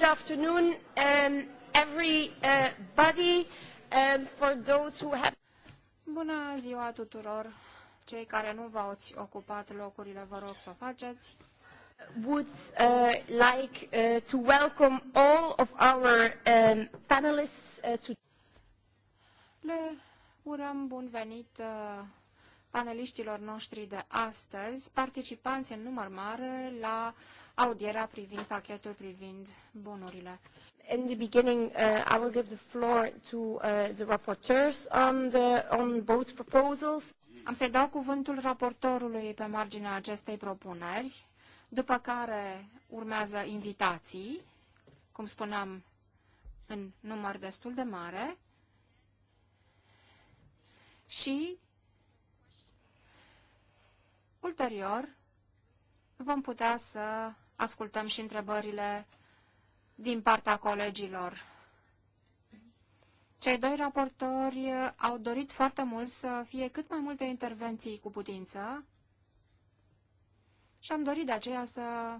good afternoon um, everybody um, for those who have Bună ziua tuturor. Cei care nu v-ați ocupat locurile, vă rog să o faceți. Would uh, like uh, to welcome all of our um, panelists uh, to Le urăm bun venit uh, paneliștilor noștri de astăzi, participanți în număr mare la uh, audiera privind pachetul privind bunurile. In the beginning, uh, I will give the floor to uh, the rapporteurs on, the, on both proposals. Am să dau cuvântul raportorului pe marginea acestei propuneri, după care urmează invitații, cum spuneam, în număr destul de mare, și ulterior vom putea să ascultăm și întrebările din partea colegilor. Cei doi raportori au dorit foarte mult să fie cât mai multe intervenții cu putință și am dorit de aceea să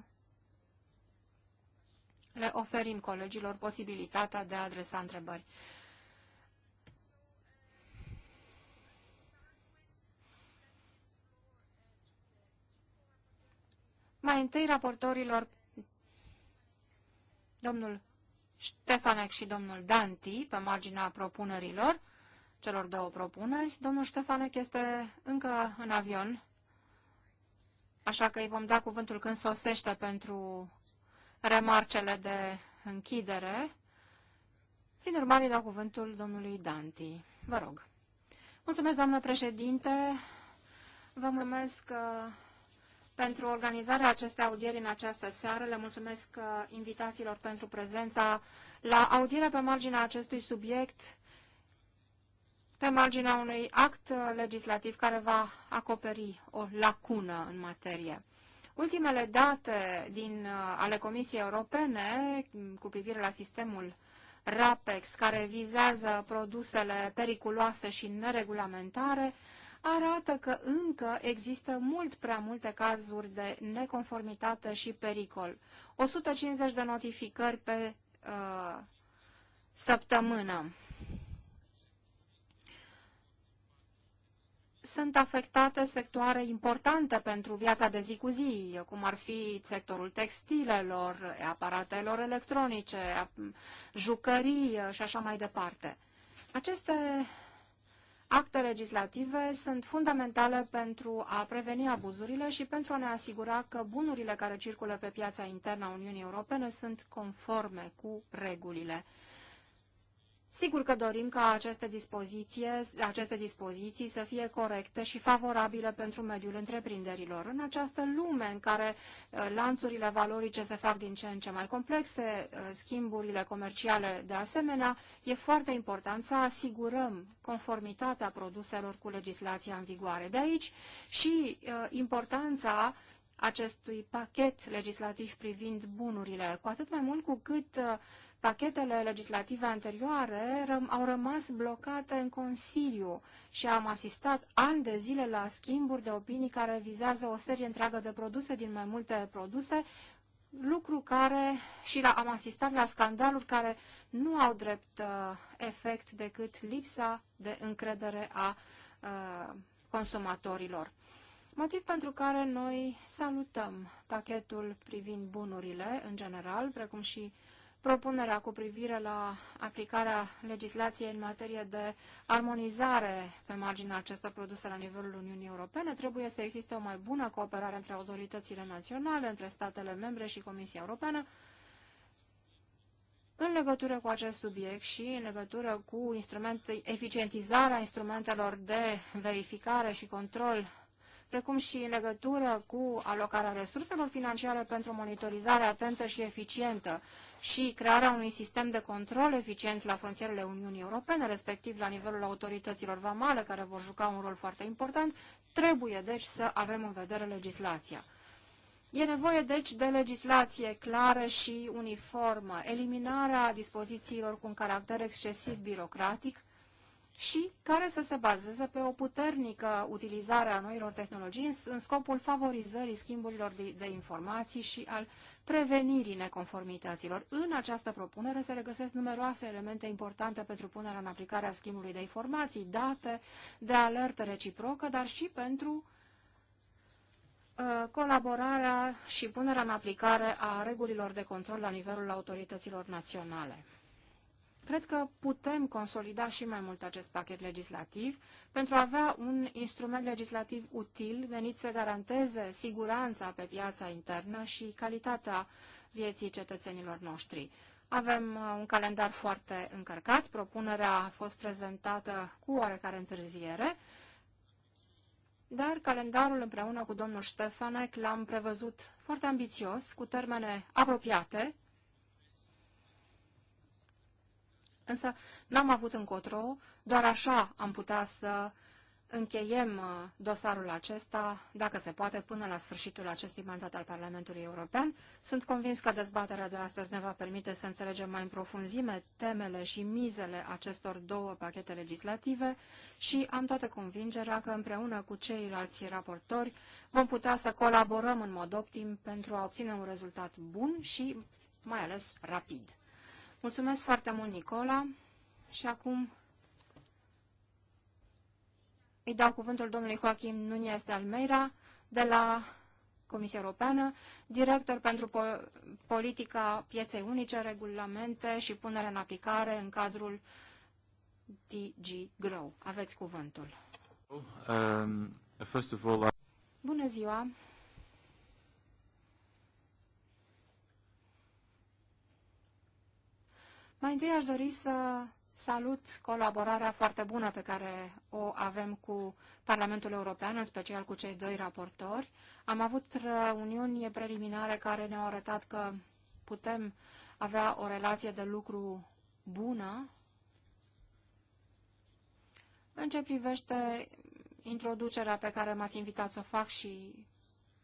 le oferim colegilor posibilitatea de a adresa întrebări. Mai întâi raportorilor domnul Ștefanec și domnul Danti pe marginea propunerilor, celor două propuneri. Domnul Ștefanec este încă în avion, așa că îi vom da cuvântul când sosește pentru remarcele de închidere. Prin urmare, dau cuvântul domnului Danti. Vă rog. Mulțumesc, doamnă președinte. Vă mulțumesc că uh, pentru organizarea acestei audieri în această seară. Le mulțumesc uh, invitațiilor pentru prezența la audierea pe marginea acestui subiect, pe marginea unui act uh, legislativ care va acoperi o lacună în materie. Ultimele date din, uh, ale Comisiei Europene mm, cu privire la sistemul RAPEX, care vizează produsele periculoase și neregulamentare, arată că încă există mult prea multe cazuri de neconformitate și pericol. 150 de notificări pe uh, săptămână. sunt afectate sectoare importante pentru viața de zi cu zi, cum ar fi sectorul textilelor, aparatelor electronice, jucării și așa mai departe. Aceste Acte legislative sunt fundamentale pentru a preveni abuzurile și pentru a ne asigura că bunurile care circulă pe piața internă a Uniunii Europene sunt conforme cu regulile. Sigur că dorim ca aceste, dispoziție, aceste dispoziții să fie corecte și favorabile pentru mediul întreprinderilor. În această lume în care uh, lanțurile valorice se fac din ce în ce mai complexe, uh, schimburile comerciale de asemenea, e foarte important să asigurăm conformitatea produselor cu legislația în vigoare. De aici și uh, importanța acestui pachet legislativ privind bunurile, cu atât mai mult cu cât uh, Pachetele legislative anterioare au rămas blocate în Consiliu și am asistat ani de zile la schimburi de opinii care vizează o serie întreagă de produse din mai multe produse, lucru care și la, am asistat la scandaluri care nu au drept uh, efect decât lipsa de încredere a uh, consumatorilor. Motiv pentru care noi salutăm pachetul privind bunurile în general, precum și propunerea cu privire la aplicarea legislației în materie de armonizare pe marginea acestor produse la nivelul Uniunii Europene, trebuie să existe o mai bună cooperare între autoritățile naționale, între statele membre și Comisia Europeană, în legătură cu acest subiect și în legătură cu instrumente, eficientizarea instrumentelor de verificare și control precum și în legătură cu alocarea resurselor financiare pentru monitorizare atentă și eficientă și crearea unui sistem de control eficient la frontierele Uniunii Europene, respectiv la nivelul autorităților vamale, care vor juca un rol foarte important, trebuie deci să avem în vedere legislația. E nevoie, deci, de legislație clară și uniformă, eliminarea dispozițiilor cu un caracter excesiv birocratic, și care să se bazeze pe o puternică utilizare a noilor tehnologii în scopul favorizării schimburilor de, de informații și al prevenirii neconformităților. În această propunere se regăsesc numeroase elemente importante pentru punerea în aplicare a schimbului de informații, date de alertă reciprocă, dar și pentru uh, colaborarea și punerea în aplicare a regulilor de control la nivelul autorităților naționale cred că putem consolida și mai mult acest pachet legislativ pentru a avea un instrument legislativ util venit să garanteze siguranța pe piața internă și calitatea vieții cetățenilor noștri. Avem uh, un calendar foarte încărcat, propunerea a fost prezentată cu oarecare întârziere, dar calendarul împreună cu domnul Ștefanec l-am prevăzut foarte ambițios, cu termene apropiate, însă n-am avut încotro, doar așa am putea să încheiem uh, dosarul acesta, dacă se poate, până la sfârșitul acestui mandat al Parlamentului European. Sunt convins că dezbaterea de astăzi ne va permite să înțelegem mai în profunzime temele și mizele acestor două pachete legislative și am toată convingerea că împreună cu ceilalți raportori vom putea să colaborăm în mod optim pentru a obține un rezultat bun și mai ales rapid. Mulțumesc foarte mult, Nicola. Și acum îi dau cuvântul domnului Joachim Nunez de Almeira, de la Comisia Europeană, director pentru po politica pieței unice, regulamente și punere în aplicare în cadrul DG Grow. Aveți cuvântul. Um, first of all, I... Bună ziua! Mai întâi aș dori să salut colaborarea foarte bună pe care o avem cu Parlamentul European, în special cu cei doi raportori. Am avut reuniuni preliminare care ne-au arătat că putem avea o relație de lucru bună în ce privește introducerea pe care m-ați invitat să o fac și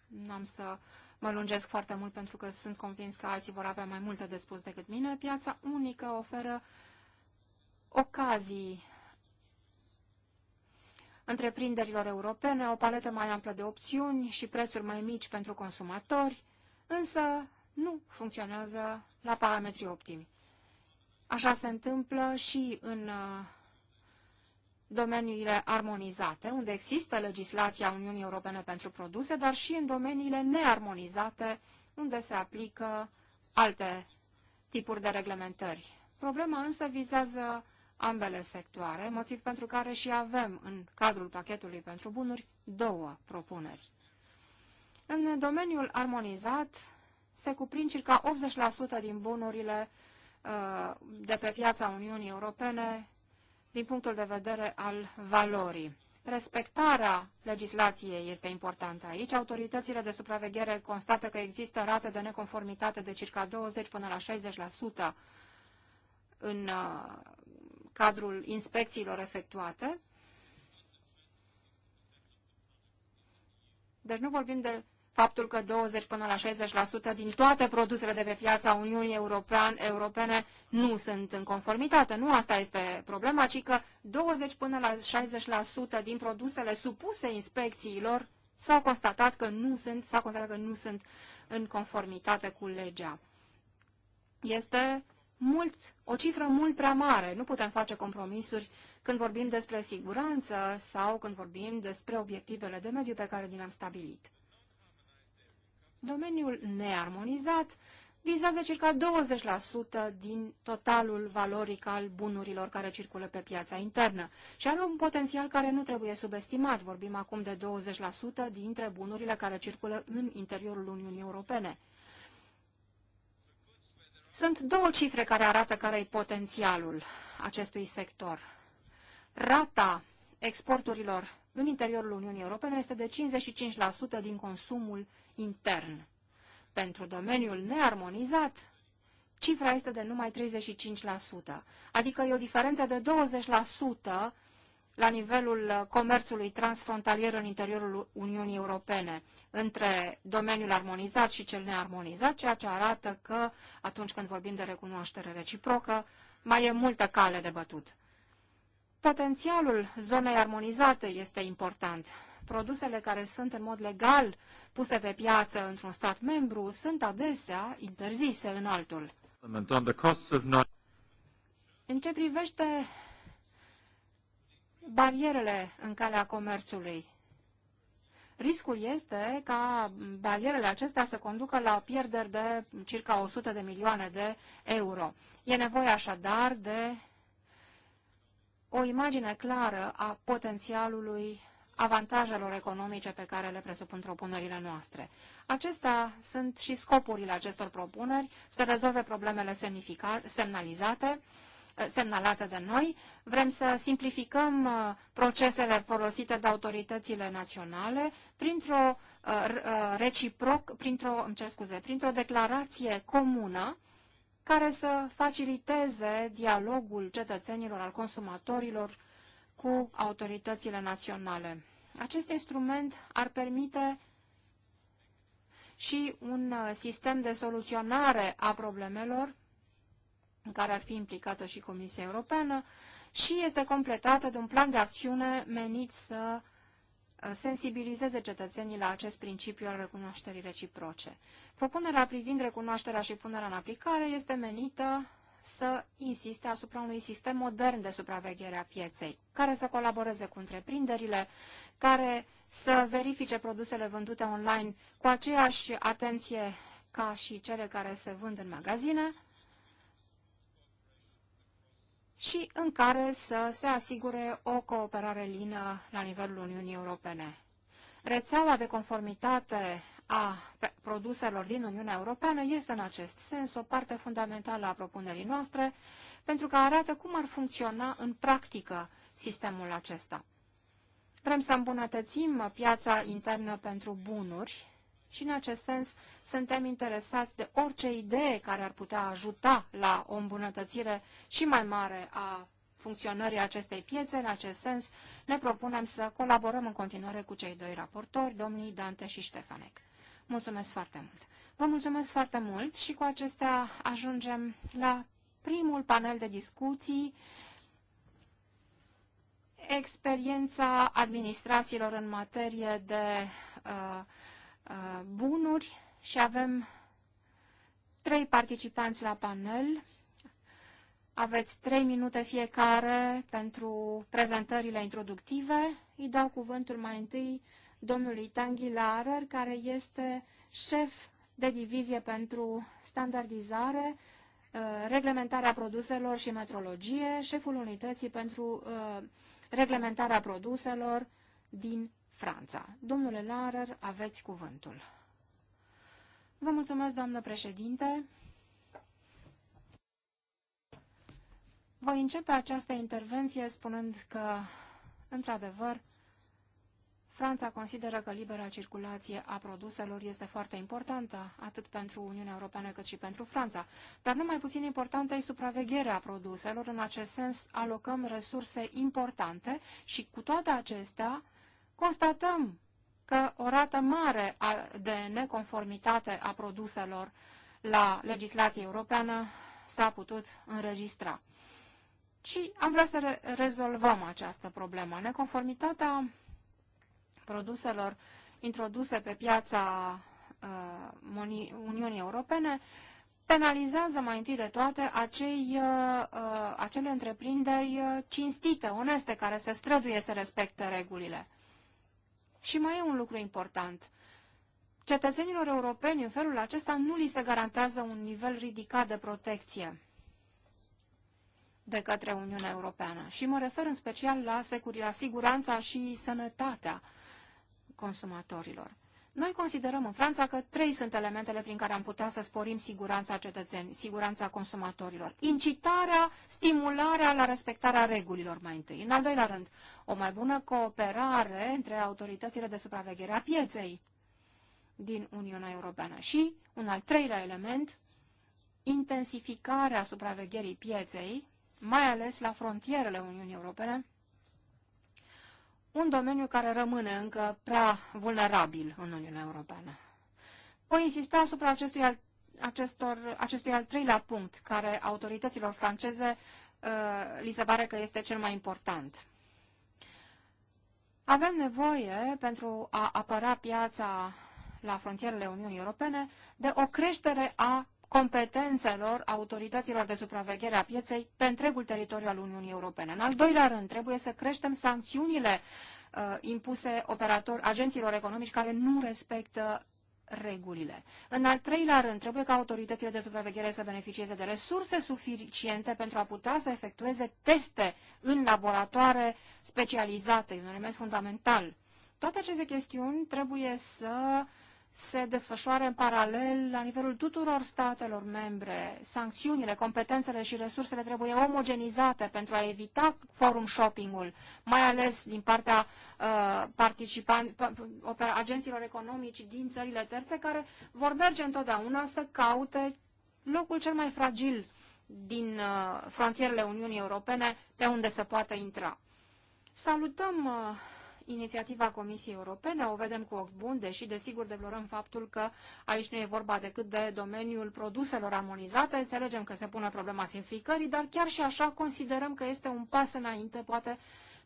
n-am să mă lungesc foarte mult pentru că sunt convins că alții vor avea mai multe de spus decât mine. Piața unică oferă ocazii întreprinderilor europene, o paletă mai amplă de opțiuni și prețuri mai mici pentru consumatori, însă nu funcționează la parametri optimi. Așa se întâmplă și în uh, domeniile armonizate, unde există legislația Uniunii Europene pentru produse, dar și în domeniile nearmonizate, unde se aplică alte tipuri de reglementări. Problema însă vizează ambele sectoare, motiv pentru care și avem în cadrul pachetului pentru bunuri două propuneri. În domeniul armonizat se cuprind circa 80% din bunurile uh, de pe piața Uniunii Europene din punctul de vedere al valorii. Respectarea legislației este importantă aici. Autoritățile de supraveghere constată că există rate de neconformitate de circa 20 până la 60% în uh, cadrul inspecțiilor efectuate. Deci nu vorbim de faptul că 20 până la 60% din toate produsele de pe piața Uniunii European, Europene nu sunt în conformitate. Nu asta este problema, ci că 20 până la 60% din produsele supuse inspecțiilor s-au constatat că nu sunt, s-a constatat că nu sunt în conformitate cu legea. Este mult, o cifră mult prea mare. Nu putem face compromisuri când vorbim despre siguranță sau când vorbim despre obiectivele de mediu pe care ni le-am stabilit. Domeniul nearmonizat vizează circa 20% din totalul valoric al bunurilor care circulă pe piața internă și are un potențial care nu trebuie subestimat. Vorbim acum de 20% dintre bunurile care circulă în interiorul Uniunii Europene. Sunt două cifre care arată care e potențialul acestui sector. Rata exporturilor în interiorul Uniunii Europene este de 55% din consumul intern. Pentru domeniul nearmonizat, cifra este de numai 35%, adică e o diferență de 20% la nivelul comerțului transfrontalier în interiorul Uniunii Europene între domeniul armonizat și cel nearmonizat, ceea ce arată că atunci când vorbim de recunoaștere reciprocă, mai e multă cale de bătut. Potențialul zonei armonizate este important. Produsele care sunt în mod legal puse pe piață într-un stat membru sunt adesea interzise în altul. În ce privește barierele în calea comerțului, riscul este ca barierele acestea să conducă la pierderi de circa 100 de milioane de euro. E nevoie așadar de o imagine clară a potențialului avantajelor economice pe care le presupun propunerile noastre. Acestea sunt și scopurile acestor propuneri, să rezolve problemele semnalizate, eh, semnalate de noi. Vrem să simplificăm eh, procesele folosite de autoritățile naționale printr-o eh, reciproc, printr-o, îmi cer scuze, printr-o declarație comună care să faciliteze dialogul cetățenilor, al consumatorilor cu autoritățile naționale. Acest instrument ar permite și un uh, sistem de soluționare a problemelor, în care ar fi implicată și Comisia Europeană, și este completată de un plan de acțiune menit să sensibilizeze cetățenii la acest principiu al recunoașterii reciproce. Propunerea privind recunoașterea și punerea în aplicare este menită să insiste asupra unui sistem modern de supraveghere a pieței, care să colaboreze cu întreprinderile, care să verifice produsele vândute online cu aceeași atenție ca și cele care se vând în magazine, și în care să se asigure o cooperare lină la nivelul Uniunii Europene. Rețeaua de conformitate a produselor din Uniunea Europeană este în acest sens o parte fundamentală a propunerii noastre, pentru că arată cum ar funcționa în practică sistemul acesta. Vrem să îmbunătățim piața internă pentru bunuri, și în acest sens suntem interesați de orice idee care ar putea ajuta la o îmbunătățire și mai mare a funcționării acestei piețe. În acest sens ne propunem să colaborăm în continuare cu cei doi raportori, domnii Dante și Ștefanec. Mulțumesc foarte mult! Vă mulțumesc foarte mult și cu acestea ajungem la primul panel de discuții experiența administrațiilor în materie de uh, Uh, bunuri și avem trei participanți la panel. Aveți trei minute fiecare pentru prezentările introductive. Îi dau cuvântul mai întâi domnului Tanghi Larer, care este șef de divizie pentru standardizare, uh, reglementarea produselor și metrologie, șeful unității pentru uh, reglementarea produselor din Franța. Domnule Larer, aveți cuvântul. Vă mulțumesc, doamnă președinte. Voi începe această intervenție spunând că, într-adevăr, Franța consideră că libera circulație a produselor este foarte importantă, atât pentru Uniunea Europeană cât și pentru Franța. Dar nu mai puțin importantă e supravegherea produselor. În acest sens, alocăm resurse importante și, cu toate acestea, constatăm că o rată mare de neconformitate a produselor la legislația europeană s-a putut înregistra. Și am vrea să rezolvăm această problemă. Neconformitatea produselor introduse pe piața uh, Uniunii Europene penalizează mai întâi de toate acei, uh, uh, acele întreprinderi cinstite, oneste, care se străduie să respecte regulile. Și mai e un lucru important. Cetățenilor europeni, în felul acesta, nu li se garantează un nivel ridicat de protecție de către Uniunea Europeană. Și mă refer în special la, secur- la siguranța și sănătatea consumatorilor. Noi considerăm în Franța că trei sunt elementele prin care am putea să sporim siguranța cetățenilor, siguranța consumatorilor. Incitarea, stimularea la respectarea regulilor mai întâi. În al doilea rând, o mai bună cooperare între autoritățile de supraveghere a pieței din Uniunea Europeană. Și un al treilea element, intensificarea supravegherii pieței, mai ales la frontierele Uniunii Europene, un domeniu care rămâne încă prea vulnerabil în Uniunea Europeană. Voi insista asupra acestui al, acestor, acestui al treilea punct, care autorităților franceze uh, li se pare că este cel mai important. Avem nevoie, pentru a apăra piața la frontierele Uniunii Europene, de o creștere a competențelor autorităților de supraveghere a pieței pe întregul teritoriu al Uniunii Europene. În al doilea rând, trebuie să creștem sancțiunile uh, impuse operator, agenților economici care nu respectă regulile. În al treilea rând, trebuie ca autoritățile de supraveghere să beneficieze de resurse suficiente pentru a putea să efectueze teste în laboratoare specializate, un element fundamental. Toate aceste chestiuni trebuie să uh, se desfășoare în paralel la nivelul tuturor statelor membre. Sancțiunile, competențele și resursele trebuie omogenizate pentru a evita forum shopping-ul, mai ales din partea uh, agenților economici din țările terțe, care vor merge întotdeauna să caute locul cel mai fragil din uh, frontierele Uniunii Europene, de unde se poate intra. Salutăm uh, inițiativa Comisiei Europene, o vedem cu ochi buni, deși desigur deplorăm faptul că aici nu e vorba decât de domeniul produselor armonizate, înțelegem că se pune problema simplificării, dar chiar și așa considerăm că este un pas înainte, poate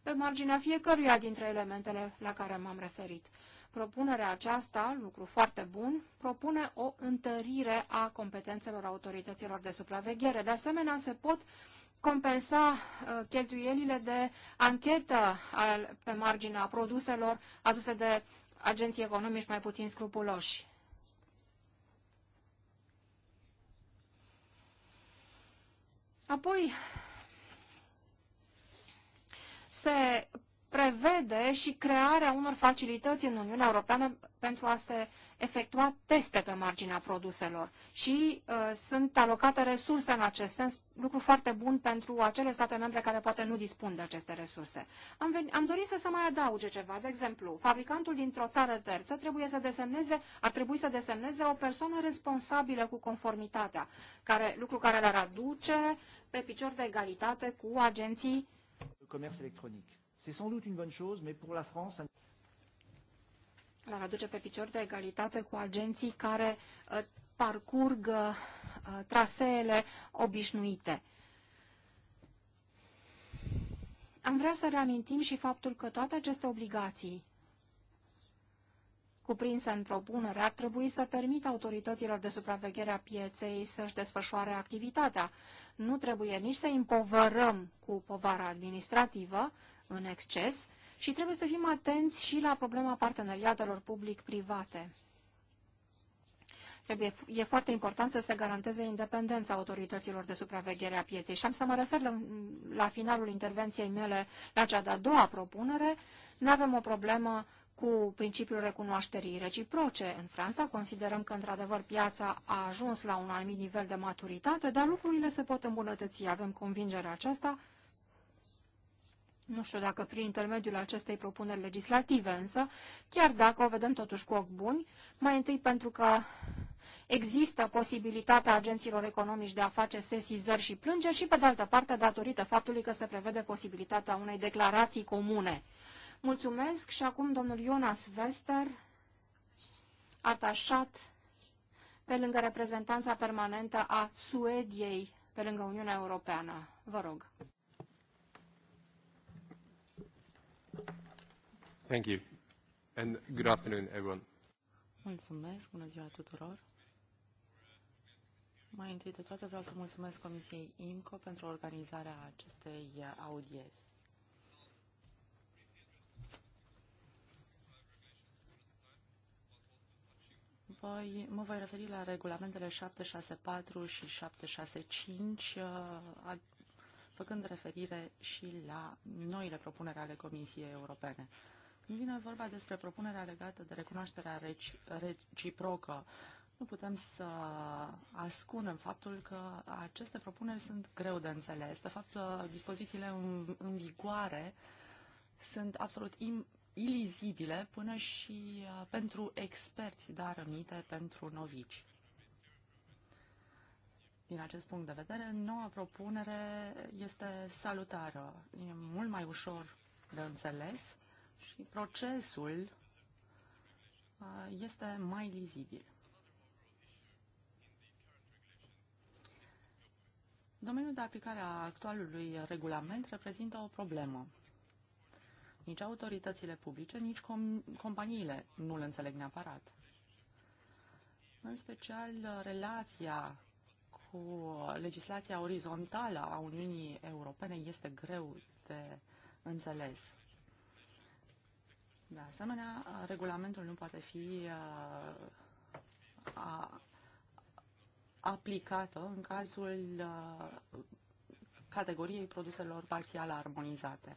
pe marginea fiecăruia dintre elementele la care m-am referit. Propunerea aceasta, lucru foarte bun, propune o întărire a competențelor autorităților de supraveghere. De asemenea, se pot compensa uh, cheltuielile de anchetă pe marginea produselor aduse de agenții economici mai puțin scrupuloși. Apoi se prevede și crearea unor facilități în Uniunea Europeană pentru a se efectua teste pe marginea produselor. Și uh, sunt alocate resurse în acest sens, lucru foarte bun pentru acele state membre care poate nu dispun de aceste resurse. Am, ven- am dorit să se mai adauge ceva. De exemplu, fabricantul dintr-o țară terță trebuie să desemneze, ar trebui să desemneze o persoană responsabilă cu conformitatea, care, lucru care le-ar aduce pe picior de egalitate cu agenții comerț electronic. C'est sans doute une bonne chose, mais pour la France... Ça... L-ar aduce pe picior de egalitate cu agenții care uh, parcurg uh, traseele obișnuite. Am vrea să reamintim și faptul că toate aceste obligații cuprinse în propunere ar trebui să permită autorităților de supraveghere a pieței să-și desfășoare activitatea. Nu trebuie nici să împovărăm cu povara administrativă, în exces și trebuie să fim atenți și la problema parteneriatelor public-private. Trebuie, e foarte important să se garanteze independența autorităților de supraveghere a pieței. Și am să mă refer la, la finalul intervenției mele la cea de-a doua propunere. Nu avem o problemă cu principiul recunoașterii reciproce. În Franța considerăm că, într-adevăr, piața a ajuns la un anumit nivel de maturitate, dar lucrurile se pot îmbunătăți. Avem convingerea aceasta nu știu dacă prin intermediul acestei propuneri legislative, însă, chiar dacă o vedem totuși cu ochi buni, mai întâi pentru că există posibilitatea agenților economici de a face sesizări și plângeri și, pe de altă parte, datorită faptului că se prevede posibilitatea unei declarații comune. Mulțumesc și acum domnul Jonas Wester, atașat pe lângă reprezentanța permanentă a Suediei, pe lângă Uniunea Europeană. Vă rog. Thank you. And good afternoon, everyone. Mulțumesc, bună ziua tuturor. Mai întâi de toate vreau să mulțumesc Comisiei IMCO pentru organizarea acestei audieri. voi, mă voi referi la regulamentele 764 și 765, uh, făcând referire și la noile propuneri ale Comisiei Europene vine vorba despre propunerea legată de recunoașterea reciprocă. Nu putem să ascundem faptul că aceste propuneri sunt greu de înțeles. De fapt, dispozițiile în, în vigoare sunt absolut im, ilizibile până și uh, pentru experți, dar rămite pentru novici. Din acest punct de vedere, noua propunere este salutară. E mult mai ușor de înțeles și procesul uh, este mai lizibil. Domeniul de aplicare a actualului regulament reprezintă o problemă. Nici autoritățile publice, nici com- companiile nu-l înțeleg neapărat. În special, relația cu legislația orizontală a Uniunii Europene este greu de înțeles. De asemenea, regulamentul nu poate fi uh, a, aplicată în cazul uh, categoriei produselor parțial armonizate.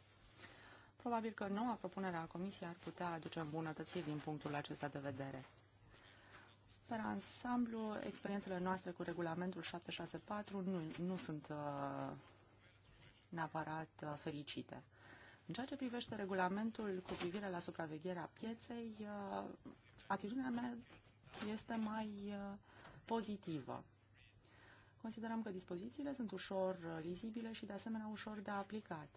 Probabil că noua propunere a Comisiei ar putea aduce îmbunătățiri din punctul acesta de vedere. Per ansamblu, experiențele noastre cu regulamentul 764 nu, nu sunt uh, neapărat uh, fericite. În ceea ce privește regulamentul cu privire la supravegherea pieței, uh, atitudinea mea este mai uh, pozitivă. Considerăm că dispozițiile sunt ușor uh, lizibile și de asemenea ușor de aplicat.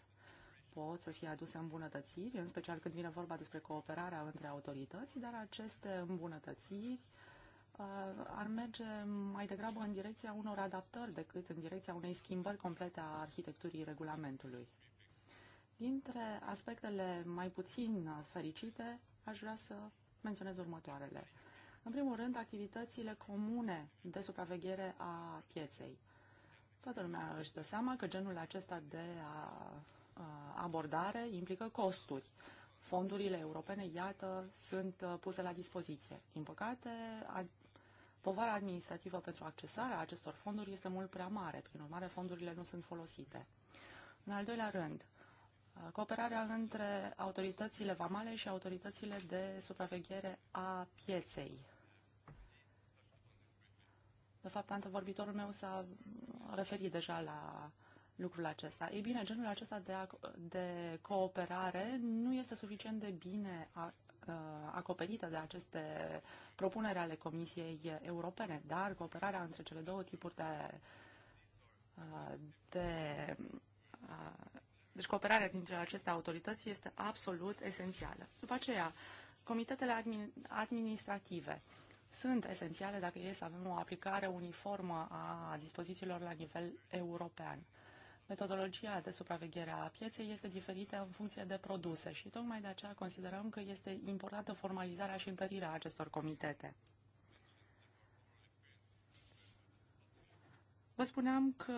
Pot să fie aduse îmbunătățiri, în special când vine vorba despre cooperarea între autorități, dar aceste îmbunătățiri ar merge mai degrabă în direcția unor adaptări decât în direcția unei schimbări complete a arhitecturii regulamentului. Dintre aspectele mai puțin fericite, aș vrea să menționez următoarele. În primul rând, activitățile comune de supraveghere a pieței. Toată lumea își dă seama că genul acesta de a, a, abordare implică costuri. Fondurile europene, iată, sunt uh, puse la dispoziție. Din păcate, a, povara administrativă pentru accesarea acestor fonduri este mult prea mare, prin urmare fondurile nu sunt folosite. În al doilea rând, cooperarea între autoritățile vamale și autoritățile de supraveghere a pieței. De fapt, antevorbitorul meu s-a referit deja la lucrul acesta. Ei bine, genul acesta de, de cooperare nu este suficient de bine a, uh, acoperită de aceste propuneri ale Comisiei Europene, dar cooperarea între cele două tipuri de, uh, de uh, deci cooperarea dintre aceste autorități este absolut esențială. După aceea, comitetele administrative sunt esențiale dacă e să avem o aplicare uniformă a dispozițiilor la nivel european. Metodologia de supraveghere a pieței este diferită în funcție de produse și tocmai de aceea considerăm că este importantă formalizarea și întărirea acestor comitete. Vă spuneam că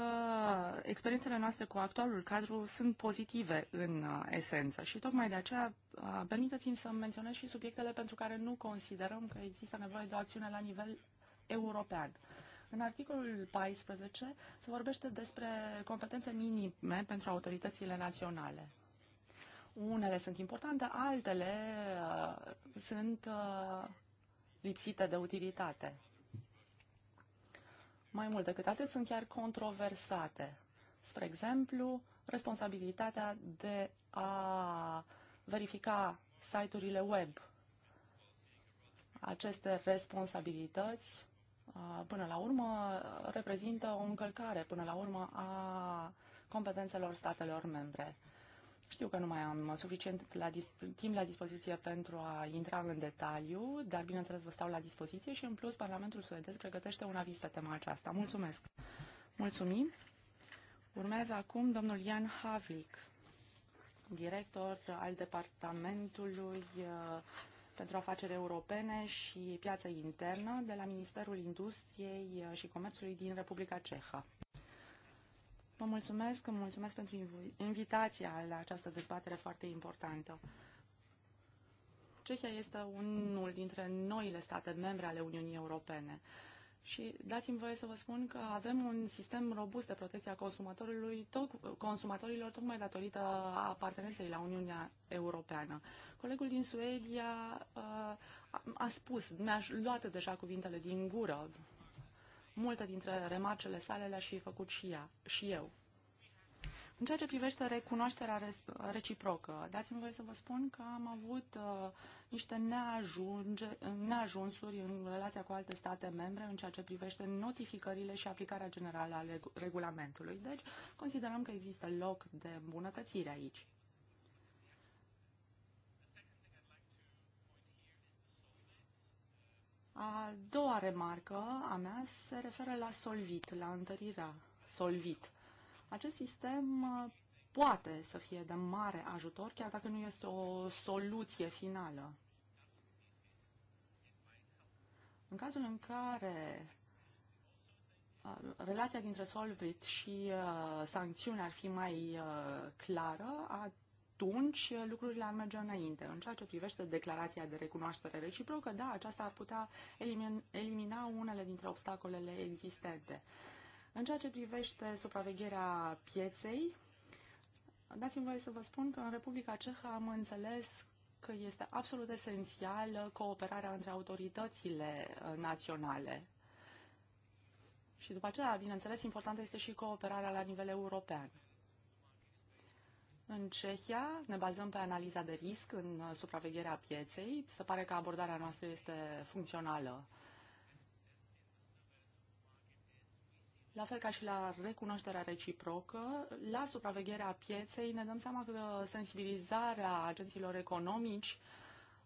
experiențele noastre cu actualul cadru sunt pozitive în uh, esență și tocmai de aceea uh, permiteți-mi să menționez și subiectele pentru care nu considerăm că există nevoie de o acțiune la nivel european. În articolul 14 se vorbește despre competențe minime pentru autoritățile naționale. Unele sunt importante, altele uh, sunt lipsite de utilitate. Mai mult decât atât, sunt chiar controversate. Spre exemplu, responsabilitatea de a verifica site-urile web. Aceste responsabilități, până la urmă, reprezintă o încălcare, până la urmă, a competențelor statelor membre. Știu că nu mai am suficient la timp la dispoziție pentru a intra în detaliu, dar bineînțeles vă stau la dispoziție și în plus Parlamentul suedez pregătește un aviz pe tema aceasta. Mulțumesc! Mulțumim! Urmează acum domnul Jan Havlik, director al Departamentului uh, pentru afaceri europene și piața internă de la Ministerul Industriei uh, și Comerțului din Republica Cehă. Vă mulțumesc, vă mulțumesc pentru invitația la această dezbatere foarte importantă. Cehia este unul dintre noile state membre ale Uniunii Europene. Și dați-mi voie să vă spun că avem un sistem robust de protecție a consumatorului, toc, consumatorilor tocmai datorită apartenenței la Uniunea Europeană. Colegul din Suedia uh, a, spus, mi-aș luat deja cuvintele din gură Multe dintre remarcele sale le-aș fi făcut și, ea, și eu. În ceea ce privește recunoașterea reciprocă, dați-mi voie să vă spun că am avut uh, niște neajunge, neajunsuri în relația cu alte state membre în ceea ce privește notificările și aplicarea generală a regulamentului. Deci, considerăm că există loc de îmbunătățire aici. A doua remarcă a mea se referă la Solvit, la întărirea Solvit. Acest sistem uh, poate să fie de mare ajutor, chiar dacă nu este o soluție finală. În cazul în care uh, relația dintre Solvit și uh, sancțiune ar fi mai uh, clară, atunci lucrurile ar merge înainte. În ceea ce privește declarația de recunoaștere reciprocă, da, aceasta ar putea elimina unele dintre obstacolele existente. În ceea ce privește supravegherea pieței, dați-mi voie să vă spun că în Republica Cehă am înțeles că este absolut esențială cooperarea între autoritățile uh, naționale. Și după aceea, bineînțeles, importantă este și cooperarea la nivel european. În Cehia ne bazăm pe analiza de risc în uh, supravegherea pieței. Se pare că abordarea noastră este funcțională. La fel ca și la recunoașterea reciprocă, la supravegherea pieței ne dăm seama că sensibilizarea agenților economici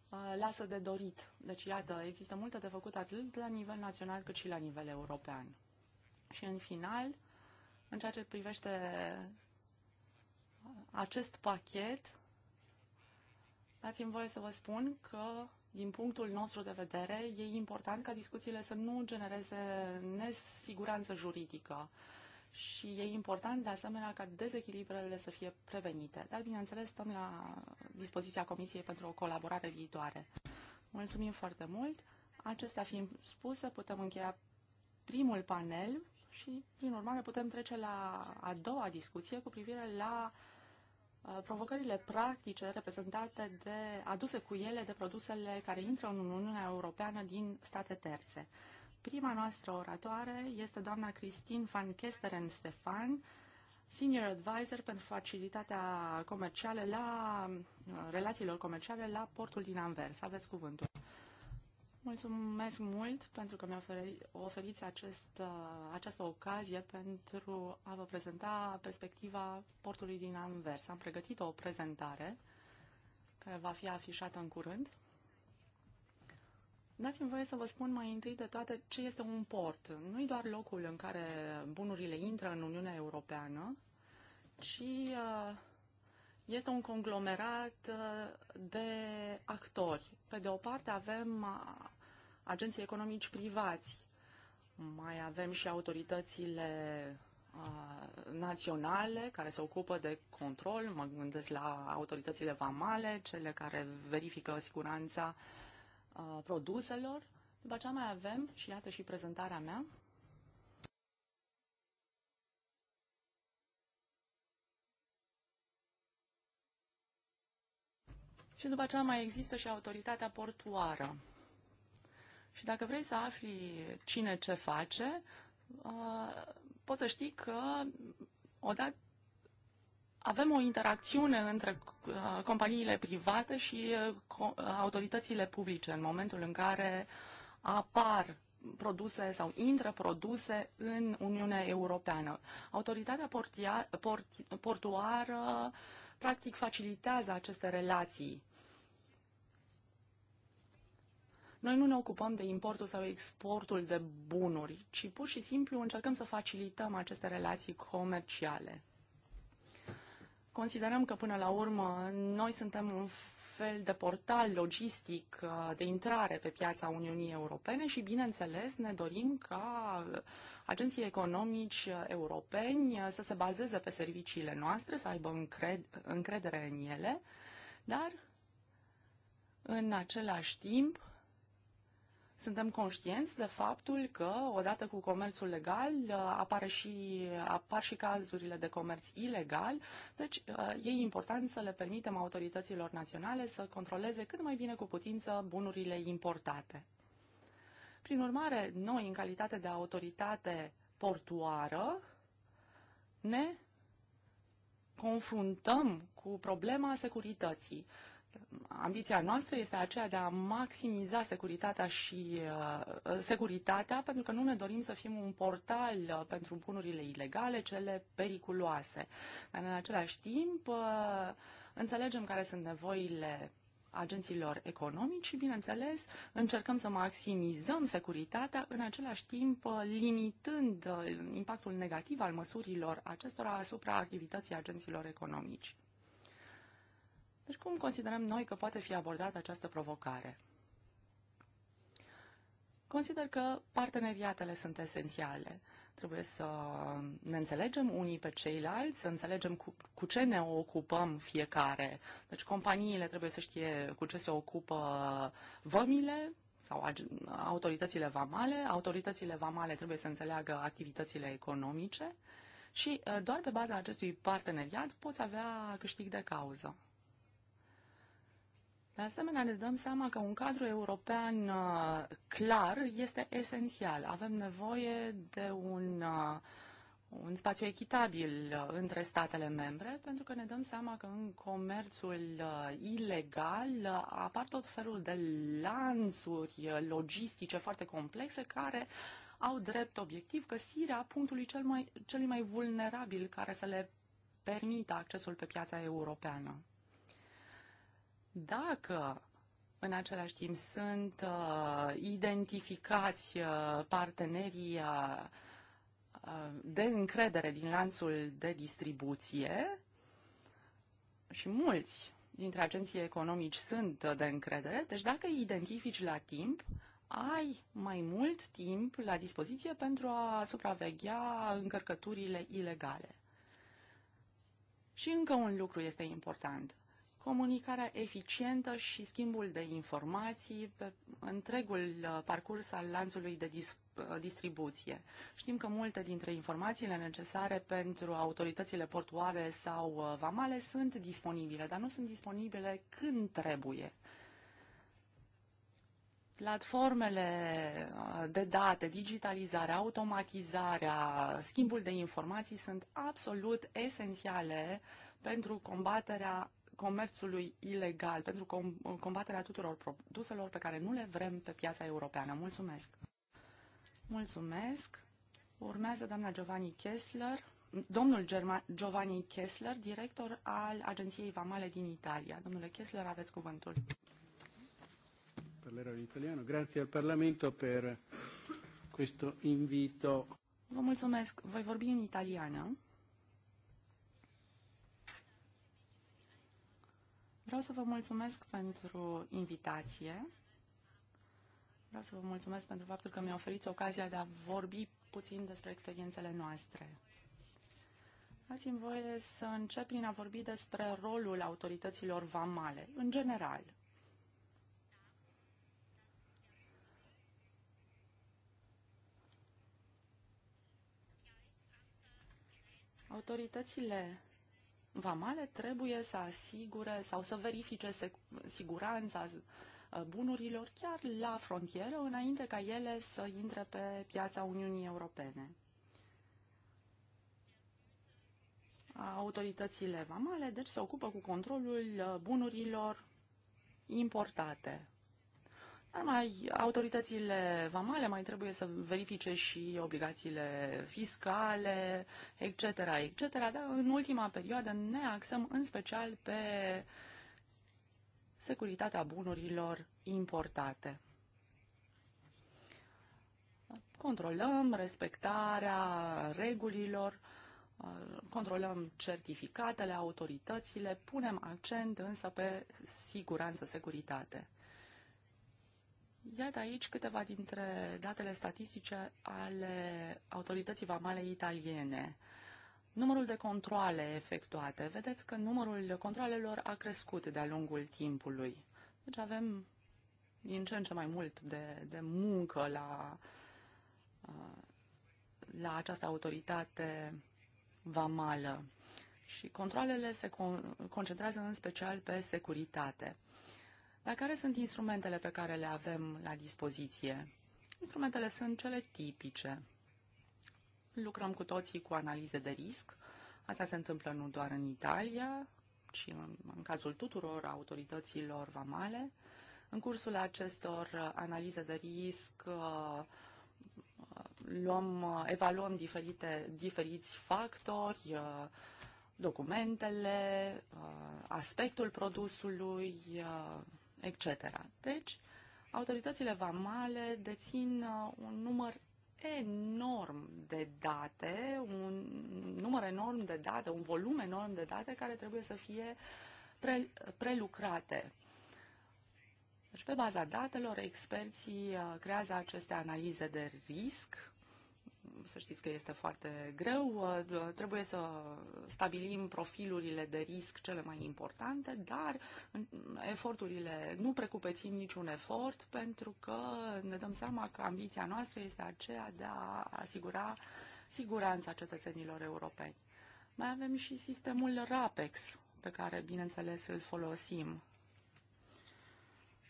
uh, lasă de dorit. Deci, iată, există multe de făcut atât la nivel național cât și la nivel european. Și în final, în ceea ce privește acest pachet, dați-mi voie să vă spun că, din punctul nostru de vedere, e important ca discuțiile să nu genereze nesiguranță juridică și e important, de asemenea, ca dezechilibrele să fie prevenite. Dar, bineînțeles, stăm la dispoziția Comisiei pentru o colaborare viitoare. Mulțumim foarte mult! Acestea fiind spuse, putem încheia primul panel și, prin urmare, putem trece la a doua discuție cu privire la Uh, provocările practice reprezentate de, aduse cu ele de produsele care intră în Uniunea Europeană din state terțe. Prima noastră oratoare este doamna Christine van Kesteren Stefan, Senior Advisor pentru facilitatea comercială la uh, relațiilor comerciale la portul din Anvers. Aveți cuvântul. Mulțumesc mult pentru că mi-a oferit, acest, uh, această ocazie pentru a vă prezenta perspectiva portului din Anvers. Am pregătit o prezentare care va fi afișată în curând. Dați-mi voie să vă spun mai întâi de toate ce este un port. nu e doar locul în care bunurile intră în Uniunea Europeană, ci uh, este un conglomerat uh, de actori. Pe de o parte avem uh, agenții economici privați, mai avem și autoritățile uh, naționale care se ocupă de control, mă gândesc la autoritățile vamale, cele care verifică siguranța produselor. După aceea mai avem, și iată și prezentarea mea, Și după aceea mai există și autoritatea portuară. Și dacă vrei să afli cine ce face, uh, poți să știi că odată avem o interacțiune între uh, companiile private și uh, autoritățile publice în momentul în care apar produse sau intră produse în Uniunea Europeană. Autoritatea portia, port, portuară practic facilitează aceste relații Noi nu ne ocupăm de importul sau exportul de bunuri, ci pur și simplu încercăm să facilităm aceste relații comerciale. Considerăm că până la urmă noi suntem un fel de portal logistic uh, de intrare pe piața Uniunii Europene și, bineînțeles, ne dorim ca agenții economici europeni uh, să se bazeze pe serviciile noastre, să aibă încred- încredere în ele, dar, în același timp, suntem conștienți de faptul că, odată cu comerțul legal, uh, apare și, apar și cazurile de comerț ilegal, deci uh, e important să le permitem autorităților naționale să controleze cât mai bine cu putință bunurile importate. Prin urmare, noi, în calitate de autoritate portuară, ne confruntăm cu problema securității ambiția noastră este aceea de a maximiza securitatea și uh, securitatea, pentru că nu ne dorim să fim un portal uh, pentru bunurile ilegale, cele periculoase. Dar în același timp uh, înțelegem care sunt nevoile agenților economici și, bineînțeles, încercăm să maximizăm securitatea, în același timp uh, limitând uh, impactul negativ al măsurilor acestora asupra activității agenților economici. Deci cum considerăm noi că poate fi abordată această provocare? Consider că parteneriatele sunt esențiale. Trebuie să ne înțelegem unii pe ceilalți, să înțelegem cu, cu ce ne ocupăm fiecare. Deci companiile trebuie să știe cu ce se ocupă vămile sau autoritățile vamale. Autoritățile vamale trebuie să înțeleagă activitățile economice și eh, doar pe baza acestui parteneriat poți avea câștig de cauză. De asemenea, ne dăm seama că un cadru european uh, clar este esențial. Avem nevoie de un, uh, un spațiu echitabil uh, între statele membre, pentru că ne dăm seama că în comerțul ilegal apar tot felul de lanțuri logistice foarte complexe care au drept obiectiv găsirea punctului cel mai, celui mai vulnerabil care să le permită accesul pe piața europeană. Dacă în același timp sunt uh, identificați uh, partenerii uh, uh, de încredere din lanțul de distribuție și mulți dintre agenții economici sunt de încredere, deci dacă îi identifici la timp, ai mai mult timp la dispoziție pentru a supraveghea încărcăturile ilegale. Și încă un lucru este important comunicarea eficientă și schimbul de informații pe întregul uh, parcurs al lanțului de dis- uh, distribuție. Știm că multe dintre informațiile necesare pentru autoritățile portoare sau uh, vamale sunt disponibile, dar nu sunt disponibile când trebuie. Platformele de date, digitalizarea, automatizarea, schimbul de informații sunt absolut esențiale pentru combaterea comerțului ilegal, pentru combaterea tuturor produselor pe care nu le vrem pe piața europeană. Mulțumesc! Mulțumesc! Urmează doamna Giovanni Kessler, domnul German, Giovanni Kessler, director al Agenției Vamale din Italia. Domnule Kessler, aveți cuvântul. Parlerò in italiano. Grazie al Parlamento per questo invito. Vă mulțumesc. Voi vorbi în italiană. Vreau să vă mulțumesc pentru invitație. Vreau să vă mulțumesc pentru faptul că mi-a oferit ocazia de a vorbi puțin despre experiențele noastre. Dați-mi voie să încep prin a vorbi despre rolul autorităților vamale, în general. Autoritățile vamale trebuie să asigure sau să verifice siguranța uh, bunurilor chiar la frontieră, înainte ca ele să intre pe piața Uniunii Europene. Autoritățile vamale, deci, se ocupă cu controlul uh, bunurilor importate mai autoritățile vamale mai trebuie să verifice și obligațiile fiscale, etc., etc., dar în ultima perioadă ne axăm în special pe securitatea bunurilor importate. Controlăm respectarea regulilor, controlăm certificatele, autoritățile, punem accent însă pe siguranță, securitate. Iată aici câteva dintre datele statistice ale autorității vamale italiene. Numărul de controle efectuate. Vedeți că numărul controlelor a crescut de-a lungul timpului. Deci avem din ce în ce mai mult de, de muncă la, uh, la această autoritate vamală. Și controlele se concentrează în special pe securitate. Dar care sunt instrumentele pe care le avem la dispoziție? Instrumentele sunt cele tipice. Lucrăm cu toții cu analize de risc. Asta se întâmplă nu doar în Italia, ci în, în cazul tuturor autorităților vamale. În cursul acestor analize de risc, uh, luăm, evaluăm diferite, diferiți factori, uh, documentele, uh, aspectul produsului, etc. Deci, autoritățile vamale dețin uh, un număr enorm de date, un număr enorm de date, un volum enorm de date care trebuie să fie pre, prelucrate. Deci, pe baza datelor, experții uh, creează aceste analize de risc să știți că este foarte greu. Uh, trebuie să stabilim profilurile de risc cele mai importante, dar eforturile, nu precupețim niciun efort pentru că ne dăm seama că ambiția noastră este aceea de a asigura siguranța cetățenilor europeni. Mai avem și sistemul RAPEX, pe care, bineînțeles, îl folosim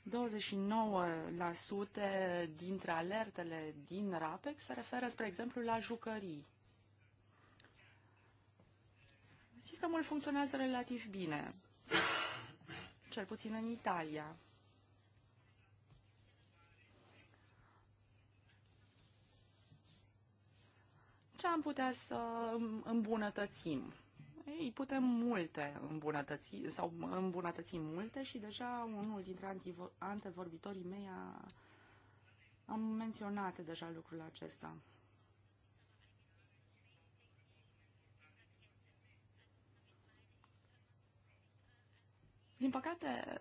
29% dintre alertele din RAPEX se referă, spre exemplu, la jucării. Sistemul funcționează relativ bine, cel puțin în Italia. Ce am putea să îmbunătățim? Ei, putem multe îmbunătăți, sau îmbunătăți multe și deja unul dintre antevorbitorii mei a, a menționat deja lucrul acesta. Din păcate,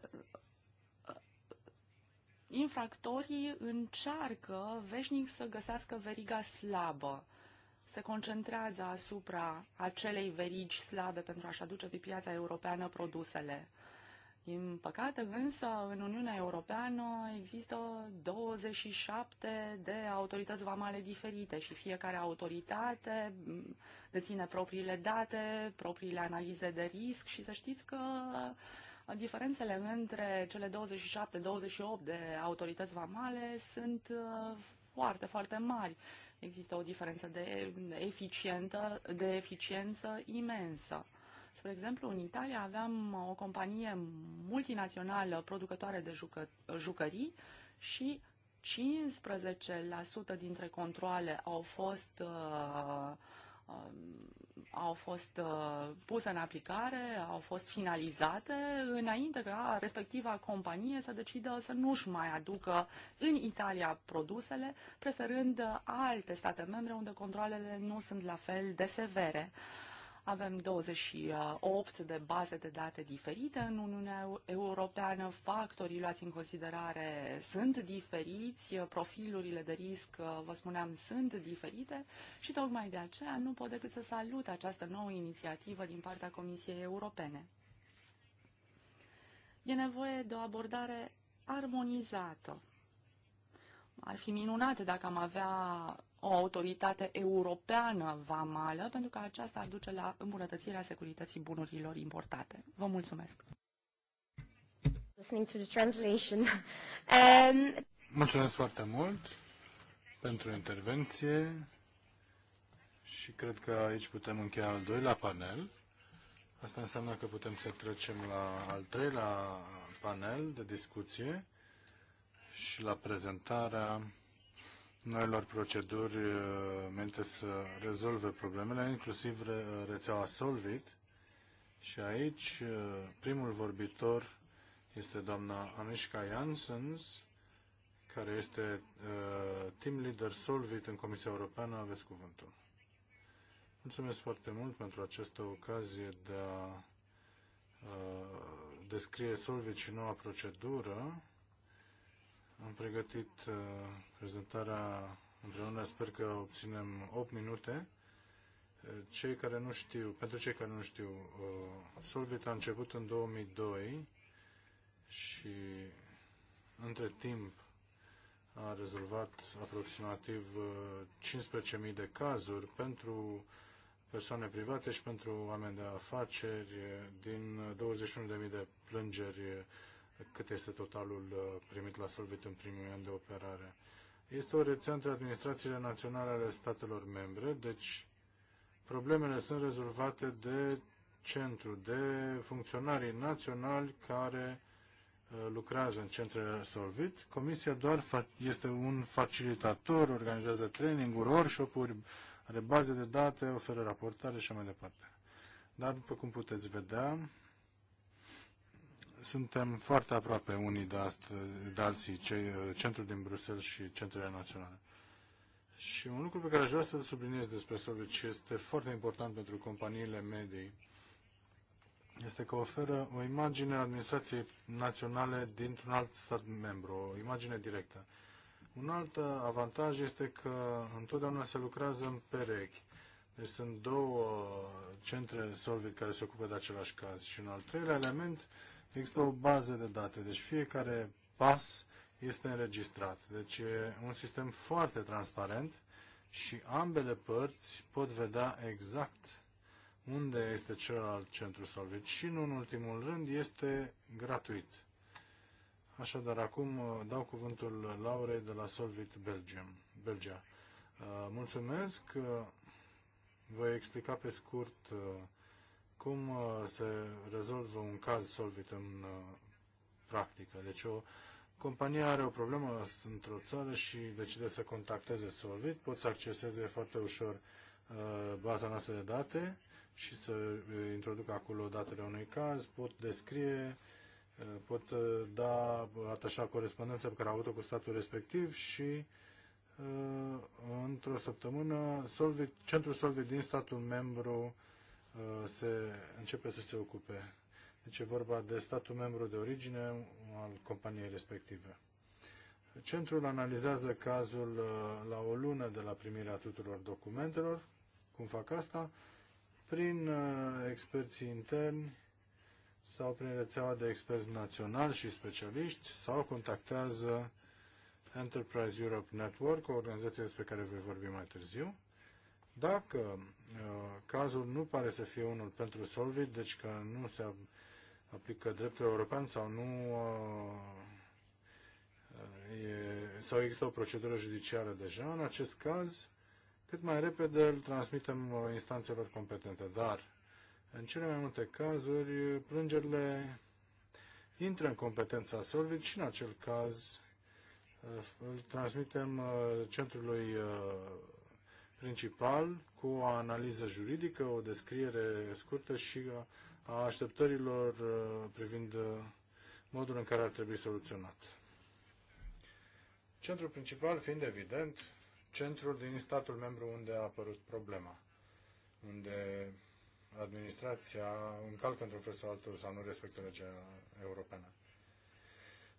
infractorii încearcă veșnic să găsească veriga slabă se concentrează asupra acelei verigi slabe pentru a-și aduce pe piața europeană produsele. Din păcate, însă, în Uniunea Europeană există 27 de autorități vamale diferite și fiecare autoritate deține propriile date, propriile analize de risc și să știți că diferențele între cele 27-28 de autorități vamale sunt uh, foarte, foarte mari Există o diferență de, eficientă, de eficiență imensă. Spre exemplu, în Italia aveam o companie multinațională producătoare de jucă, jucării și 15% dintre controle au fost uh, Um, au fost uh, puse în aplicare, au fost finalizate înainte ca respectiva companie să decidă să nu-și mai aducă în Italia produsele, preferând uh, alte state membre unde controlele nu sunt la fel de severe. Uh, avem 28 de baze de date diferite în Uniunea Europeană, factorii luați în considerare sunt diferiți, profilurile de risc, uh, vă spuneam, sunt diferite și tocmai de aceea nu pot decât să salut această nouă inițiativă din partea Comisiei Europene. E nevoie de o abordare armonizată. Ar fi minunat dacă am avea o autoritate europeană vamală, pentru că aceasta ar duce la îmbunătățirea securității bunurilor importate. Vă mulțumesc! Listening to the translation. Um... Mulțumesc foarte mult pentru intervenție și cred că aici putem încheia al doilea panel. Asta înseamnă că putem să trecem la al treilea panel de discuție și la prezentarea noilor proceduri uh, minte să rezolve problemele, inclusiv uh, rețeaua Solvit. Și aici uh, primul vorbitor este doamna Anishka Janssens, care este team leader Solvit în Comisia Europeană. Aveți cuvântul. Mulțumesc foarte mult pentru această ocazie de a descrie Solvit și noua procedură am pregătit uh, prezentarea împreună. Sper că obținem 8 minute. Uh, cei care nu știu, pentru cei care nu știu, uh, Solvit a început în 2002 și între timp a rezolvat aproximativ 15.000 de cazuri pentru persoane private și pentru oameni de afaceri din 21.000 de plângeri cât este totalul uh, primit la Solvit în primul an de operare. Este o rețea între administrațiile naționale ale statelor membre, deci problemele sunt rezolvate de centru, de funcționarii naționali care uh, lucrează în centrele Solvit. Comisia doar este un facilitator, organizează training-uri, workshop-uri, are baze de date, oferă raportare și mai departe. Dar, după cum puteți vedea, suntem foarte aproape unii de, astăzi, de alții, cei, uh, centrul din Bruxelles și centrele naționale. Și un lucru pe care aș vrea să-l subliniez despre Solvit și este foarte important pentru companiile medii, este că oferă o imagine a administrației naționale dintr-un alt stat membru, o imagine directă. Un alt uh, avantaj este că întotdeauna se lucrează în perechi. Deci sunt două uh, centre Solvit care se ocupă de același caz. Și un al treilea element există o bază de date, deci fiecare pas este înregistrat. Deci e un sistem foarte transparent și ambele părți pot vedea exact unde este celălalt centru solvit și, nu în ultimul rând, este gratuit. Așadar, acum uh, dau cuvântul Laurei de la Solvit Belgium, Belgia. Uh, mulțumesc! Uh, voi explica pe scurt cum uh, se rezolvă un caz solvit în uh, practică. Deci o companie are o problemă într-o țară și decide să contacteze Solvit, pot să acceseze foarte ușor uh, baza noastră de date și să introduc acolo datele unui caz, pot descrie, pot da atașa corespondență pe care au avut-o cu statul respectiv și într-o săptămână Solvit, centrul Solvit din statul membru Uh, se începe să se ocupe. Deci e vorba de statul membru de origine al companiei respective. Centrul analizează cazul uh, la o lună de la primirea tuturor documentelor. Cum fac asta? Prin uh, experții interni sau prin rețeaua de experți naționali și specialiști sau contactează Enterprise Europe Network, o organizație despre care voi vorbi mai târziu, dacă uh, cazul nu pare să fie unul pentru Solvit, deci că nu se aplică dreptul european sau nu uh, e, sau există o procedură judiciară deja, în acest caz, cât mai repede îl transmitem uh, instanțelor competente. Dar, în cele mai multe cazuri, plângerile intră în competența Solvit și în acel caz uh, îl transmitem uh, centrului principal cu o analiză juridică, o descriere scurtă și a așteptărilor uh, privind uh, modul în care ar trebui soluționat. Centrul principal fiind evident centrul din statul membru unde a apărut problema, unde administrația încalcă într-un fel sau altul sau nu respectă legea europeană.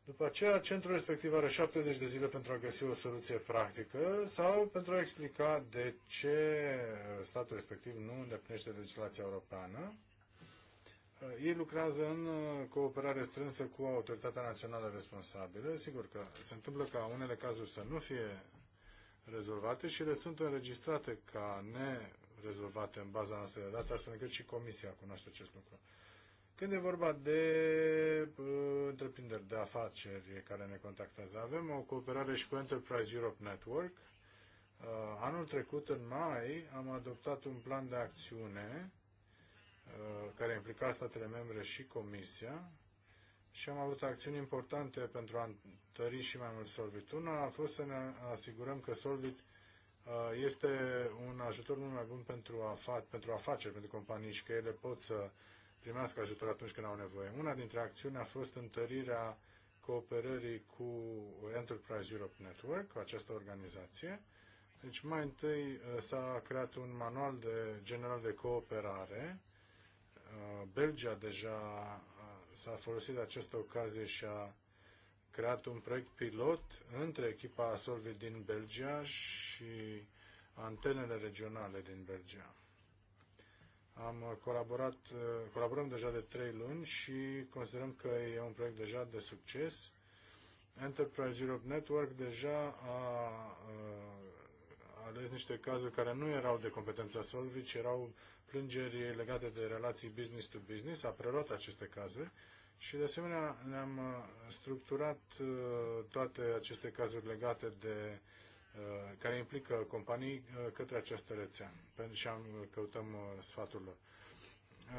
După aceea, centrul respectiv are 70 de zile pentru a găsi o soluție practică sau pentru a explica de ce statul respectiv nu îndeplinește legislația europeană. Ei lucrează în uh, cooperare strânsă cu autoritatea națională responsabilă. Sigur că se întâmplă ca unele cazuri să nu fie rezolvate și le sunt înregistrate ca nerezolvate în baza noastră de date, astfel încât și Comisia cunoaște acest lucru. Când e vorba de uh, întreprinderi de afaceri care ne contactează, avem o cooperare și cu Enterprise Europe Network. Uh, anul trecut, în mai, am adoptat un plan de acțiune uh, care implica statele membre și Comisia și am avut acțiuni importante pentru a întări și mai mult Solvit. Una a fost să ne asigurăm că Solvit uh, este un ajutor mult mai bun pentru, afa- pentru afaceri, pentru companii și că ele pot să primească ajutor atunci când au nevoie. Una dintre acțiuni a fost întărirea cooperării cu Enterprise Europe Network, cu această organizație. Deci mai întâi uh, s-a creat un manual de, general de cooperare. Uh, Belgia deja uh, s-a folosit de această ocazie și a creat un proiect pilot între echipa Solvit din Belgia și antenele regionale din Belgia. Am colaborat, colaborăm deja de trei luni și considerăm că e un proiect deja de succes. Enterprise Europe Network deja a, a ales niște cazuri care nu erau de competența Solvi, ci erau plângeri legate de relații business to business, a preluat aceste cazuri și de asemenea ne-am uh, structurat uh, toate aceste cazuri legate de Uh, care implică companii uh, către această rețea și am, uh, căutăm sfatul lor.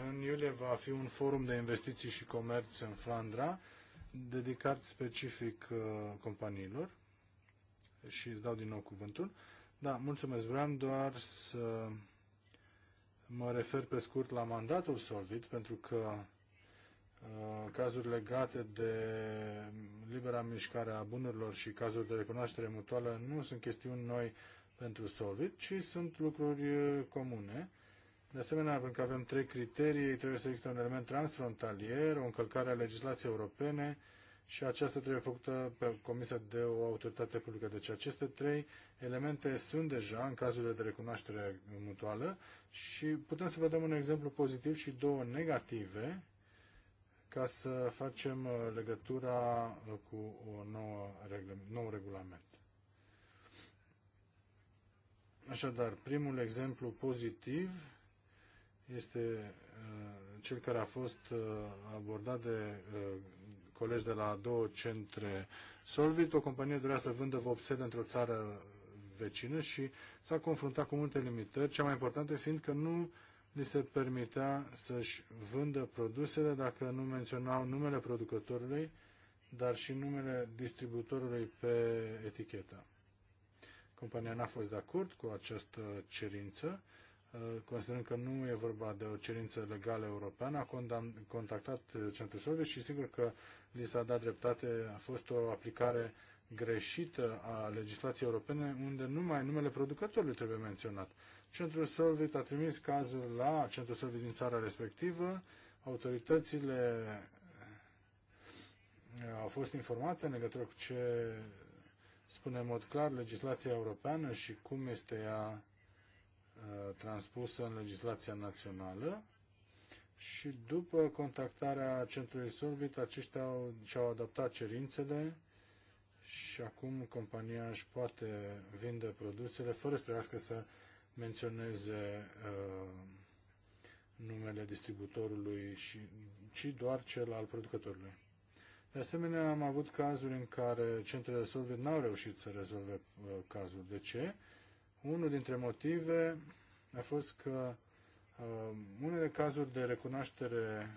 În iulie va fi un forum de investiții și comerț în Flandra dedicat specific companiilor și îți dau din nou cuvântul. Da, mulțumesc. Vreau doar să mă refer pe scurt la mandatul Solvit, pentru că Uh, cazuri legate de libera mișcare a bunurilor și cazuri de recunoaștere mutuală nu sunt chestiuni noi pentru Sovit, ci sunt lucruri uh, comune. De asemenea, pentru că avem trei criterii, trebuie să existe un element transfrontalier, o încălcare a legislației europene și aceasta trebuie făcută pe comisă de o autoritate publică. Deci aceste trei elemente sunt deja în cazurile de recunoaștere mutuală și putem să vedem un exemplu pozitiv și două negative ca să facem uh, legătura uh, cu o nouă, nou regulament. Așadar, primul exemplu pozitiv este uh, cel care a fost abordat de colegi de la două centre Solvit. O companie dorea să vândă vopsele într-o țară vecină și s-a confruntat cu multe limitări, cea mai importantă fiind că nu li se permitea să-și vândă produsele dacă nu menționau numele producătorului, dar și numele distribuitorului pe etichetă. Compania n-a fost de acord cu această cerință, uh, considerând că nu e vorba de o cerință legală europeană, a contactat Centrul Soviet și sigur că li s-a dat dreptate, a fost o aplicare greșită a legislației europene, unde numai numele producătorului trebuie menționat. Centrul Solvit a trimis cazul la Centrul Solvit din țara respectivă. Autoritățile eh, au fost informate în legătură cu ce spune în mod clar legislația europeană și cum este ea eh, transpusă în legislația națională și după contactarea centrului Solvit, aceștia au, și-au adaptat cerințele și acum compania își poate vinde produsele fără să trebuiască să menționeze uh, numele distributorului, și, ci doar cel al producătorului. De asemenea, am avut cazuri în care centrele Solvit n-au reușit să rezolve uh, cazul. De ce? Unul dintre motive a fost că uh, unele cazuri de recunoaștere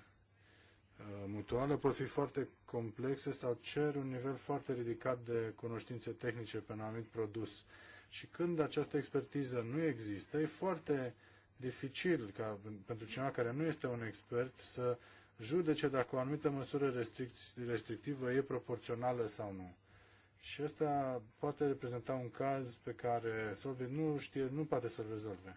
uh, mutuală pot fi foarte complexe sau cer un nivel foarte ridicat de cunoștințe tehnice pe un anumit produs și când această expertiză nu există, e foarte dificil ca, pentru cineva care nu este un expert să judece dacă o anumită măsură restric restrictivă e proporțională sau nu. Și asta poate reprezenta un caz pe care Solvit nu știe, nu poate să-l rezolve.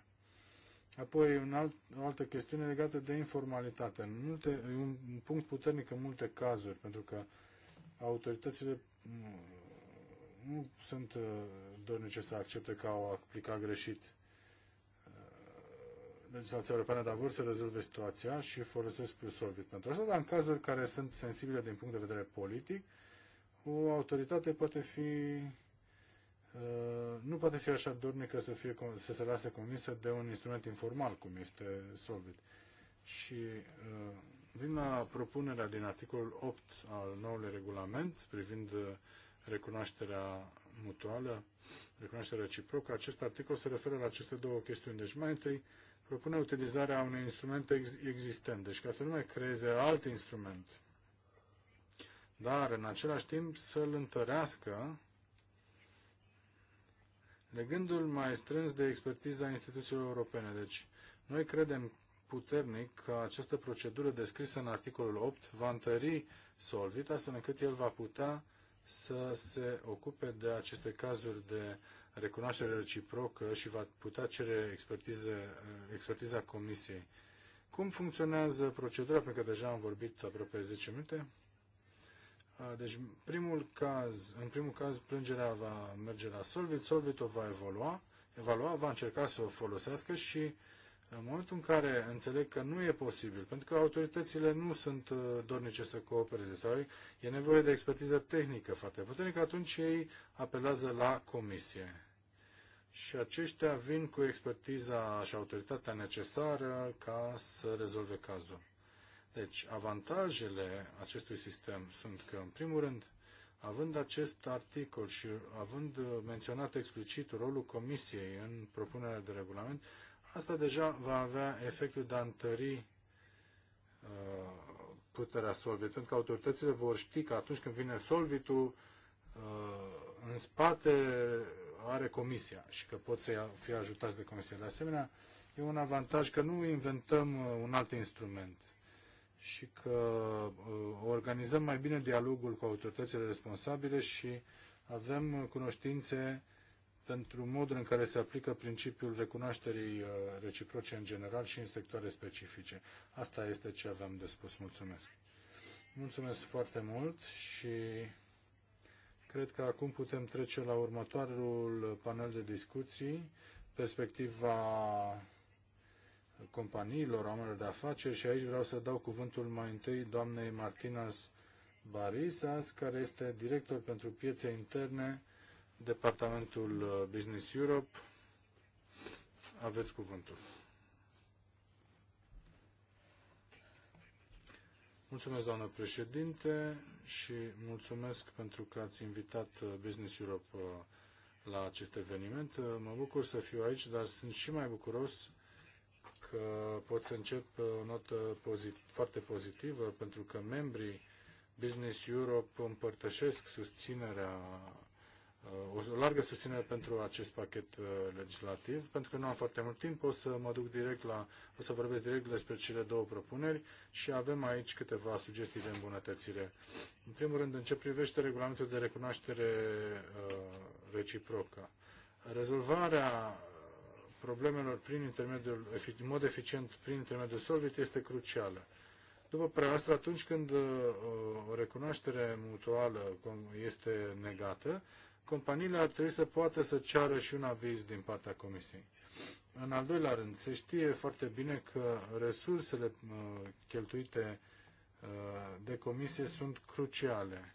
Apoi, un alt, o altă chestiune legată de informalitate. În e un punct puternic în multe cazuri, pentru că autoritățile nu sunt uh, dornice să accepte că au aplicat greșit uh, legislația europeană, dar vor să rezolve situația și folosesc plus solvit pentru asta, dar în cazuri care sunt sensibile din punct de vedere politic, o autoritate poate fi uh, nu poate fi așa dornică să, fie, să se lase convinsă de un instrument informal, cum este Solvit. Și vin la propunerea din articolul 8 al noului regulament privind recunoașterea mutuală, recunoașterea reciprocă. Acest articol se referă la aceste două chestiuni. Deci mai întâi propune utilizarea unui instrument ex- existent, deci ca să nu mai creeze alt instrument, dar în același timp să-l întărească legându-l mai strâns de expertiza instituțiilor europene. Deci noi credem puternic că această procedură descrisă în articolul 8 va întări Solvit astfel încât el va putea să se ocupe de aceste cazuri de recunoaștere reciprocă și va putea cere expertize, expertiza Comisiei. Cum funcționează procedura? Pentru că deja am vorbit aproape 10 minute. Deci, primul caz, în primul caz, plângerea va merge la Solvit, Solvit o va evolua, evalua, va încerca să o folosească și în momentul în care înțeleg că nu e posibil, pentru că autoritățile nu sunt uh, dornice să coopereze sau e nevoie de expertiză tehnică foarte puternică, atunci ei apelează la comisie. Și aceștia vin cu expertiza și autoritatea necesară ca să rezolve cazul. Deci, avantajele acestui sistem sunt că, în primul rând, având acest articol și având uh, menționat explicit rolul Comisiei în propunerea de regulament, asta deja va avea efectul de a întări uh, puterea Solvit, pentru că autoritățile vor ști că atunci când vine Solvitul, uh, în spate are comisia și că pot să fie ajutați de comisie. De asemenea, e un avantaj că nu inventăm uh, un alt instrument și că organizăm mai bine dialogul cu autoritățile responsabile și avem cunoștințe pentru modul în care se aplică principiul recunoașterii uh, reciproce în general și în sectoare specifice. Asta este ce aveam de spus. Mulțumesc! Mulțumesc foarte mult și cred că acum putem trece la următorul panel de discuții, perspectiva companiilor, oamenilor de afaceri și aici vreau să dau cuvântul mai întâi doamnei Martinas Barisas, care este director pentru piețe interne Departamentul uh, Business Europe. Aveți cuvântul. Mulțumesc, doamnă președinte, și mulțumesc pentru că ați invitat uh, Business Europe uh, la acest eveniment. Mă bucur să fiu aici, dar sunt și mai bucuros că pot să încep o notă pozit foarte pozitivă, pentru că membrii Business Europe împărtășesc susținerea Uh, o largă susținere pentru acest pachet uh, legislativ. Pentru că nu am foarte mult timp, o să mă duc direct la, o să vorbesc direct despre cele două propuneri și avem aici câteva sugestii de îmbunătățire. În primul rând, în ce privește regulamentul de recunoaștere uh, reciprocă. Rezolvarea problemelor prin intermediul, în mod eficient prin intermediul Solvit este crucială. După părerea asta, atunci când o recunoaștere mutuală este negată, companiile ar trebui să poată să ceară și un aviz din partea Comisiei. În al doilea rând, se știe foarte bine că resursele uh, cheltuite uh, de comisie sunt cruciale.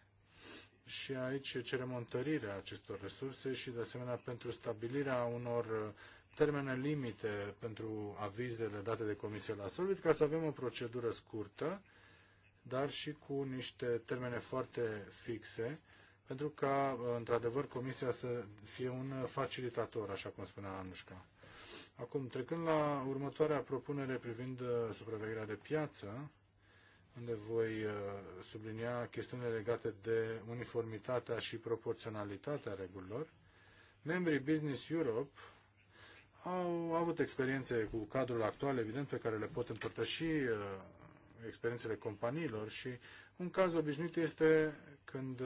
Și aici cerem o întărire a acestor resurse și, de asemenea, pentru stabilirea unor uh, termene limite pentru avizele date de comisie la Solvit, ca să avem o procedură scurtă, dar și cu niște termene foarte fixe pentru ca, într-adevăr, Comisia să fie un facilitator, așa cum spunea Anușca. Acum, trecând la următoarea propunere privind uh, supravegherea de piață, unde voi uh, sublinia chestiunile legate de uniformitatea și proporționalitatea regulilor, membrii Business Europe au avut experiențe cu cadrul actual, evident, pe care le pot împărtăși uh, experiențele companiilor și un caz obișnuit este când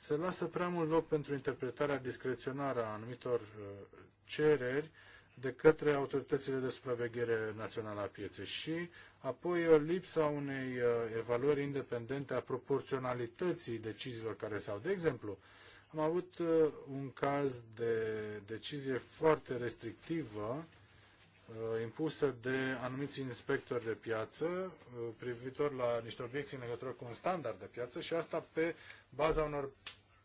se lasă prea mult loc pentru interpretarea discreționară a anumitor uh, cereri de către autoritățile de supraveghere națională a pieței și apoi lipsa unei uh, evaluări independente a proporționalității deciziilor care s-au. De exemplu, am avut uh, un caz de decizie foarte restrictivă Uh, impusă de anumiți inspectori de piață uh, privitor la niște obiecții în legătură cu un standard de piață și asta pe baza unor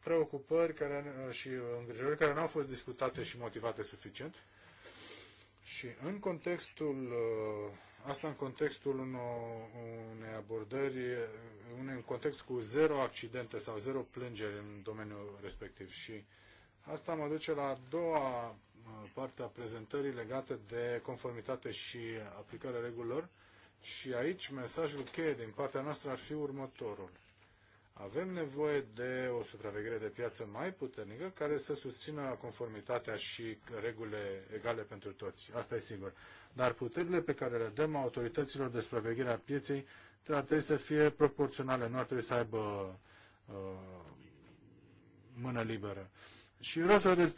preocupări care, uh, și îngrijorări care nu au fost discutate și motivate suficient. Și în contextul, asta în contextul unei abordări, unei, în context cu zero accidente sau zero plângeri în domeniul respectiv. Și asta mă duce la a doua partea prezentării legată de conformitate și aplicarea regulilor. Și aici mesajul cheie din partea noastră ar fi următorul. Avem nevoie de o supraveghere de piață mai puternică care să susțină conformitatea și regulile egale pentru toți. Asta e sigur. Dar puterile pe care le dăm autorităților de supraveghere a pieței trebuie să fie proporționale, nu ar trebui să aibă uh, mână liberă. Și vreau să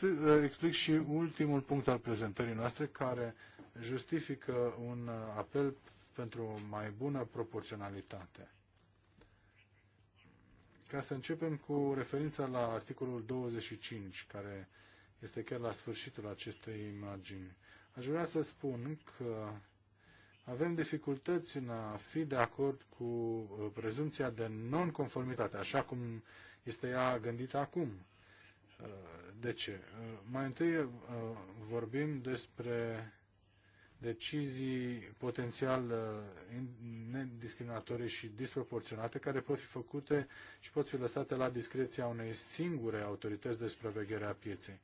explic și ultimul punct al prezentării noastre, care justifică un apel pentru o mai bună proporționalitate. Ca să începem cu referința la articolul 25, care este chiar la sfârșitul acestei imagini. Aș vrea să spun că avem dificultăți în a fi de acord cu uh, prezumția de nonconformitate, așa cum este ea gândită acum. Uh, de ce? Uh, mai întâi uh, vorbim despre decizii potențial nediscriminatorii și disproporționate care pot fi făcute și pot fi lăsate la discreția unei singure autorități de supraveghere a pieței.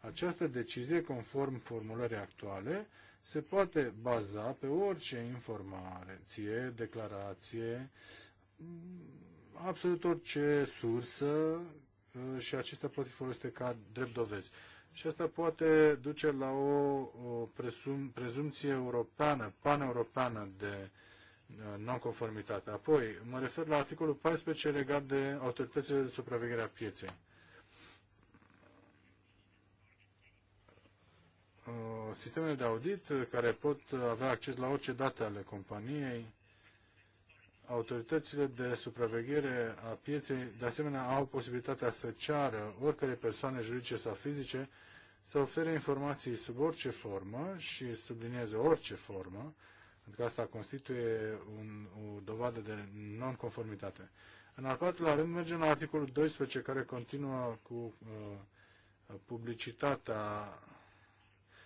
Această decizie, conform formulării actuale, se poate baza pe orice informație, declarație, absolut orice sursă Uh, și acestea pot fi folosite ca drept dovezi. Și asta poate duce la o presum, prezumție europeană, paneuropeană de uh, nonconformitate. Apoi, mă refer la articolul 14 legat de autoritățile de supraveghere a pieței. Uh, sistemele de audit care pot avea acces la orice date ale companiei, autoritățile de supraveghere a pieței, de asemenea, au posibilitatea să ceară oricărei persoane juridice sau fizice să ofere informații sub orice formă și sublinieze orice formă, pentru că asta constituie un, o dovadă de nonconformitate. În al patrulea rând mergem la articolul 12 care continuă cu uh, publicitatea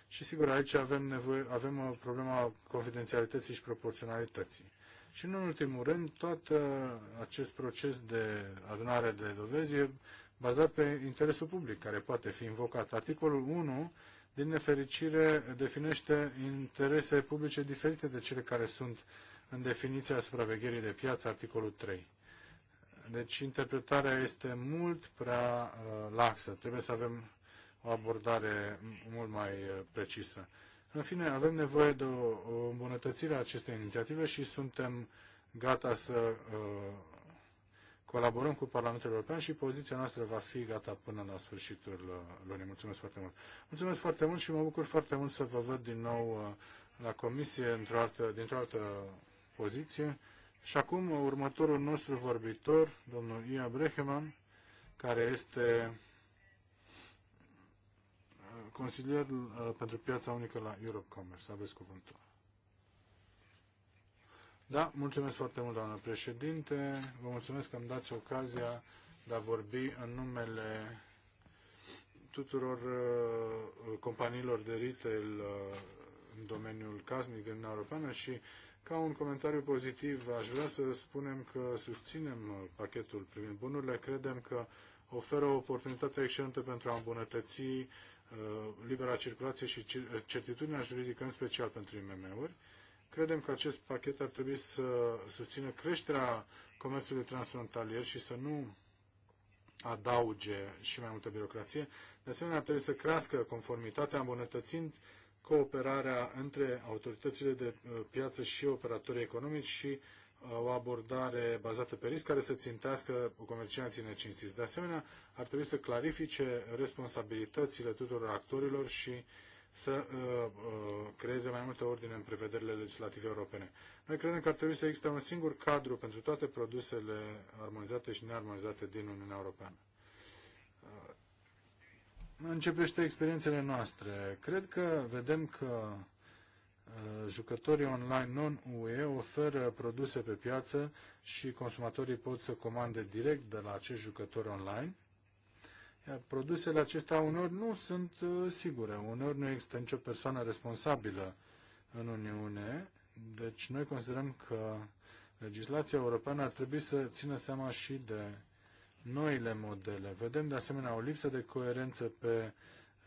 și sigur aici avem, nevoie, avem uh, problema confidențialității și proporționalității. Și în ultimul rând, tot uh, acest proces de adunare de dovezi e bazat pe interesul public care poate fi invocat. Articolul 1 din nefericire, definește interese publice diferite de cele care sunt în definiția supravegherii de piață, articolul 3. Deci interpretarea este mult prea uh, laxă. Trebuie să avem o abordare mult mai uh, precisă. În fine, avem nevoie de o, o îmbunătățire a acestei inițiative și suntem gata să uh, colaborăm cu Parlamentul European și poziția noastră va fi gata până la sfârșitul uh, lunii. Mulțumesc foarte mult. Mulțumesc foarte mult și mă bucur foarte mult să vă văd din nou uh, la comisie într-o altă, dintr-o altă poziție. Și acum următorul nostru vorbitor, domnul Ia Breheman, care este consilier uh, pentru piața unică la Europe Commerce. Aveți cuvântul. Da, mulțumesc foarte mult, doamnă președinte. Vă mulțumesc că îmi dați ocazia de a vorbi în numele tuturor uh, companiilor de retail uh, în domeniul casnic din Uniunea Europeană și ca un comentariu pozitiv aș vrea să spunem că susținem uh, pachetul privind bunurile. Credem că oferă o oportunitate excelentă pentru a îmbunătăți Uh, libera circulație și uh, certitudinea juridică, în special pentru IMM-uri. Credem că acest pachet ar trebui să susțină creșterea comerțului transfrontalier și să nu adauge și mai multă birocrație. De asemenea, trebuie să crească conformitatea îmbunătățind cooperarea între autoritățile de uh, piață și operatorii economici și o abordare bazată pe risc care să țintească comercianții necinstiți. De asemenea, ar trebui să clarifice responsabilitățile tuturor actorilor și să uh, uh, creeze mai multă ordine în prevederile legislative europene. Noi credem că ar trebui să existe un singur cadru pentru toate produsele armonizate și nearmonizate din Uniunea Europeană. Uh, începește experiențele noastre, cred că vedem că Uh, jucătorii online non-UE oferă produse pe piață și consumatorii pot să comande direct de la acești jucători online. Iar produsele acestea uneori nu sunt uh, sigure, uneori nu există nicio persoană responsabilă în Uniune, deci noi considerăm că legislația europeană ar trebui să țină seama și de noile modele. Vedem de asemenea o lipsă de coerență pe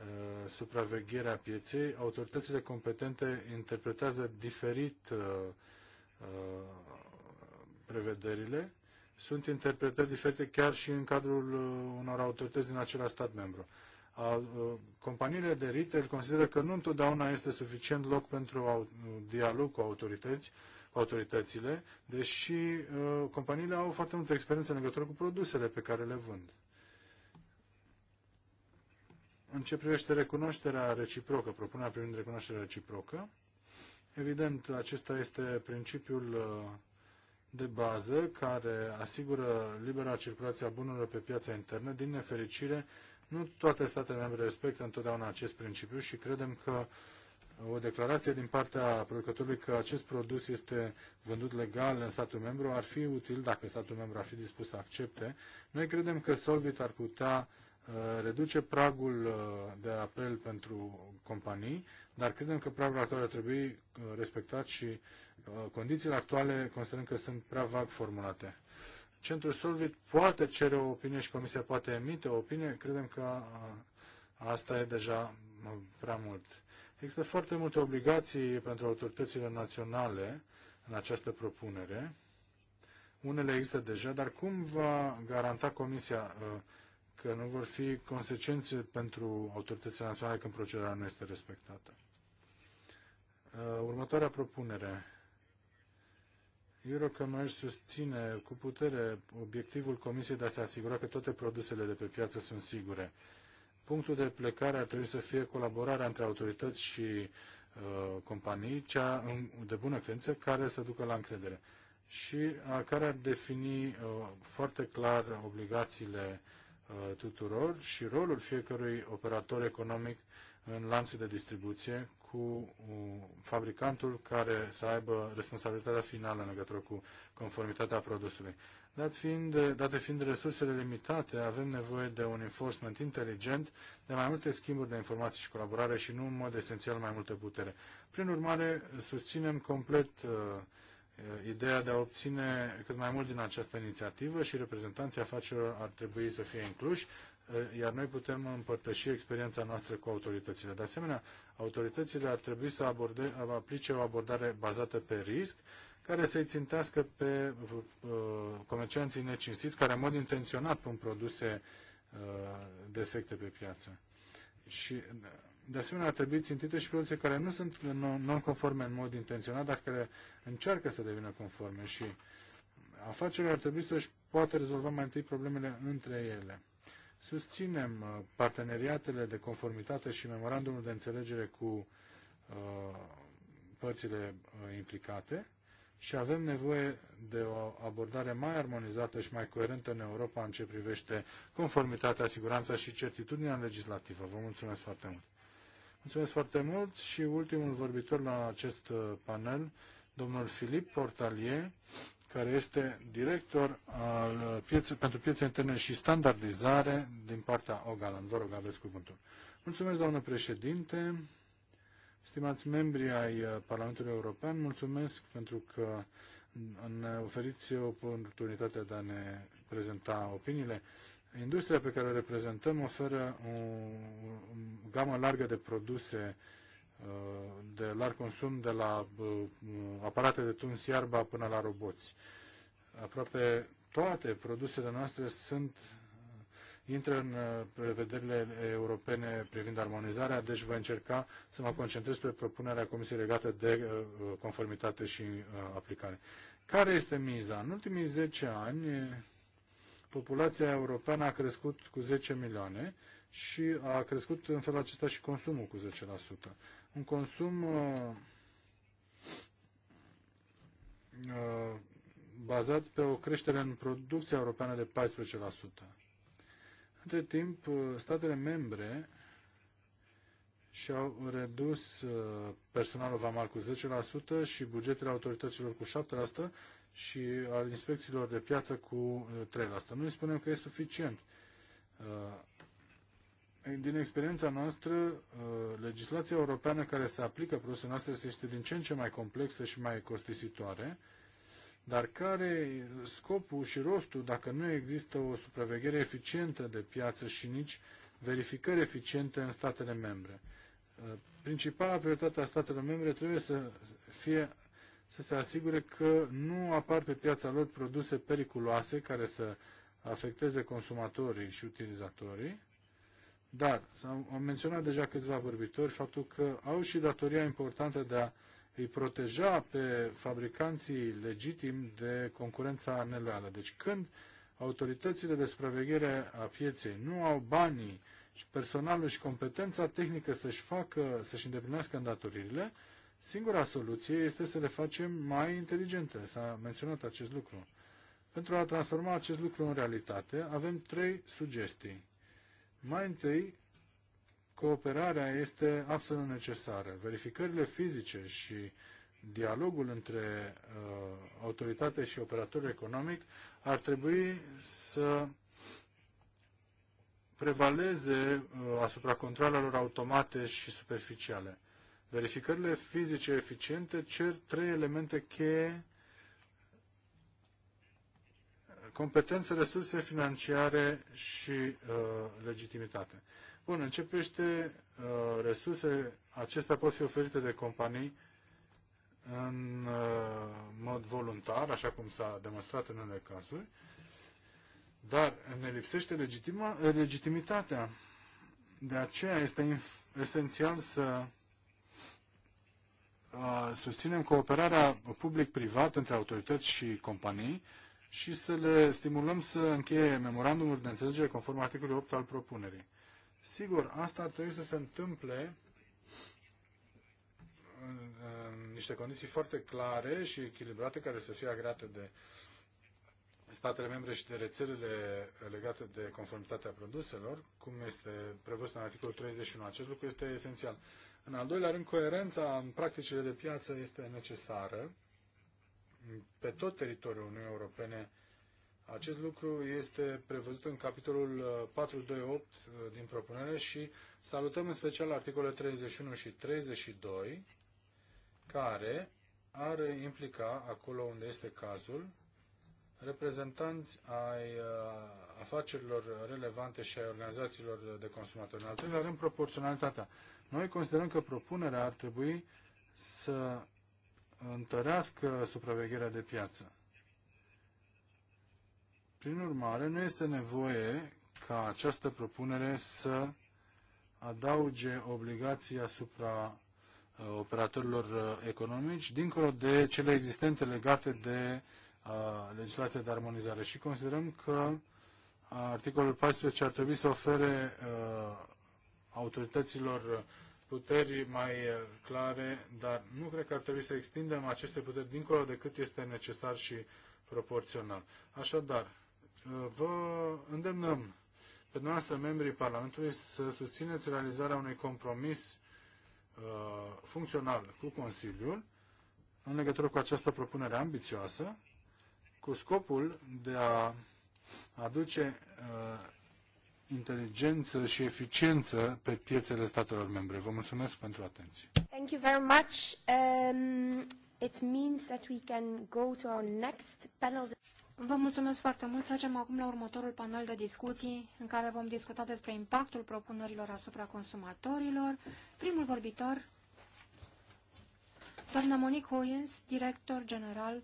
Uh, supravegherea pieței, autoritățile competente interpretează diferit uh, uh, prevederile, sunt interpretări diferite chiar și în cadrul unor autorități din același stat membru. Companiile de retail consideră că nu întotdeauna este suficient loc pentru dialog cu autorități, cu autoritățile, deși companiile au foarte multă experiență în legătură cu produsele pe care le vând. În ce privește recunoașterea reciprocă, propunerea privind recunoașterea reciprocă, evident, acesta este principiul uh, de bază care asigură libera circulație a bunurilor pe piața internă. Din nefericire, nu toate statele membre respectă întotdeauna acest principiu și credem că o declarație din partea producătorului că acest produs este vândut legal în statul membru ar fi util dacă statul membru ar fi dispus să accepte. Noi credem că Solvit ar putea Eh, reduce pragul eh, de apel pentru companii, dar credem că pragul actual ar trebui eh, respectat și condițiile actuale considerăm că sunt prea vag formulate. Centrul Solvit poate cere o opinie și Comisia poate emite o opinie. Credem că asta e deja prea mult. Există foarte multe obligații pentru autoritățile naționale în această propunere. Unele există deja, dar cum va garanta Comisia uh, că nu vor fi consecințe pentru autoritățile naționale când procedura nu este respectată. Uh, următoarea propunere. Eurocommerce susține cu putere obiectivul Comisiei de a se asigura că toate produsele de pe piață sunt sigure. Punctul de plecare ar trebui să fie colaborarea între autorități și uh, companii, cea de bună credință, care să ducă la încredere și uh, care ar defini uh, foarte clar obligațiile Uh, tuturor și rolul fiecărui operator economic în lanțul de distribuție cu uh, fabricantul care să aibă responsabilitatea finală în legătură cu conformitatea produsului. Dat fiind, date fiind resursele limitate, avem nevoie de un enforcement inteligent, de mai multe schimburi de informații și colaborare și nu în mod esențial mai multă putere. Prin urmare, susținem complet uh, ideea de a obține cât mai mult din această inițiativă și reprezentanții afacerilor ar trebui să fie incluși, iar noi putem împărtăși experiența noastră cu autoritățile. De asemenea, autoritățile ar trebui să aborde, aplice o abordare bazată pe risc, care să-i țintească pe uh, comercianții necinstiți care în mod intenționat pun produse uh, defecte pe piață. Și de asemenea, ar trebui țintite și produse care nu sunt non-conforme în mod intenționat, dar care încearcă să devină conforme și afacerile ar trebui să-și poată rezolva mai întâi problemele între ele. Susținem uh, parteneriatele de conformitate și memorandumul de înțelegere cu uh, părțile uh, implicate și avem nevoie de o abordare mai armonizată și mai coerentă în Europa în ce privește conformitatea, siguranța și certitudinea legislativă. Vă mulțumesc foarte mult! Mulțumesc foarte mult și ultimul vorbitor la acest uh, panel, domnul Filip Portalier, care este director al uh, piețe, pentru piețe interne și standardizare din partea Ogalan. Vă rog, aveți cuvântul. Mulțumesc, doamnă președinte. Stimați membri ai uh, Parlamentului European, mulțumesc pentru că ne oferiți oportunitatea de a ne prezenta opiniile. Industria pe care o reprezentăm oferă o gamă largă de produse uh, de larg consum, de la uh, aparate de tuns iarba până la roboți. Aproape toate produsele noastre sunt intră în uh, prevederile europene privind armonizarea, deci voi încerca să mă concentrez pe propunerea Comisiei legată de conformitate și aplicare. Care este miza? În ultimii 10 ani, populația europeană a crescut cu 10 milioane și a crescut în felul acesta și consumul cu 10%. Un consum uh, uh, bazat pe o creștere în producția europeană de 14%. Între timp, uh, statele membre și-au redus personalul vamal cu 10% și bugetele autorităților cu 7%, și al inspecțiilor de piață cu 3%. Uh, Noi spunem că e suficient. Uh, din experiența noastră, uh, legislația europeană care se aplică produselor noastre este din ce în ce mai complexă și mai costisitoare, dar care scopul și rostul dacă nu există o supraveghere eficientă de piață și nici verificări eficiente în statele membre. Principala prioritate a statelor membre trebuie să fie să se asigure că nu apar pe piața lor produse periculoase care să afecteze consumatorii și utilizatorii. Dar am menționat deja câțiva vorbitori faptul că au și datoria importantă de a îi proteja pe fabricanții legitimi de concurența neloială. Deci când autoritățile de supraveghere a pieței nu au banii și personalul și competența tehnică să-și facă, să-și îndeplinească îndatoririle, Singura soluție este să le facem mai inteligente. S-a menționat acest lucru. Pentru a transforma acest lucru în realitate, avem trei sugestii. Mai întâi, cooperarea este absolut necesară. Verificările fizice și dialogul între uh, autoritate și operator economic ar trebui să prevaleze uh, asupra controlelor automate și superficiale. Verificările fizice eficiente cer trei elemente cheie competențe, resurse financiare și uh, legitimitate. Bun, începește uh, resurse, acestea pot fi oferite de companii în uh, mod voluntar, așa cum s-a demonstrat în unele cazuri, dar ne lipsește legitima, legitimitatea. De aceea este esențial să susținem cooperarea public-privat între autorități și companii și să le stimulăm să încheie memorandumul de înțelegere conform articolului 8 al propunerii. Sigur, asta ar trebui să se întâmple în, niște condiții foarte clare și echilibrate care să fie agreate de statele membre și de rețelele legate de conformitatea produselor, cum este prevăzut în articolul 31. Acest lucru este esențial. În al doilea rând, coerența în practicile de piață este necesară pe tot teritoriul Uniunii Europene. Acest lucru este prevăzut în capitolul 428 uh, uh, din propunere și salutăm în special articolele 31 și 32, care ar implica, acolo unde este cazul, reprezentanți ai uh, afacerilor relevante și ai organizațiilor de consumatori. În al treilea rând, proporționalitatea. Noi considerăm că propunerea ar trebui să întărească supravegherea de piață. Prin urmare, nu este nevoie ca această propunere să adauge obligații asupra uh, operatorilor uh, economici, dincolo de cele existente legate de legislația de armonizare și considerăm că articolul 14 ar trebui să ofere uh, autorităților puteri mai uh, clare, dar nu cred că ar trebui să extindem aceste puteri dincolo de cât este necesar și proporțional. Așadar, uh, vă îndemnăm pe noastră membrii Parlamentului să susțineți realizarea unui compromis uh, funcțional cu Consiliul în legătură cu această propunere ambițioasă cu scopul de a aduce uh, inteligență și eficiență pe piețele statelor membre. Vă mulțumesc pentru atenție. Thank you very much. Um, it means that we can go to our next panel. Vă mulțumesc foarte mult. Trecem acum la următorul panel de discuții în care vom discuta despre impactul propunerilor asupra consumatorilor. Primul vorbitor, doamna Monique Hoyens, director general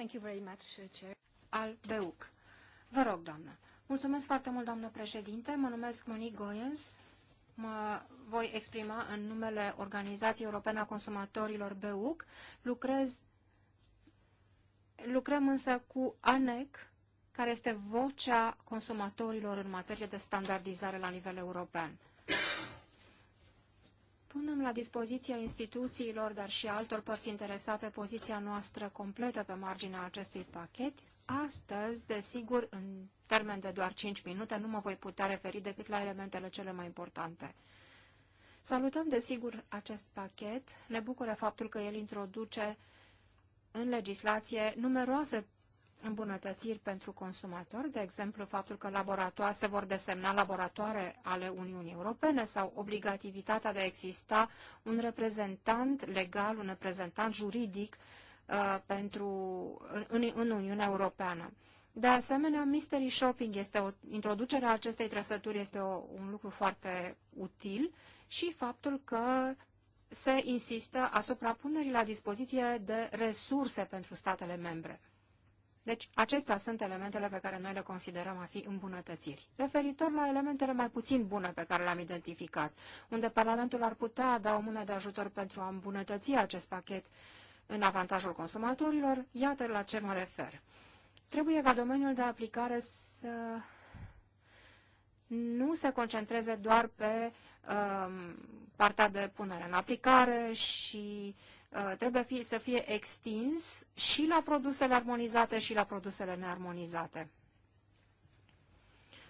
Thank you very much, uh, Chair. Al Beuc. Vă rog, doamnă. Mulțumesc foarte mult, doamnă președinte. Mă numesc Monique Goyens. Mă voi exprima în numele Organizației Europene a Consumatorilor BEUC. Lucrez, lucrăm însă cu ANEC, care este vocea consumatorilor în materie de standardizare la nivel european. Punem la dispoziția instituțiilor, dar și altor părți interesate, poziția noastră completă pe marginea acestui pachet. Astăzi, desigur, în termen de doar 5 minute, nu mă voi putea referi decât la elementele cele mai importante. Salutăm, desigur, acest pachet. Ne bucură faptul că el introduce în legislație numeroase îmbunătățiri pentru consumatori, de exemplu faptul că laboratoare, se vor desemna laboratoare ale Uniunii Europene sau obligativitatea de a exista un reprezentant legal, un reprezentant juridic uh, pentru, în, în Uniunea Europeană. De asemenea, mystery shopping este o, introducerea acestei trăsături este o, un lucru foarte util și faptul că se insistă asupra punerii la dispoziție de resurse pentru statele membre. Deci, acestea sunt elementele pe care noi le considerăm a fi îmbunătățiri. Referitor la elementele mai puțin bune pe care le-am identificat, unde Parlamentul ar putea da o mână de ajutor pentru a îmbunătăți acest pachet în avantajul consumatorilor, iată la ce mă refer. Trebuie ca domeniul de aplicare să nu se concentreze doar pe um, partea de punere în aplicare și Uh, trebuie fi, să fie extins și la produsele armonizate și la produsele nearmonizate.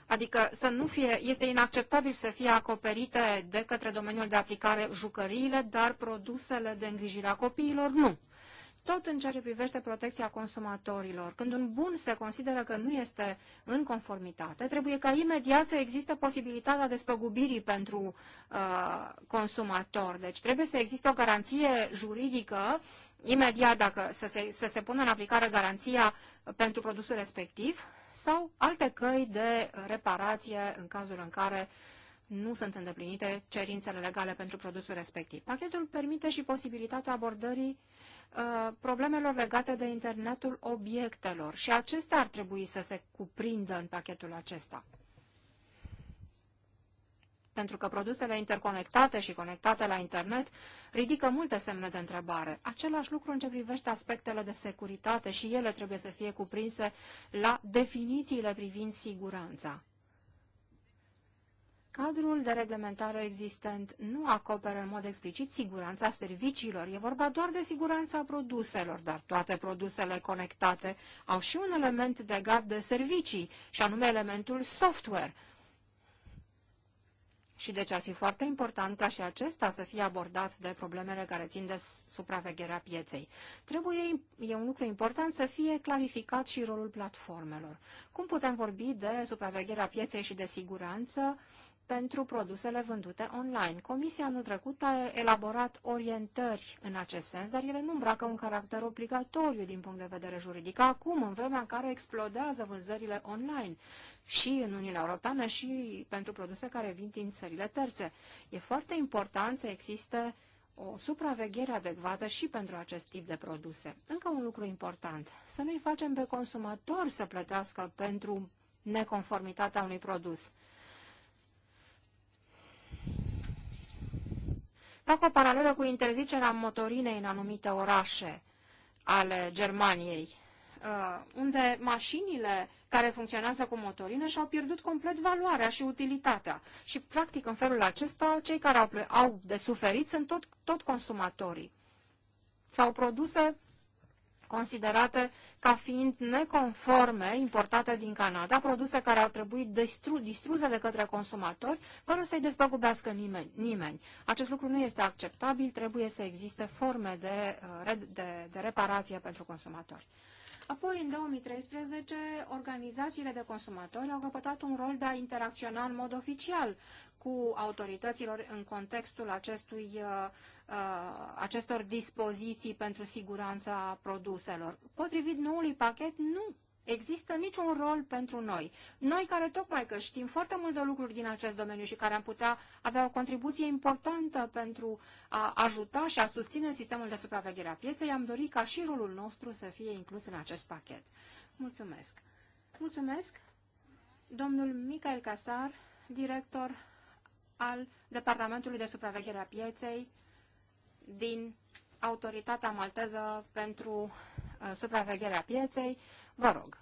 Adică să nu fie, este inacceptabil să fie acoperite de către domeniul de aplicare jucăriile, dar produsele de îngrijire a copiilor nu tot în ceea ce privește protecția consumatorilor. Când un bun se consideră că nu este în conformitate, trebuie ca imediat să existe posibilitatea despăgubirii pentru uh, consumator. Deci trebuie să existe o garanție juridică imediat dacă să se, să se pună în aplicare garanția pentru produsul respectiv sau alte căi de reparație în cazul în care nu sunt îndeplinite cerințele legale pentru produsul respectiv. Pachetul permite și posibilitatea abordării Uh, problemelor legate de internetul obiectelor și acestea ar trebui să se cuprindă în pachetul acesta. Pentru că produsele interconectate și conectate la internet ridică multe semne de întrebare. Același lucru în ce privește aspectele de securitate și ele trebuie să fie cuprinse la definițiile privind siguranța. Cadrul de reglementare existent nu acoperă în mod explicit siguranța serviciilor, e vorba doar de siguranța produselor, dar toate produsele conectate au și un element de gard de servicii, și anume elementul software. Și deci ar fi foarte important ca și acesta să fie abordat de problemele care țin de supravegherea pieței. Trebuie, e un lucru important, să fie clarificat și rolul platformelor. Cum putem vorbi de supravegherea pieței și de siguranță pentru produsele vândute online. Comisia anul trecut a elaborat orientări în acest sens, dar ele nu îmbracă un caracter obligatoriu din punct de vedere juridic. Acum, în vremea în care explodează vânzările online și în Uniunea Europeană și pentru produse care vin din țările terțe, e foarte important să existe o supraveghere adecvată și pentru acest tip de produse. Încă un lucru important, să nu-i facem pe consumatori să plătească pentru neconformitatea unui produs. fac o paralelă cu interzicerea motorinei în anumite orașe ale Germaniei, uh, unde mașinile care funcționează cu motorină și-au pierdut complet valoarea și utilitatea. Și, practic, în felul acesta, cei care au, de suferit sunt tot, tot consumatorii. Sau produse considerate ca fiind neconforme, importate din Canada, produse care au trebuit distru distruse de către consumatori, fără să-i despăgubească nimeni, nimeni. Acest lucru nu este acceptabil, trebuie să existe forme de, uh, de, de reparație pentru consumatori. Apoi, în 2013, organizațiile de consumatori au căpătat un rol de a interacționa în mod oficial cu autorităților în contextul acestui, uh, uh, acestor dispoziții pentru siguranța produselor. Potrivit noului pachet, nu există niciun rol pentru noi. Noi care tocmai că știm foarte multe lucruri din acest domeniu și care am putea avea o contribuție importantă pentru a ajuta și a susține sistemul de supraveghere a pieței, am dorit ca și rolul nostru să fie inclus în acest pachet. Mulțumesc! Mulțumesc, domnul Michael Casar, director al Departamentului de Supraveghere a Pieței din Autoritatea Malteză pentru uh, Supravegherea Pieței. Vă rog.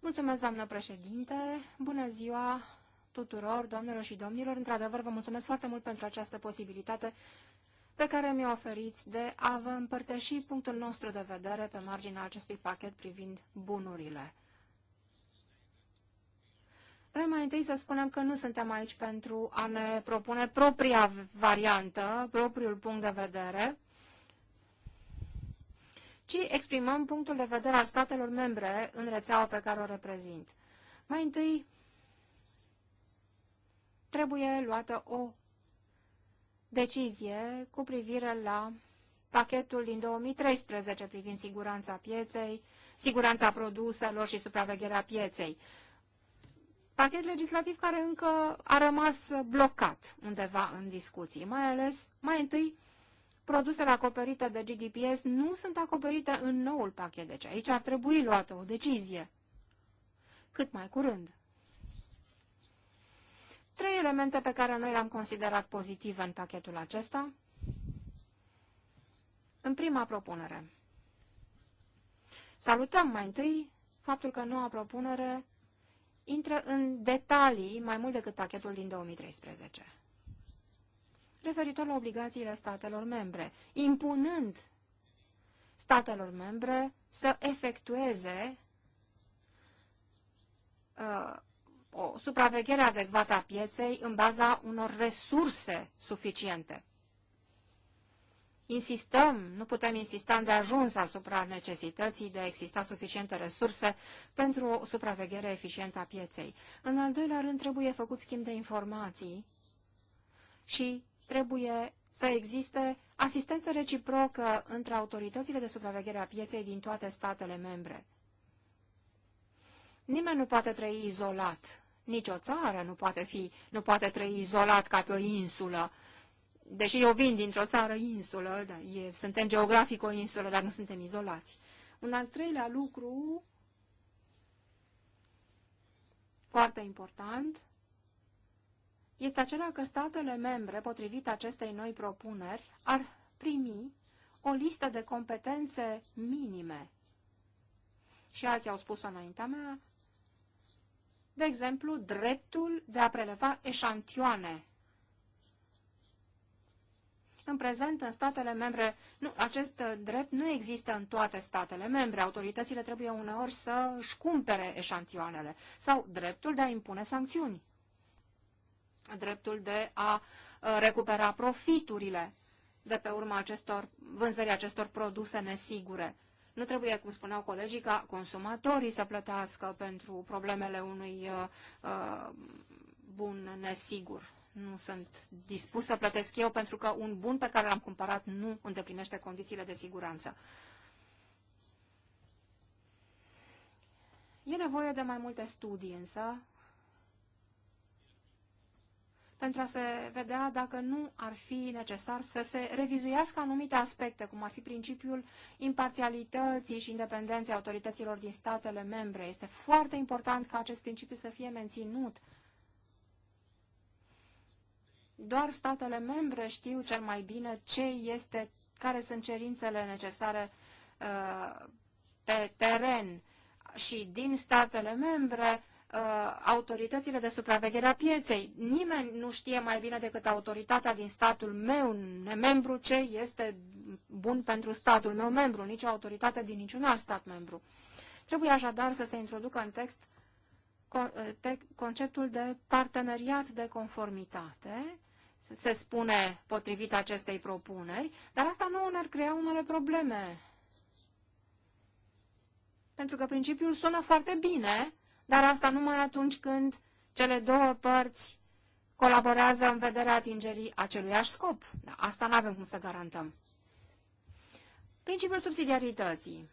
Mulțumesc, doamnă președinte. Bună ziua tuturor, doamnelor și domnilor. Într-adevăr, vă mulțumesc foarte mult pentru această posibilitate pe care mi-o oferiți de a vă împărtăși punctul nostru de vedere pe marginea acestui pachet privind bunurile. Vrem mai întâi să spunem că nu suntem aici pentru a ne propune propria variantă, propriul punct de vedere, ci exprimăm punctul de vedere al statelor membre în rețeaua pe care o reprezint. Mai întâi trebuie luată o decizie cu privire la pachetul din 2013 privind siguranța pieței, siguranța produselor și supravegherea pieței pachet legislativ care încă a rămas blocat undeva în discuții, mai ales, mai întâi, produsele acoperite de GDPS nu sunt acoperite în noul pachet, deci aici ar trebui luată o decizie. Cât mai curând. Trei elemente pe care noi le-am considerat pozitive în pachetul acesta. În prima propunere. Salutăm mai întâi faptul că noua propunere intră în detalii mai mult decât pachetul din 2013 referitor la obligațiile statelor membre, impunând statelor membre să efectueze uh, o supraveghere adecvată a pieței în baza unor resurse suficiente insistăm, nu putem insista de ajuns asupra necesității de a exista suficiente resurse pentru o supraveghere eficientă a pieței. În al doilea rând, trebuie făcut schimb de informații și trebuie să existe asistență reciprocă între autoritățile de supraveghere a pieței din toate statele membre. Nimeni nu poate trăi izolat, nici o țară nu poate, fi, nu poate trăi izolat ca pe o insulă deși eu vin dintr-o țară insulă, da, e, suntem geografic o insulă, dar nu suntem izolați. Un al treilea lucru foarte important este acela că statele membre, potrivit acestei noi propuneri, ar primi o listă de competențe minime. Și alții au spus-o înaintea mea, de exemplu, dreptul de a preleva eșantioane în prezent, în statele membre, nu, acest uh, drept nu există în toate statele membre. Autoritățile trebuie uneori să își cumpere eșantioanele sau dreptul de a impune sancțiuni, dreptul de a uh, recupera profiturile de pe urma acestor, vânzării acestor produse nesigure. Nu trebuie, cum spuneau colegii, ca consumatorii să plătească pentru problemele unui uh, uh bun nesigur nu sunt dispus să plătesc eu pentru că un bun pe care l-am cumpărat nu îndeplinește condițiile de siguranță. E nevoie de mai multe studii, însă, pentru a se vedea dacă nu ar fi necesar să se revizuiască anumite aspecte, cum ar fi principiul imparțialității și independenței autorităților din statele membre. Este foarte important ca acest principiu să fie menținut doar statele membre știu cel mai bine ce este, care sunt cerințele necesare uh, pe teren și din statele membre uh, autoritățile de supraveghere a pieței. Nimeni nu știe mai bine decât autoritatea din statul meu membru ce este bun pentru statul meu membru, nicio autoritate din niciun alt stat membru. Trebuie așadar să se introducă în text uh, conceptul de parteneriat de conformitate se spune potrivit acestei propuneri, dar asta nu ne-ar crea unele probleme. Pentru că principiul sună foarte bine, dar asta numai atunci când cele două părți colaborează în vederea atingerii aceluiași scop. Da, asta nu avem cum să garantăm. Principiul subsidiarității.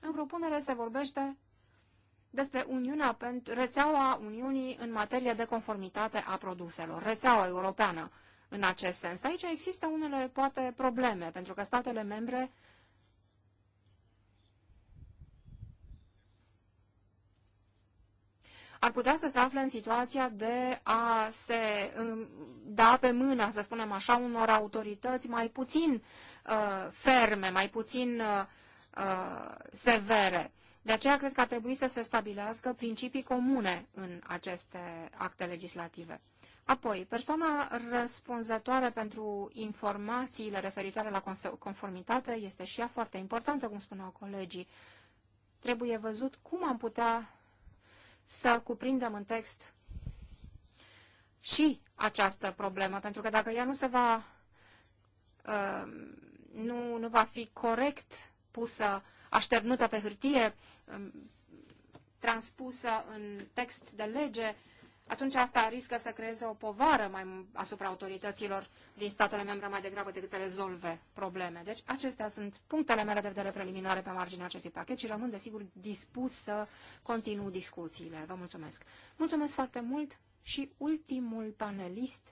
În propunere se vorbește despre Uniunea pentru, rețeaua Uniunii în materie de conformitate a produselor, rețeaua europeană în acest sens. Aici există unele, poate, probleme, pentru că statele membre ar putea să se afle în situația de a se um, da pe mână, să spunem așa, unor autorități mai puțin uh, ferme, mai puțin uh, uh severe. De aceea cred că ar trebui să se stabilească principii comune în aceste acte legislative. Apoi, persoana răspunzătoare pentru informațiile referitoare la conformitate este și ea foarte importantă, cum spuneau colegii. Trebuie văzut cum am putea să cuprindem în text și această problemă, pentru că dacă ea nu se va, uh, nu, nu va fi corect pusă, așternută pe hârtie, um, transpusă în text de lege, atunci asta riscă să creeze o povară mai asupra autorităților din statele membre mai degrabă decât să rezolve probleme. Deci acestea sunt punctele mele de vedere preliminare pe marginea acestui pachet și rămân desigur dispus să continu discuțiile. Vă mulțumesc. Mulțumesc foarte mult și ultimul panelist,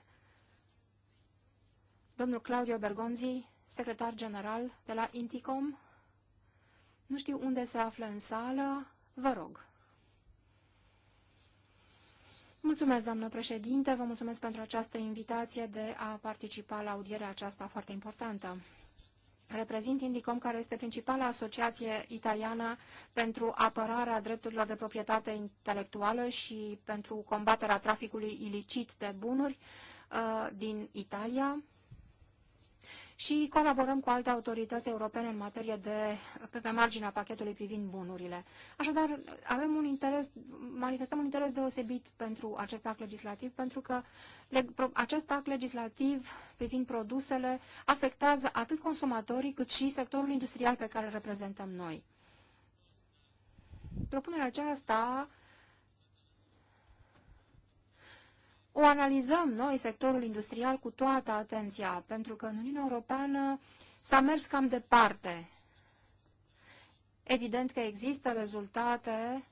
domnul Claudio Bergonzi, secretar general de la Inticom, nu știu unde se află în sală. Vă rog. Mulțumesc, doamnă președinte, vă mulțumesc pentru această invitație de a participa la audierea aceasta foarte importantă. Reprezint Indicom, care este principala asociație italiană pentru apărarea drepturilor de proprietate intelectuală și pentru combaterea traficului ilicit de bunuri uh, din Italia și colaborăm cu alte autorități europene în materie de, pe, pe marginea pachetului privind bunurile. Așadar, avem un interes, manifestăm un interes deosebit pentru acest act legislativ, pentru că acest act legislativ privind produsele afectează atât consumatorii cât și sectorul industrial pe care îl reprezentăm noi. Propunerea aceasta o analizăm noi, sectorul industrial, cu toată atenția, pentru că în Uniunea Europeană s-a mers cam departe. Evident că există rezultate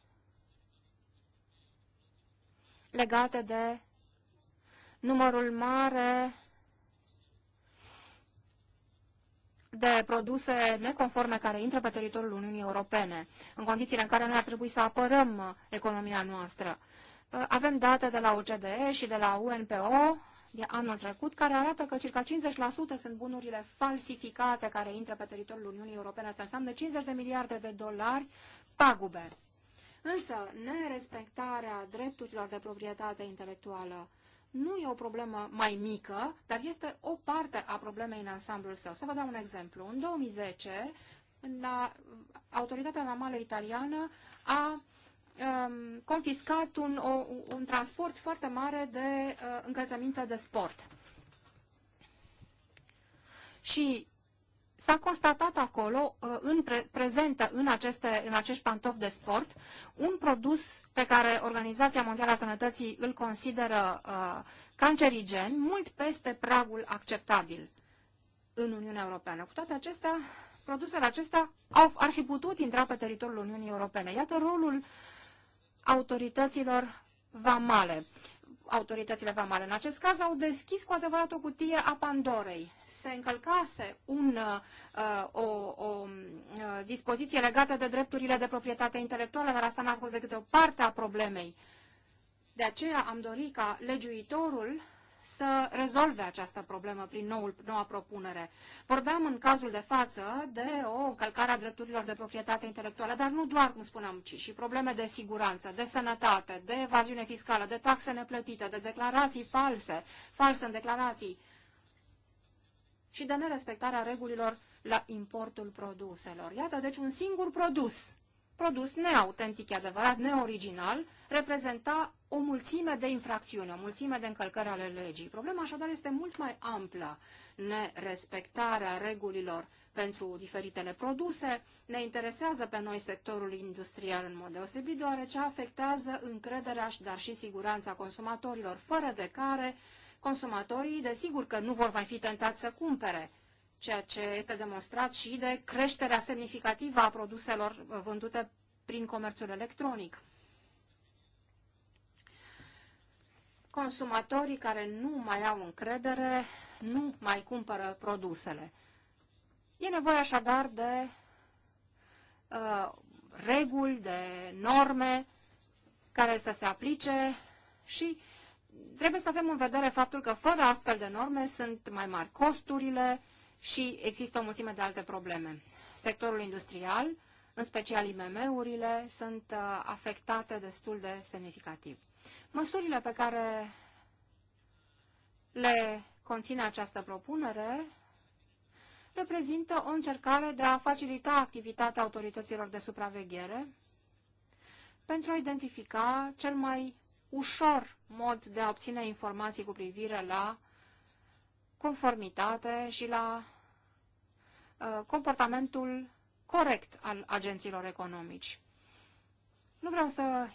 legate de numărul mare de produse neconforme care intră pe teritoriul Uniunii Europene, în condițiile în care noi ar trebui să apărăm economia noastră. Uh, avem date de la OCDE și de la UNPO de anul trecut, care arată că circa 50% sunt bunurile falsificate care intră pe teritoriul Uniunii Europene. Asta înseamnă 50 de miliarde de dolari pagube. Însă, nerespectarea drepturilor de proprietate intelectuală nu e o problemă mai mică, dar este o parte a problemei în ansamblul său. Să vă dau un exemplu. În 2010, la Autoritatea Vamală Italiană a um, confiscat un, o, un transport foarte mare de uh, încălzăminte de sport. Și s-a constatat acolo, uh, în pre, prezentă în, aceste, în acești pantofi de sport, un produs pe care Organizația Mondială a Sănătății îl consideră uh, cancerigen, mult peste pragul acceptabil în Uniunea Europeană. Cu toate acestea, produsele acestea au, ar fi putut intra pe teritoriul Uniunii Europene. Iată rolul autorităților vamale. Autoritățile vamale, în acest caz, au deschis cu adevărat o cutie a Pandorei. Se încălcase un, uh, o, o uh, dispoziție legată de drepturile de proprietate intelectuală, dar asta n-a fost decât o parte a problemei. De aceea am dorit ca legiuitorul să rezolve această problemă prin noul, noua propunere. Vorbeam în cazul de față de o încălcare a drepturilor de proprietate intelectuală, dar nu doar, cum spuneam, ci și probleme de siguranță, de sănătate, de evaziune fiscală, de taxe neplătite, de declarații false, false în declarații și de nerespectarea regulilor la importul produselor. Iată, deci un singur produs produs neautentic, adevărat, neoriginal, reprezenta o mulțime de infracțiuni, o mulțime de încălcări ale legii. Problema așadar este mult mai amplă. Nerespectarea regulilor pentru diferitele produse ne interesează pe noi sectorul industrial în mod deosebit, deoarece afectează încrederea, dar și siguranța consumatorilor, fără de care consumatorii, desigur că nu vor mai fi tentați să cumpere ceea ce este demonstrat și de creșterea semnificativă a produselor vândute prin comerțul electronic. Consumatorii care nu mai au încredere nu mai cumpără produsele. E nevoie așadar de uh, reguli, de norme care să se aplice și trebuie să avem în vedere faptul că fără astfel de norme sunt mai mari costurile, uh, și există o mulțime de alte probleme. Sectorul industrial, în special IMM-urile, sunt uh, afectate destul de semnificativ. Măsurile pe care le conține această propunere reprezintă o încercare de a facilita activitatea autorităților de supraveghere pentru a identifica cel mai ușor mod de a obține informații cu privire la conformitate și la uh, comportamentul corect al agenților economici. Nu vreau să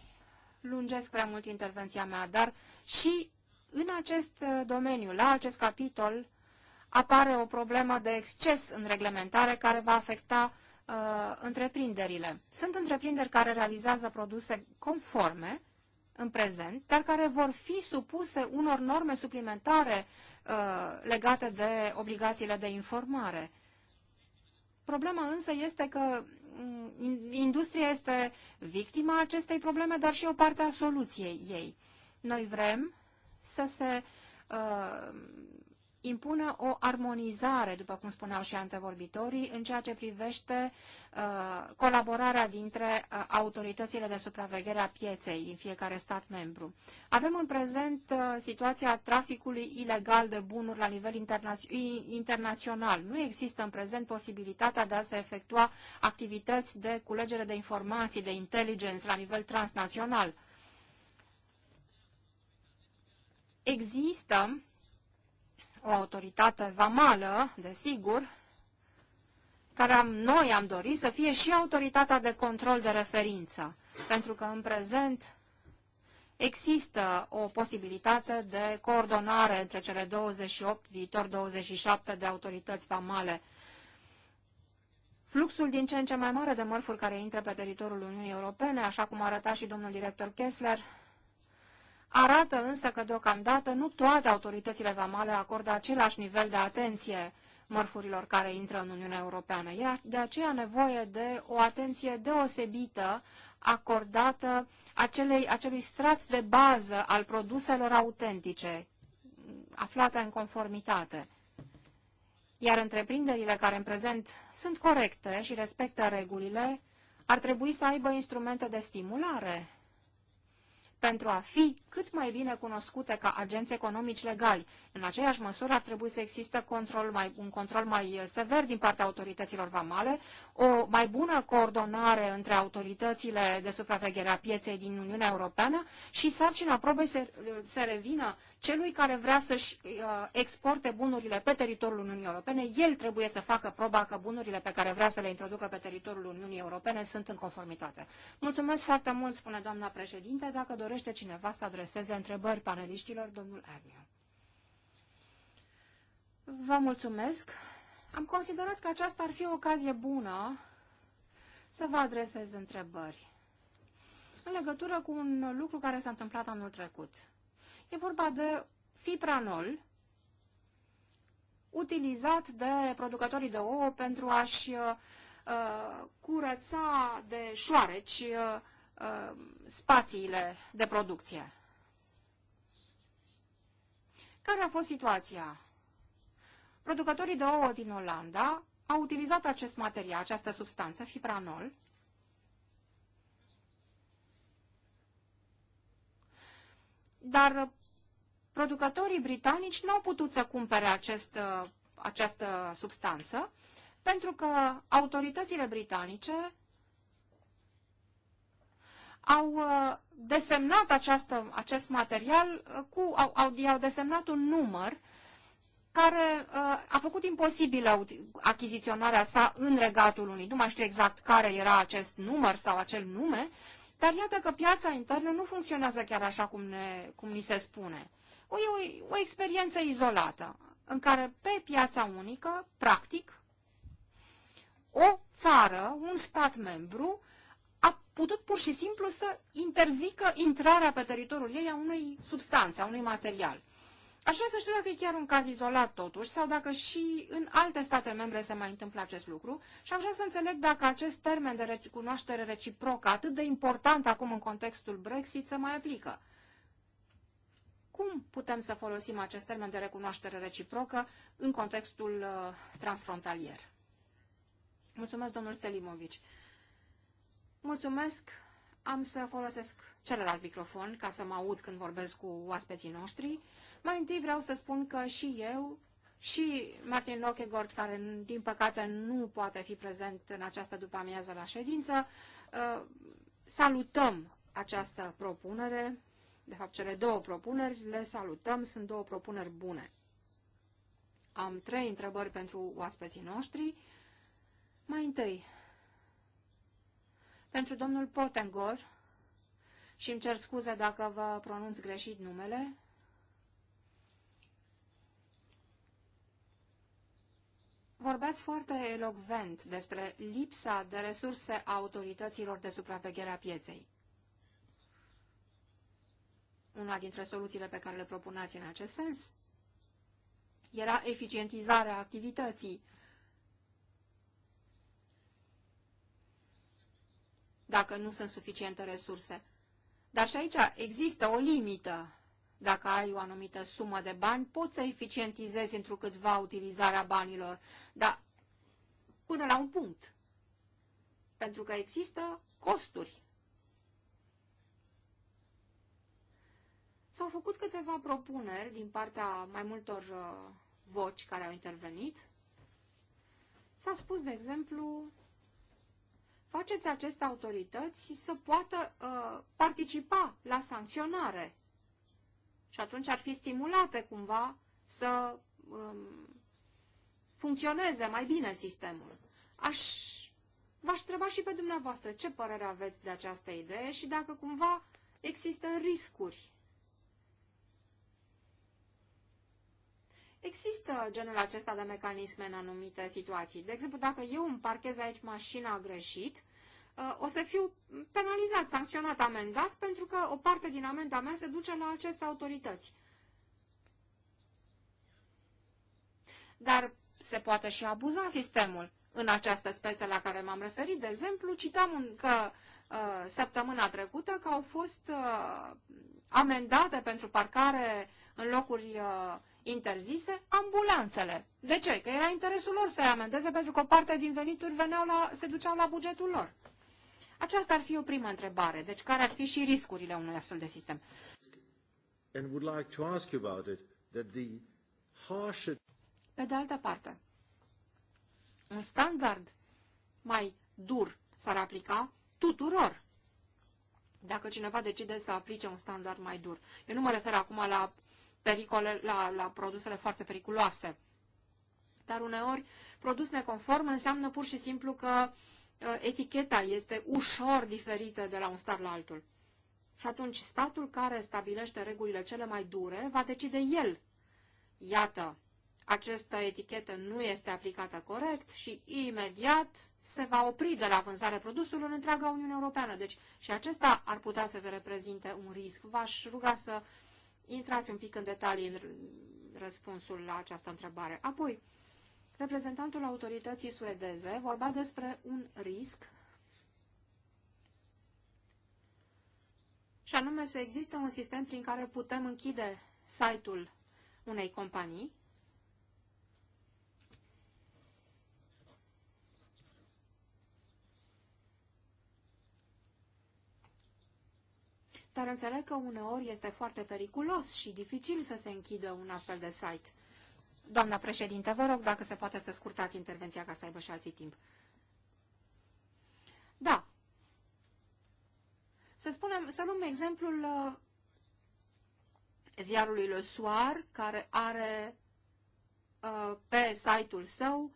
lungesc prea mult intervenția mea, dar și în acest uh, domeniu, la acest capitol, apare o problemă de exces în reglementare care va afecta uh, întreprinderile. Sunt întreprinderi care realizează produse conforme, în prezent, dar care vor fi supuse unor norme suplimentare uh, legate de obligațiile de informare. Problema însă este că mm, industria este victima acestei probleme, dar și o parte a soluției ei. Noi vrem să se uh, impună o armonizare, după cum spuneau și antevorbitorii, în ceea ce privește uh, colaborarea dintre uh, autoritățile de supraveghere a pieței în fiecare stat membru. Avem în prezent uh, situația traficului ilegal de bunuri la nivel interna internațional. Nu există în prezent posibilitatea de a se efectua activități de culegere de informații, de intelligence la nivel transnațional. Există o autoritate vamală, desigur, care am, noi am dorit să fie și autoritatea de control de referință, pentru că în prezent există o posibilitate de coordonare între cele 28, viitor 27 de autorități vamale. Fluxul din ce în ce mai mare de mărfuri care intră pe teritoriul Uniunii Europene, așa cum arăta și domnul director Kessler, Arată însă că deocamdată nu toate autoritățile vamale acordă același nivel de atenție mărfurilor care intră în Uniunea Europeană. E de aceea nevoie de o atenție deosebită acordată acelei, acelui strat de bază al produselor autentice, aflate în conformitate. Iar întreprinderile care în prezent sunt corecte și respectă regulile, ar trebui să aibă instrumente de stimulare pentru a fi cât mai bine cunoscute ca agenți economici legali. În aceeași măsură ar trebui să existe control mai, un control mai uh, sever din partea autorităților vamale, o mai bună coordonare între autoritățile de supraveghere a pieței din Uniunea Europeană și sarcina probei să, uh, se revină celui care vrea să-și uh, exporte bunurile pe teritoriul Uniunii Europene. El trebuie să facă proba că bunurile pe care vrea să le introducă pe teritoriul Uniunii Europene sunt în conformitate. Mulțumesc foarte mult, spune doamna președinte. Dacă doresc dorește cineva să adreseze întrebări paneliștilor, domnul Agnew. Vă mulțumesc. Am considerat că aceasta ar fi o ocazie bună să vă adresez întrebări în legătură cu un lucru care s-a întâmplat anul trecut. E vorba de fipranol utilizat de producătorii de ouă pentru a-și uh, curăța de șoareci uh, uh, spațiile de producție. Care a fost situația? Producătorii de ouă din Olanda au utilizat acest material, această substanță, fipranol, dar producătorii britanici nu au putut să cumpere acest, uh, această substanță pentru că autoritățile britanice au uh, desemnat această, acest material, uh, cu, au, au, au desemnat un număr care uh, a făcut imposibilă achiziționarea sa în regatul unii. Nu mai știu exact care era acest număr sau acel nume, dar iată că piața internă nu funcționează chiar așa cum, ne, cum ni se spune. O, e o, o experiență izolată, în care pe piața unică, practic, o țară, un stat membru, putut pur și simplu să interzică intrarea pe teritoriul ei a unei substanțe, a unui material. Aș vrea să știu dacă e chiar un caz izolat totuși sau dacă și în alte state membre se mai întâmplă acest lucru și aș vrea să înțeleg dacă acest termen de recunoaștere reciprocă atât de important acum în contextul Brexit se mai aplică. Cum putem să folosim acest termen de recunoaștere reciprocă în contextul uh, transfrontalier? Mulțumesc, domnul Selimovici. Mulțumesc! Am să folosesc celălalt microfon ca să mă aud când vorbesc cu oaspeții noștri. Mai întâi vreau să spun că și eu și Martin Lochegord, care din păcate nu poate fi prezent în această după-amiază la ședință, uh, salutăm această propunere, de fapt cele două propuneri, le salutăm, sunt două propuneri bune. Am trei întrebări pentru oaspeții noștri. Mai întâi, pentru domnul Potengor, și îmi cer scuze dacă vă pronunț greșit numele, Vorbeați foarte elocvent despre lipsa de resurse a autorităților de supraveghere a pieței. Una dintre soluțiile pe care le propuneați în acest sens era eficientizarea activității dacă nu sunt suficiente resurse. Dar și aici există o limită. Dacă ai o anumită sumă de bani, poți să eficientizezi întrucâtva utilizarea banilor, dar până la un punct. Pentru că există costuri. S-au făcut câteva propuneri din partea mai multor uh, voci care au intervenit. S-a spus, de exemplu, faceți aceste autorități să poată uh, participa la sancționare. Și atunci ar fi stimulate cumva să um, funcționeze mai bine sistemul. Aș V-aș întreba și pe dumneavoastră ce părere aveți de această idee și dacă cumva există riscuri Există genul acesta de mecanisme în anumite situații. De exemplu, dacă eu îmi parchez aici mașina greșit, uh, o să fiu penalizat, sancționat, amendat, pentru că o parte din amenda mea se duce la aceste autorități. Dar se poate și abuza sistemul. În această speță la care m-am referit, de exemplu, citam că uh, săptămâna trecută că au fost uh, amendate pentru parcare în locuri uh, interzise ambulanțele. De ce? Că era interesul lor să amendeze pentru că o parte din venituri veneau la, se duceau la bugetul lor. Aceasta ar fi o primă întrebare. Deci care ar fi și riscurile unui astfel de sistem? Pe de altă parte, un standard mai dur s-ar aplica tuturor dacă cineva decide să aplice un standard mai dur. Eu nu mă refer acum la pericole, la, la produsele foarte periculoase. Dar uneori, produs neconform înseamnă pur și simplu că uh, eticheta este ușor diferită de la un stat la altul. Și atunci statul care stabilește regulile cele mai dure va decide el. Iată, această etichetă nu este aplicată corect și imediat se va opri de la vânzarea produsului în întreaga Uniune Europeană. Deci și acesta ar putea să vă reprezinte un risc. V-aș ruga să uh, intrați un pic în detalii în răspunsul la această întrebare. Apoi, reprezentantul autorității suedeze vorbea despre un risc și anume să existe un sistem prin care putem închide site-ul unei companii dar înțeleg că uneori este foarte periculos și dificil să se închidă un astfel de site. Doamna președinte, vă rog dacă se poate să scurtați intervenția ca să aibă și alții timp. Da. Să spunem, să luăm exemplul uh, ziarului Le Soir, care are uh, pe site-ul său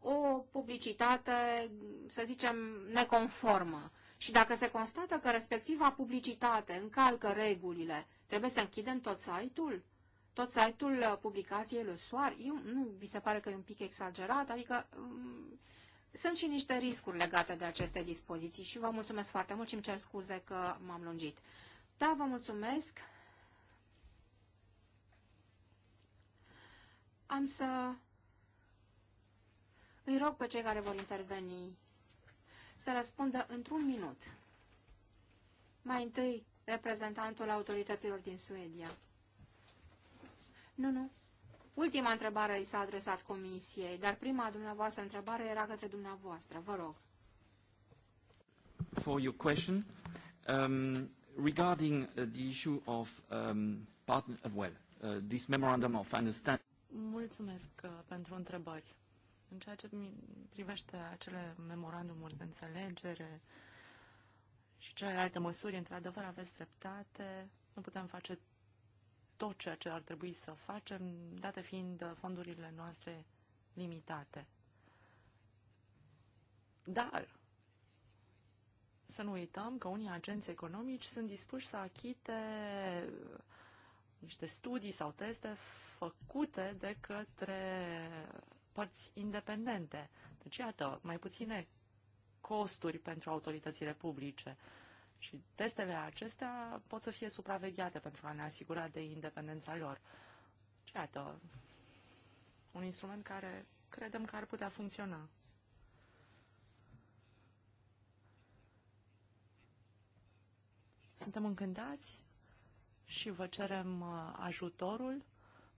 o publicitate, să zicem, neconformă. Și dacă se constată că respectiva publicitate încalcă regulile, trebuie să închidem tot site-ul? Tot site-ul uh, publicației lui Soar? Eu, nu vi se pare că e un pic exagerat? Adică mm, sunt și niște riscuri legate de aceste dispoziții și vă mulțumesc foarte mult și îmi cer scuze că m-am lungit. Da, vă mulțumesc. Am să îi rog pe cei care vor interveni să răspundă într-un minut. Mai întâi, reprezentantul autorităților din Suedia. Nu, nu. Ultima întrebare i s-a adresat comisiei, dar prima dumneavoastră întrebare era către dumneavoastră. Vă rog. For your question, um, regarding uh, the issue of um, partner, well, uh, this memorandum of understanding. Mulțumesc uh, pentru întrebări. În ceea ce privește acele memorandumuri de înțelegere și celelalte măsuri, într-adevăr aveți dreptate, nu putem face tot ceea ce ar trebui să facem, date fiind fondurile noastre limitate. Dar să nu uităm că unii agenți economici sunt dispuși să achite niște studii sau teste făcute de către părți independente. Deci, iată, mai puține costuri pentru autoritățile publice. Și testele acestea pot să fie supravegheate pentru a ne asigura de independența lor. Și deci, iată, un instrument care credem că ar putea funcționa. Suntem încântați și vă cerem uh, ajutorul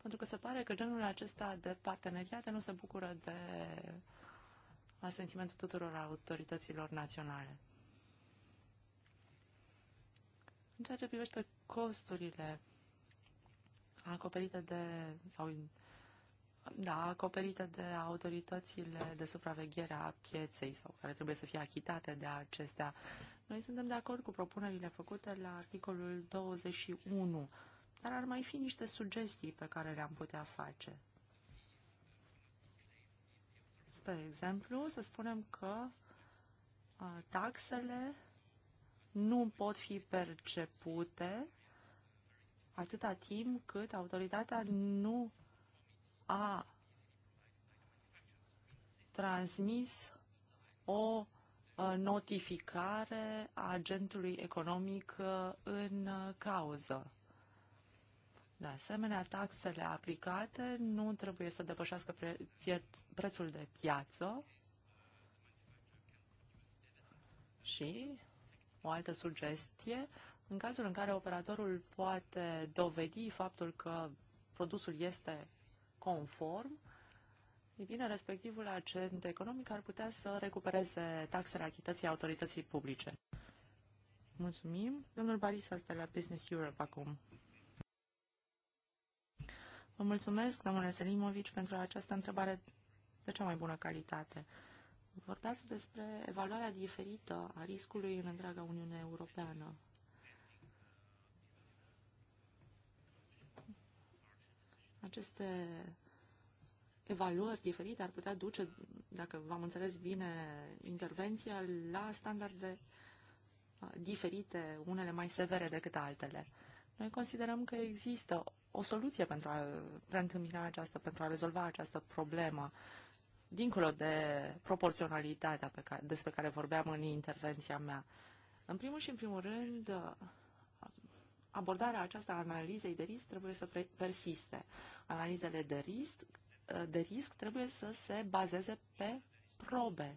pentru că se pare că genul acesta de parteneriate nu se bucură de asentimentul tuturor autorităților naționale. În ceea ce privește costurile acoperite de, sau, da, acoperite de autoritățile de supraveghere a pieței sau care trebuie să fie achitate de acestea, noi suntem de acord cu propunerile făcute la articolul 21 dar ar mai fi niște sugestii pe care le-am putea face. Spre exemplu, să spunem că taxele nu pot fi percepute atâta timp cât autoritatea nu a transmis o notificare a agentului economic în cauză. De asemenea, taxele aplicate nu trebuie să depășească pre- prețul de piață și o altă sugestie, în cazul în care operatorul poate dovedi faptul că produsul este conform, e bine, respectivul agent economic ar putea să recupereze taxele achității autorității publice. Mulțumim. Domnul Barisas de la Business Europe acum. Vă mulțumesc, domnule Selimovici, pentru această întrebare de cea mai bună calitate. Vorbeați despre evaluarea diferită a riscului în întreaga Uniune Europeană. Aceste evaluări diferite ar putea duce, dacă v-am înțeles bine intervenția, la standarde uh, diferite, unele mai severe decât altele. Noi considerăm că există o soluție pentru a preîntâmpina această, pentru a rezolva această problemă, dincolo de proporționalitatea pe care, despre care vorbeam în intervenția mea. În primul și în primul rând, abordarea aceasta a analizei de risc trebuie să persiste. Analizele de risc, de risc trebuie să se bazeze pe probe.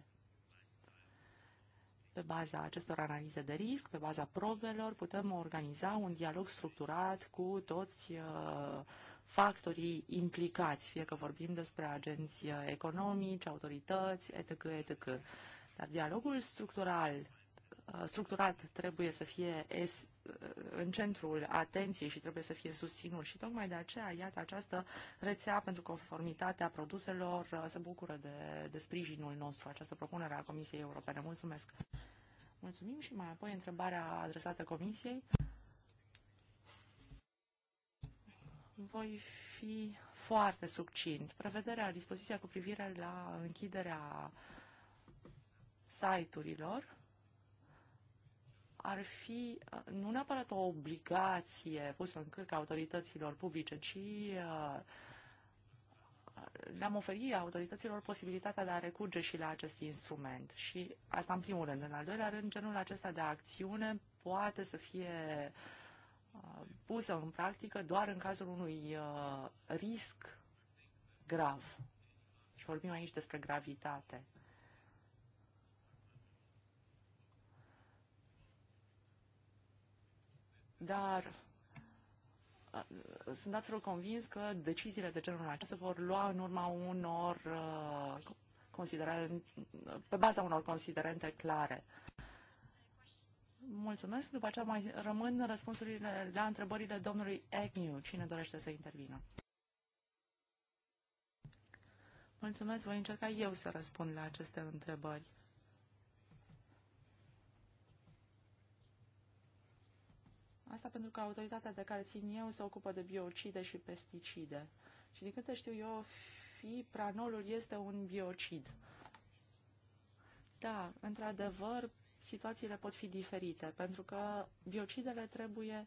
Pe baza acestor analize de risc, pe baza probelor, putem organiza un dialog structurat cu toți uh, factorii implicați, fie că vorbim despre agenții economici, autorități, etc., etc. Dar dialogul structural Uh, structurat trebuie să fie es, uh, în centrul atenției și trebuie să fie susținut. Și tocmai de aceea, iată, această rețea pentru conformitatea produselor uh, se bucură de, de sprijinul nostru, această propunere a Comisiei Europene. Mulțumesc! Mulțumim și mai apoi întrebarea adresată Comisiei. Voi fi foarte succint. Prevederea, dispoziția cu privire la închiderea site-urilor ar fi uh, nu neapărat o obligație pusă în cârca autorităților publice, ci le-am uh, oferit autorităților posibilitatea de a recurge și la acest instrument. Și asta în primul rând. În al doilea rând, genul acesta de acțiune poate să fie uh, pusă în practică doar în cazul unui risc grav. Și vorbim aici despre gravitate. dar sunt absolut convins că deciziile de genul acesta se vor lua în urma unor uh, considerente, pe baza unor considerente clare. Mulțumesc. După aceea mai rămân răspunsurile la întrebările domnului Agnew. Cine dorește să intervină? Mulțumesc. Voi încerca eu să răspund la aceste întrebări. asta pentru că autoritatea de care țin eu se ocupă de biocide și pesticide. Și din câte știu eu, fipranolul este un biocid. Da, într-adevăr, situațiile pot fi diferite, pentru că biocidele trebuie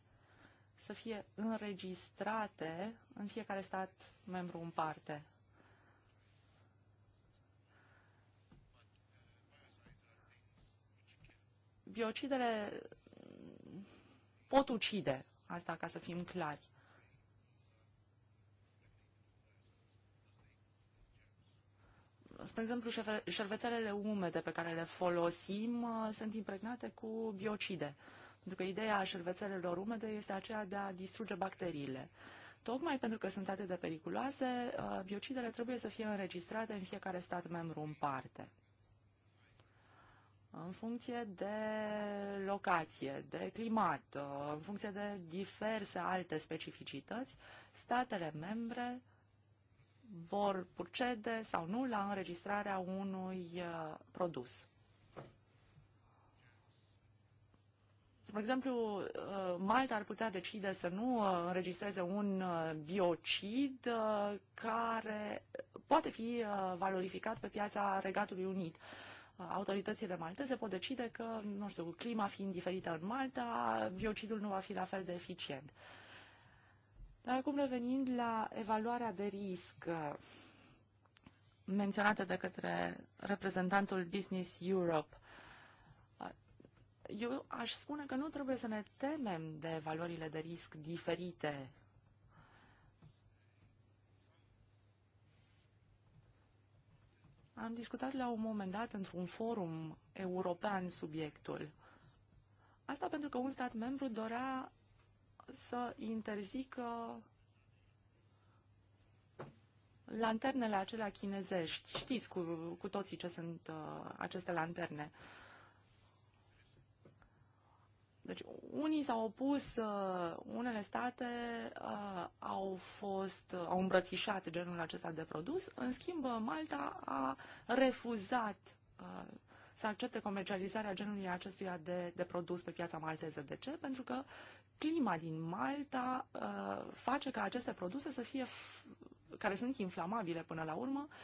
să fie înregistrate în fiecare stat membru în parte. Biocidele pot ucide. Asta ca să fim clari. Spre exemplu, șervețelele umede pe care le folosim uh, sunt impregnate cu biocide. Pentru că ideea a șervețelelor umede este aceea de a distruge bacteriile. Tocmai pentru că sunt atât de periculoase, uh, biocidele trebuie să fie înregistrate în fiecare stat membru în parte în funcție de locație, de climat, uh, în funcție de diverse alte specificități, statele membre vor procede sau nu la înregistrarea unui uh, produs. Spre exemplu, uh, Malta ar putea decide să nu înregistreze un biocid care poate fi valorificat pe piața Regatului Unit autoritățile malteze pot decide că, nu știu, clima fiind diferită în Malta, biocidul nu va fi la fel de eficient. Dar acum revenind la evaluarea de risc uh, menționată de către reprezentantul Business Europe, uh, eu aș spune că nu trebuie să ne temem de valorile de risc diferite Am discutat la un moment dat într-un forum european subiectul. Asta pentru că un stat membru dorea să interzică lanternele acelea chinezești. Știți cu, cu toții ce sunt uh, aceste lanterne. Uh, deci unii s-au opus, uh, unele state uh, au fost, uh, au îmbrățișat genul acesta de produs, în schimb Malta a refuzat să accepte comercializarea genului acestuia de, de produs pe piața malteză. De ce? Pentru că clima din Malta face ca aceste produse să fie, care sunt inflamabile până la urmă, uh,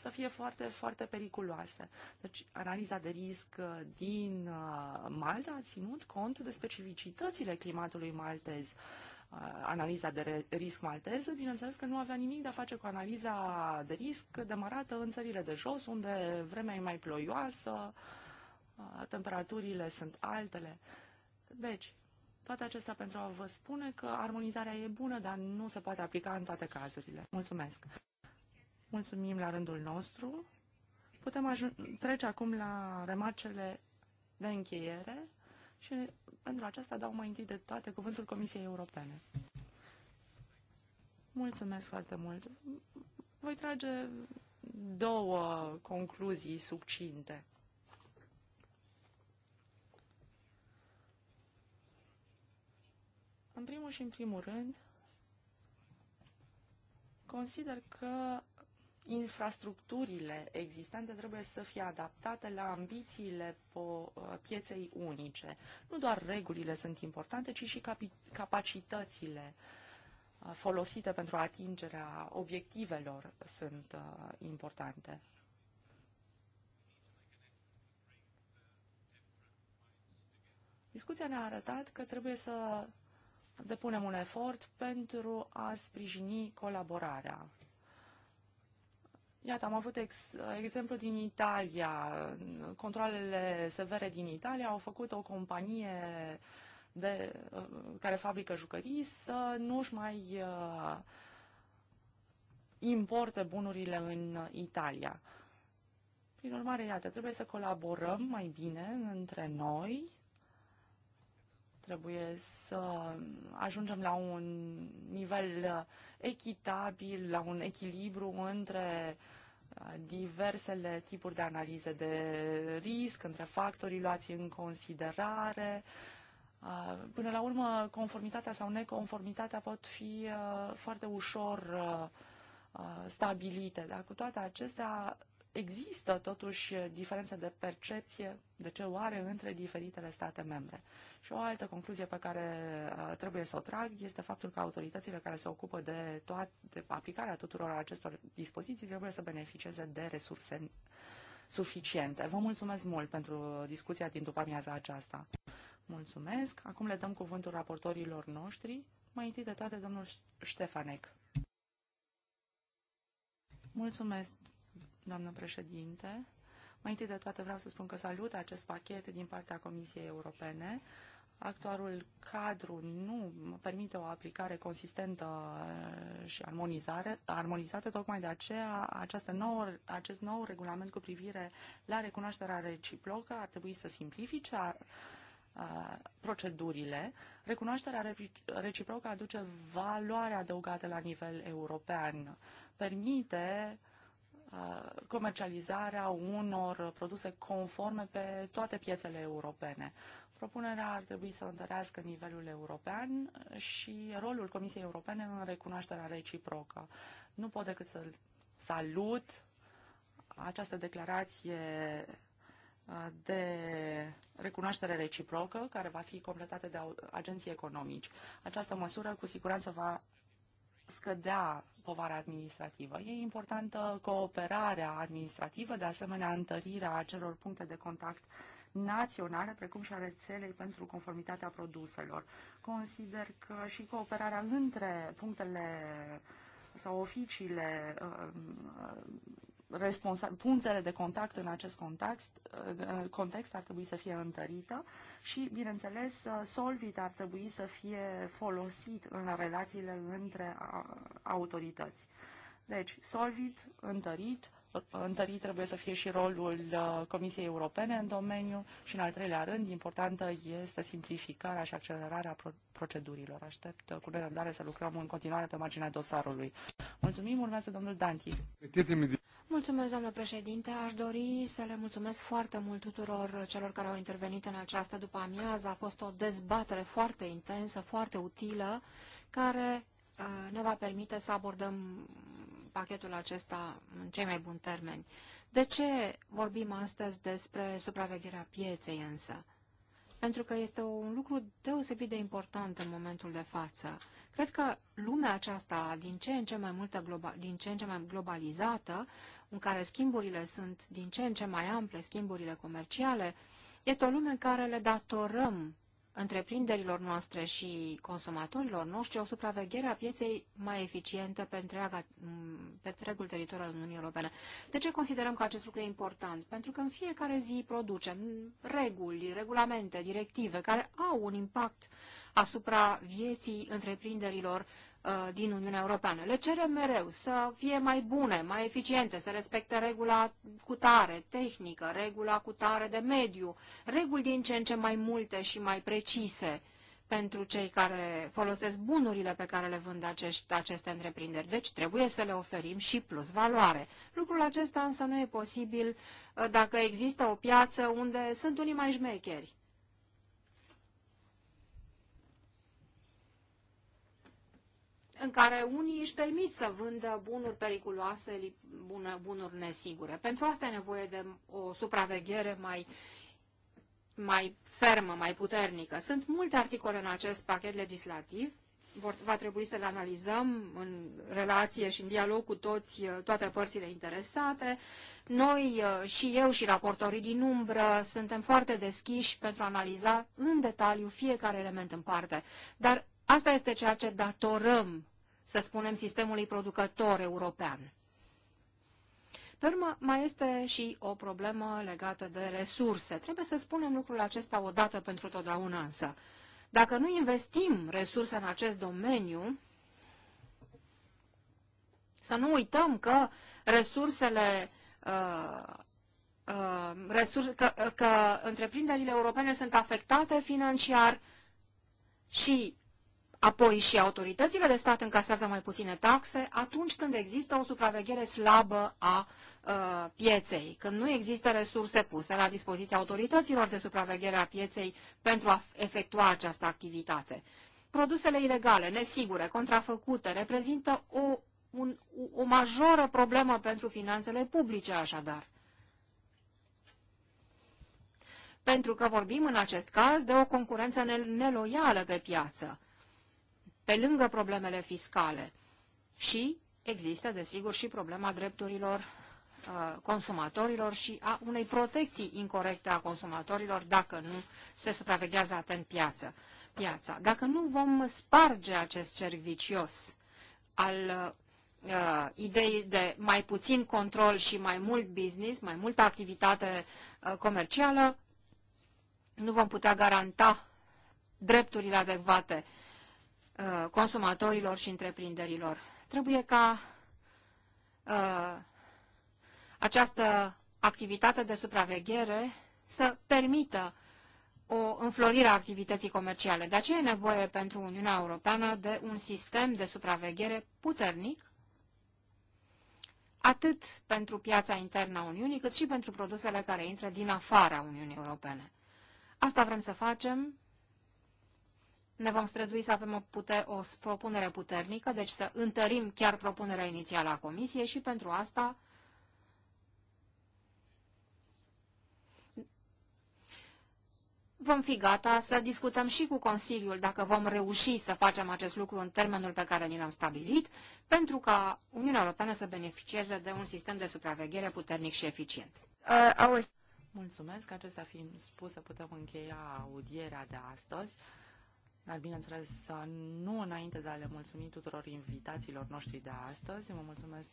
să fie foarte, foarte periculoase. Deci, analiza de risc uh, din uh, Malta a ținut cont de specificitățile climatului maltez uh, analiza de risc malteză, bineînțeles că nu avea nimic de a face cu analiza de risc demarată în țările de jos, unde vremea e mai ploioasă, temperaturile sunt altele. Deci, toate acestea pentru a vă spune că armonizarea e bună, dar nu se poate aplica în toate cazurile. Mulțumesc! Mulțumim la rândul nostru. Putem trece acum la remarcele de încheiere și pentru aceasta dau mai întâi de toate cuvântul Comisiei Europene. Mulțumesc foarte mult. Voi trage două concluzii succinte. În primul și în primul rând, consider că infrastructurile existente trebuie să fie adaptate la ambițiile uh, pieței unice. Nu doar regulile sunt importante, ci și capacitățile uh, folosite pentru atingerea obiectivelor sunt uh, importante. Discuția ne-a arătat că trebuie să depunem un efort pentru a sprijini colaborarea Iată, am avut ex, exemplu din Italia. Controlele severe din Italia au făcut o companie de, care fabrică jucării să nu-și mai uh, importe bunurile în Italia. Prin urmare, iată, trebuie să colaborăm mai bine între noi Trebuie să ajungem la un nivel uh, echitabil, la un echilibru între uh, diversele tipuri de analize de risc, între factorii luați în considerare. Uh, până la urmă, conformitatea sau neconformitatea pot fi foarte ușor stabilite, dar cu toate acestea există totuși diferențe de percepție, de ce oare, între diferitele state membre. Și o altă concluzie pe care trebuie să o trag este faptul că autoritățile care se ocupă de, toate, de aplicarea tuturor acestor dispoziții trebuie să beneficieze de resurse suficiente. Vă mulțumesc mult pentru discuția din după amiaza aceasta. Mulțumesc. Acum le dăm cuvântul raportorilor noștri. Mai întâi de toate, domnul Ștefanec. Mulțumesc, doamnă președinte. Mai întâi de toate vreau să spun că salut acest pachet din partea Comisiei Europene. Actualul cadru nu permite o aplicare consistentă și armonizare, armonizată, tocmai de aceea nou, acest nou regulament cu privire la recunoașterea reciprocă ar trebui să simplifice ar, procedurile. Recunoașterea reciprocă aduce valoare adăugată la nivel european, permite Uh, comercializarea unor produse conforme pe toate piețele europene. Propunerea ar trebui să întărească nivelul european și rolul Comisiei Europene în recunoașterea reciprocă. Nu pot decât să salut această declarație uh, de recunoaștere reciprocă, care va fi completată de agenții economici. Această măsură cu siguranță va scădea povara administrativă. E importantă cooperarea administrativă, de asemenea întărirea acelor puncte de contact naționale, precum și a rețelei pentru conformitatea produselor. Consider că și cooperarea între punctele sau oficiile uh, punctele de contact în acest context, eh, context ar trebui să fie întărită și, bineînțeles, eh, Solvit ar trebui să fie folosit în relațiile între autorități. Deci, Solvit întărit, eh, întărit trebuie să fie și rolul Comisiei Europene în domeniu și, în al treilea rând, importantă este simplificarea și accelerarea procedurilor. Aștept cu nerăbdare să lucrăm în continuare pe marginea dosarului. Mulțumim, urmează domnul Danti. Mulțumesc, doamnă președinte. Aș dori să le mulțumesc foarte mult tuturor celor care au intervenit în această după amiază. A fost o dezbatere foarte intensă, foarte utilă, care uh, ne va permite să abordăm pachetul acesta în cei mai buni termeni. De ce vorbim astăzi despre supravegherea pieței însă? Pentru că este un lucru deosebit de important în momentul de față. Cred că lumea aceasta din ce în ce mai multă globa, din ce în ce mai globalizată, în care schimburile sunt din ce în ce mai ample, schimburile comerciale, este o lume în care le datorăm întreprinderilor noastre și consumatorilor noștri o supraveghere a pieței mai eficientă pe, întreaga, pe întregul teritoriu al Uniunii Europene. De ce considerăm că acest lucru e important? Pentru că în fiecare zi producem reguli, regulamente, directive care au un impact asupra vieții întreprinderilor Uh, din Uniunea Europeană. Le cerem mereu să fie mai bune, mai eficiente, să respecte regula cutare tehnică, regula cutare de mediu, reguli din ce în ce mai multe și mai precise pentru cei care folosesc bunurile pe care le vând acești, aceste întreprinderi. Deci trebuie să le oferim și plus valoare. Lucrul acesta însă nu e posibil uh, dacă există o piață unde sunt unii mai șmecheri. în care unii își permit să vândă bunuri periculoase, bunuri nesigure. Pentru asta e nevoie de o supraveghere mai mai fermă, mai puternică. Sunt multe articole în acest pachet legislativ. Vor, va trebui să le analizăm în relație și în dialog cu toți, toate părțile interesate. Noi și eu și raportorii din umbră suntem foarte deschiși pentru a analiza în detaliu fiecare element în parte. Dar asta este ceea ce datorăm să spunem, sistemului producător european. Pe urmă, mai este și o problemă legată de resurse. Trebuie să spunem lucrul acesta odată pentru totdeauna însă. Dacă nu investim resurse în acest domeniu, să nu uităm că resursele uh, uh, resurs, că, că întreprinderile europene sunt afectate financiar și apoi și autoritățile de stat încasează mai puține taxe atunci când există o supraveghere slabă a uh, pieței, când nu există resurse puse la dispoziția autorităților de supraveghere a pieței pentru a efectua această activitate. Produsele ilegale, nesigure, contrafăcute, reprezintă o, un, o majoră problemă pentru finanțele publice, așadar. Pentru că vorbim în acest caz de o concurență neloială pe piață pe lângă problemele fiscale. Și există, desigur, și problema drepturilor uh, consumatorilor și a unei protecții incorrecte a consumatorilor dacă nu se supraveghează atent piață, piața. Dacă nu vom sparge acest cerc vicios al uh, ideii de mai puțin control și mai mult business, mai multă activitate uh, comercială, nu vom putea garanta drepturile adecvate Uh, consumatorilor și întreprinderilor. Trebuie ca uh, această activitate de supraveghere să permită o înflorire a activității comerciale. De aceea e nevoie pentru Uniunea Europeană de un sistem de supraveghere puternic, atât pentru piața internă a Uniunii, cât și pentru produsele care intră din afara Uniunii Europene. Asta vrem să facem ne vom strădui să avem o, puter, o propunere puternică, deci să întărim chiar propunerea inițială a Comisiei și pentru asta vom fi gata să discutăm și cu Consiliul dacă vom reuși să facem acest lucru în termenul pe care ni l-am stabilit, pentru ca Uniunea Europeană să beneficieze de un sistem de supraveghere puternic și eficient. Uh, Mulțumesc, acestea fiind spuse, putem încheia audierea de astăzi. Dar, bineînțeles, nu înainte de a le mulțumi tuturor invitațiilor noștri de astăzi. Vă mulțumesc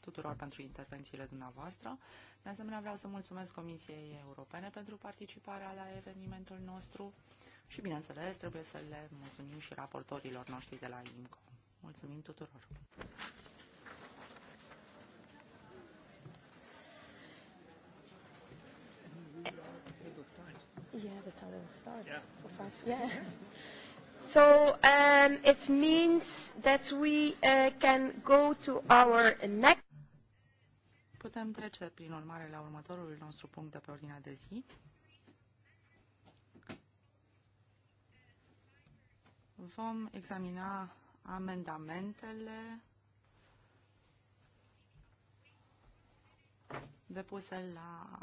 tuturor pentru intervențiile dumneavoastră. De asemenea, vreau să mulțumesc Comisiei Europene pentru participarea la evenimentul nostru și, bineînțeles, trebuie să le mulțumim și raportorilor noștri de la IMCO. Mulțumim tuturor! Yeah, that's how they start. Yeah. For Yeah. So um, it means that we uh, can go to our next. Putem trece, prin urmare, la următorul nostru punct de pe ordinea de zi. Vom examina amendamentele depuse la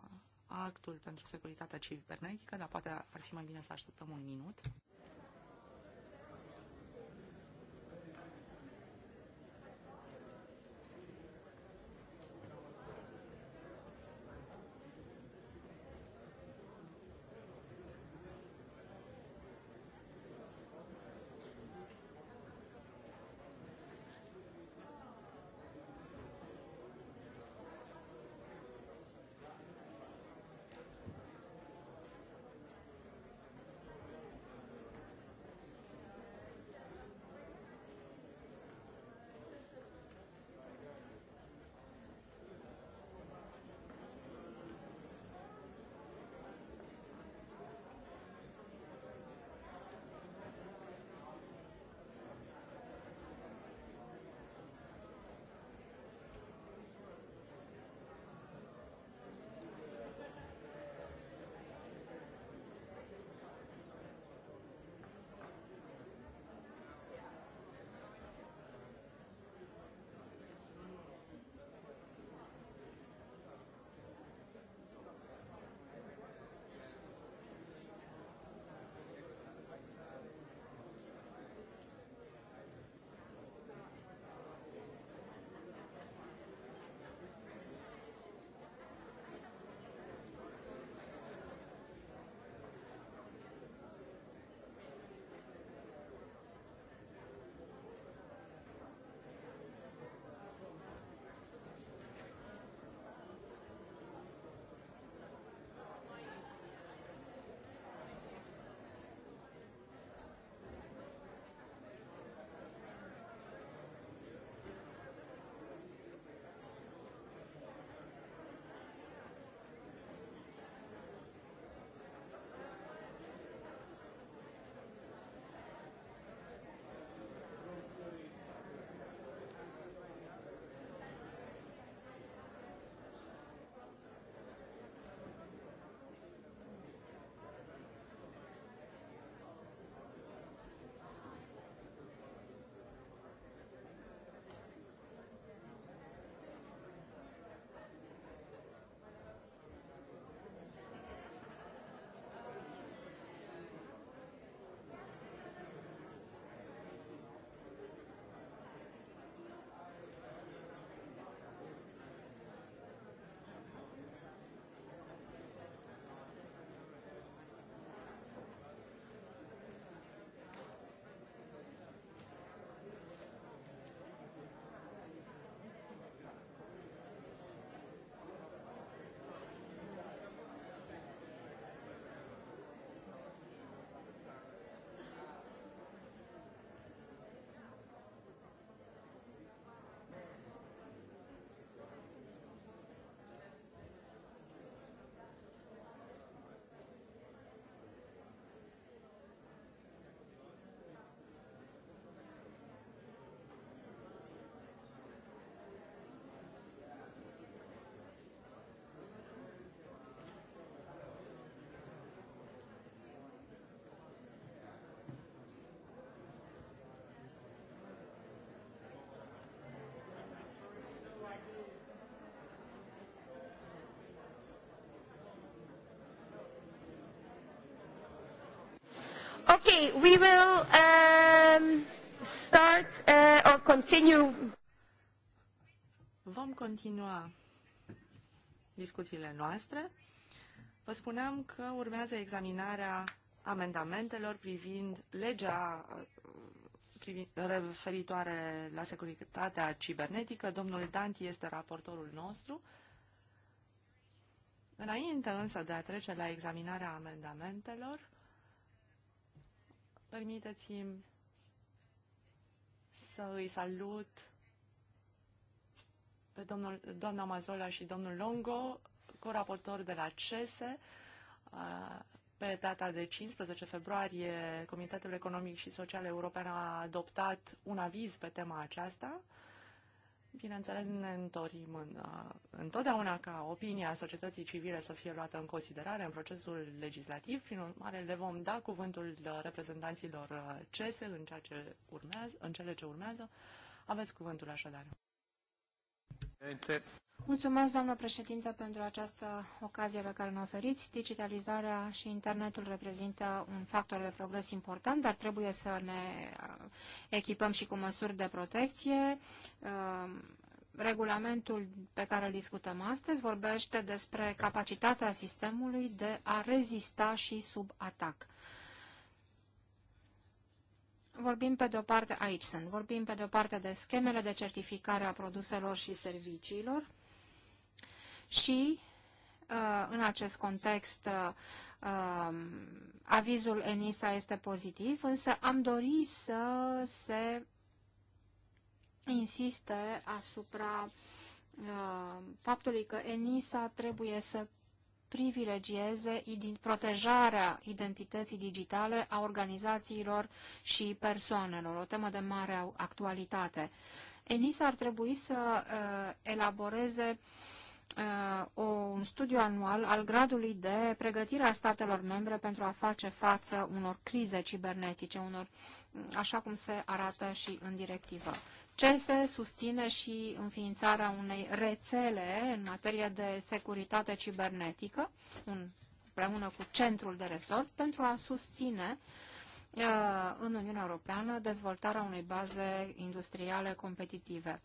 actul pentru securitatea cibernetică, dar poate ar fi mai bine să așteptăm un minut. Okay, we will um, start uh, or continue. Vom continua discuțiile noastre. Vă spuneam că urmează examinarea amendamentelor privind legea uh, privind, referitoare la securitatea cibernetică. Domnul Danti este raportorul nostru. Înainte însă de a trece la examinarea amendamentelor, Permiteți-mi să îi salut pe domnul, doamna Mazola și domnul Longo, coraportor de la CESE, pe data de 15 februarie, Comitetul Economic și Social European a adoptat un aviz pe tema aceasta. Bineînțeles, ne întorim în, întotdeauna ca opinia societății civile să fie luată în considerare în procesul legislativ. Prin urmare, le vom da cuvântul uh, reprezentanților uh, CESE în, ceea ce urmează, în cele ce urmează. Aveți cuvântul așadar. Mulțumesc, doamnă președinte, pentru această ocazie pe care ne oferiți. Digitalizarea și internetul reprezintă un factor de progres important, dar trebuie să ne uh, echipăm și cu măsuri de protecție. Uh, regulamentul pe care îl discutăm astăzi vorbește despre capacitatea sistemului de a rezista și sub atac vorbim pe de-o parte, aici sunt, vorbim pe de-o parte de schemele de certificare a produselor și serviciilor și, uh, în acest context, uh, um, avizul ENISA este pozitiv, însă am dorit să se insiste asupra uh, faptului că ENISA trebuie să privilegieze protejarea identității digitale a organizațiilor și persoanelor, o temă de mare actualitate. ENISA ar trebui să uh, elaboreze Uh, o, un studiu anual al gradului de pregătire a statelor membre pentru a face față unor crize cibernetice, unor, așa cum se arată și în directivă. Ce se susține și înființarea unei rețele în materie de securitate cibernetică, un, împreună cu centrul de resort, pentru a susține uh, în Uniunea Europeană dezvoltarea unei baze industriale competitive.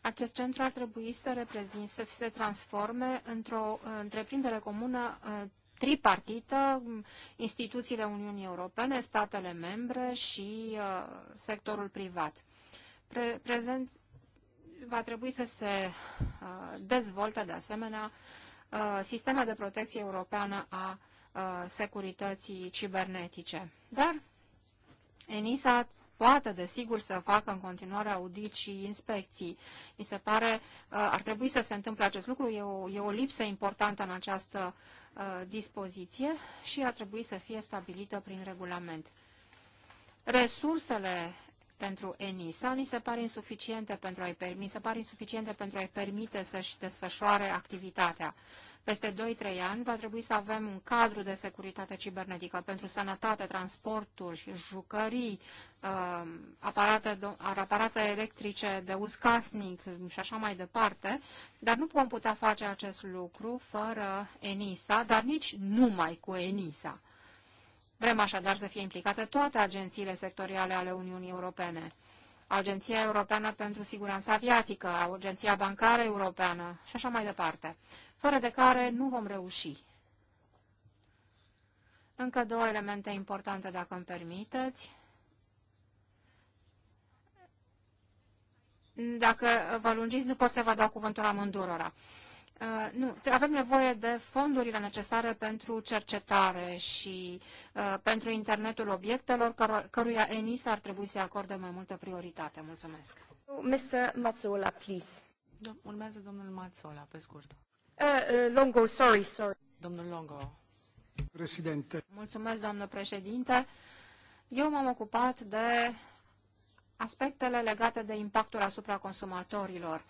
Acest centru ar trebui să reprezinte să se transforme într-o uh, întreprindere comună uh, tripartită, um, instituțiile Uniunii Europene, statele membre și uh, sectorul privat. Pre prezent va trebui să se dezvolte de asemenea sisteme de protecție europeană a securității cibernetice. Dar ENISA poată, desigur, să facă în continuare audit și inspecții. Mi se pare, uh, ar trebui să se întâmple acest lucru, e o, e o lipsă importantă în această uh, dispoziție și ar trebui să fie stabilită prin regulament. Resursele pentru ENISA ni se pare insuficiente pentru a-i permite, se insuficiente pentru a-i permite să-și desfășoare activitatea. Peste 2-3 ani va trebui să avem un cadru de securitate cibernetică pentru sănătate, transporturi, jucării, um, aparate, aparate electrice de uz casnic și așa mai departe, dar nu vom putea face acest lucru fără ENISA, dar nici numai cu ENISA. Vrem așadar să fie implicate toate agențiile sectoriale ale Uniunii Europene. Agenția Europeană pentru Siguranță Aviatică, Agenția Bancară Europeană și așa mai departe fără de care nu vom reuși. Încă două elemente importante, dacă îmi permiteți. Dacă vă lungiți, nu pot să vă dau cuvântul amândurora. Uh, nu, avem nevoie de fondurile necesare pentru cercetare și uh, pentru internetul obiectelor, căruia ENISA ar trebui să acorde mai multă prioritate. Mulțumesc. Mr. Mazzola, please. Da, urmează domnul Mazzola, pe scurt. Uh, uh, Longo, sorry, sorry. Domnul Longo. Președinte. Mulțumesc, doamnă președinte. Eu m-am ocupat de aspectele legate de impactul asupra consumatorilor.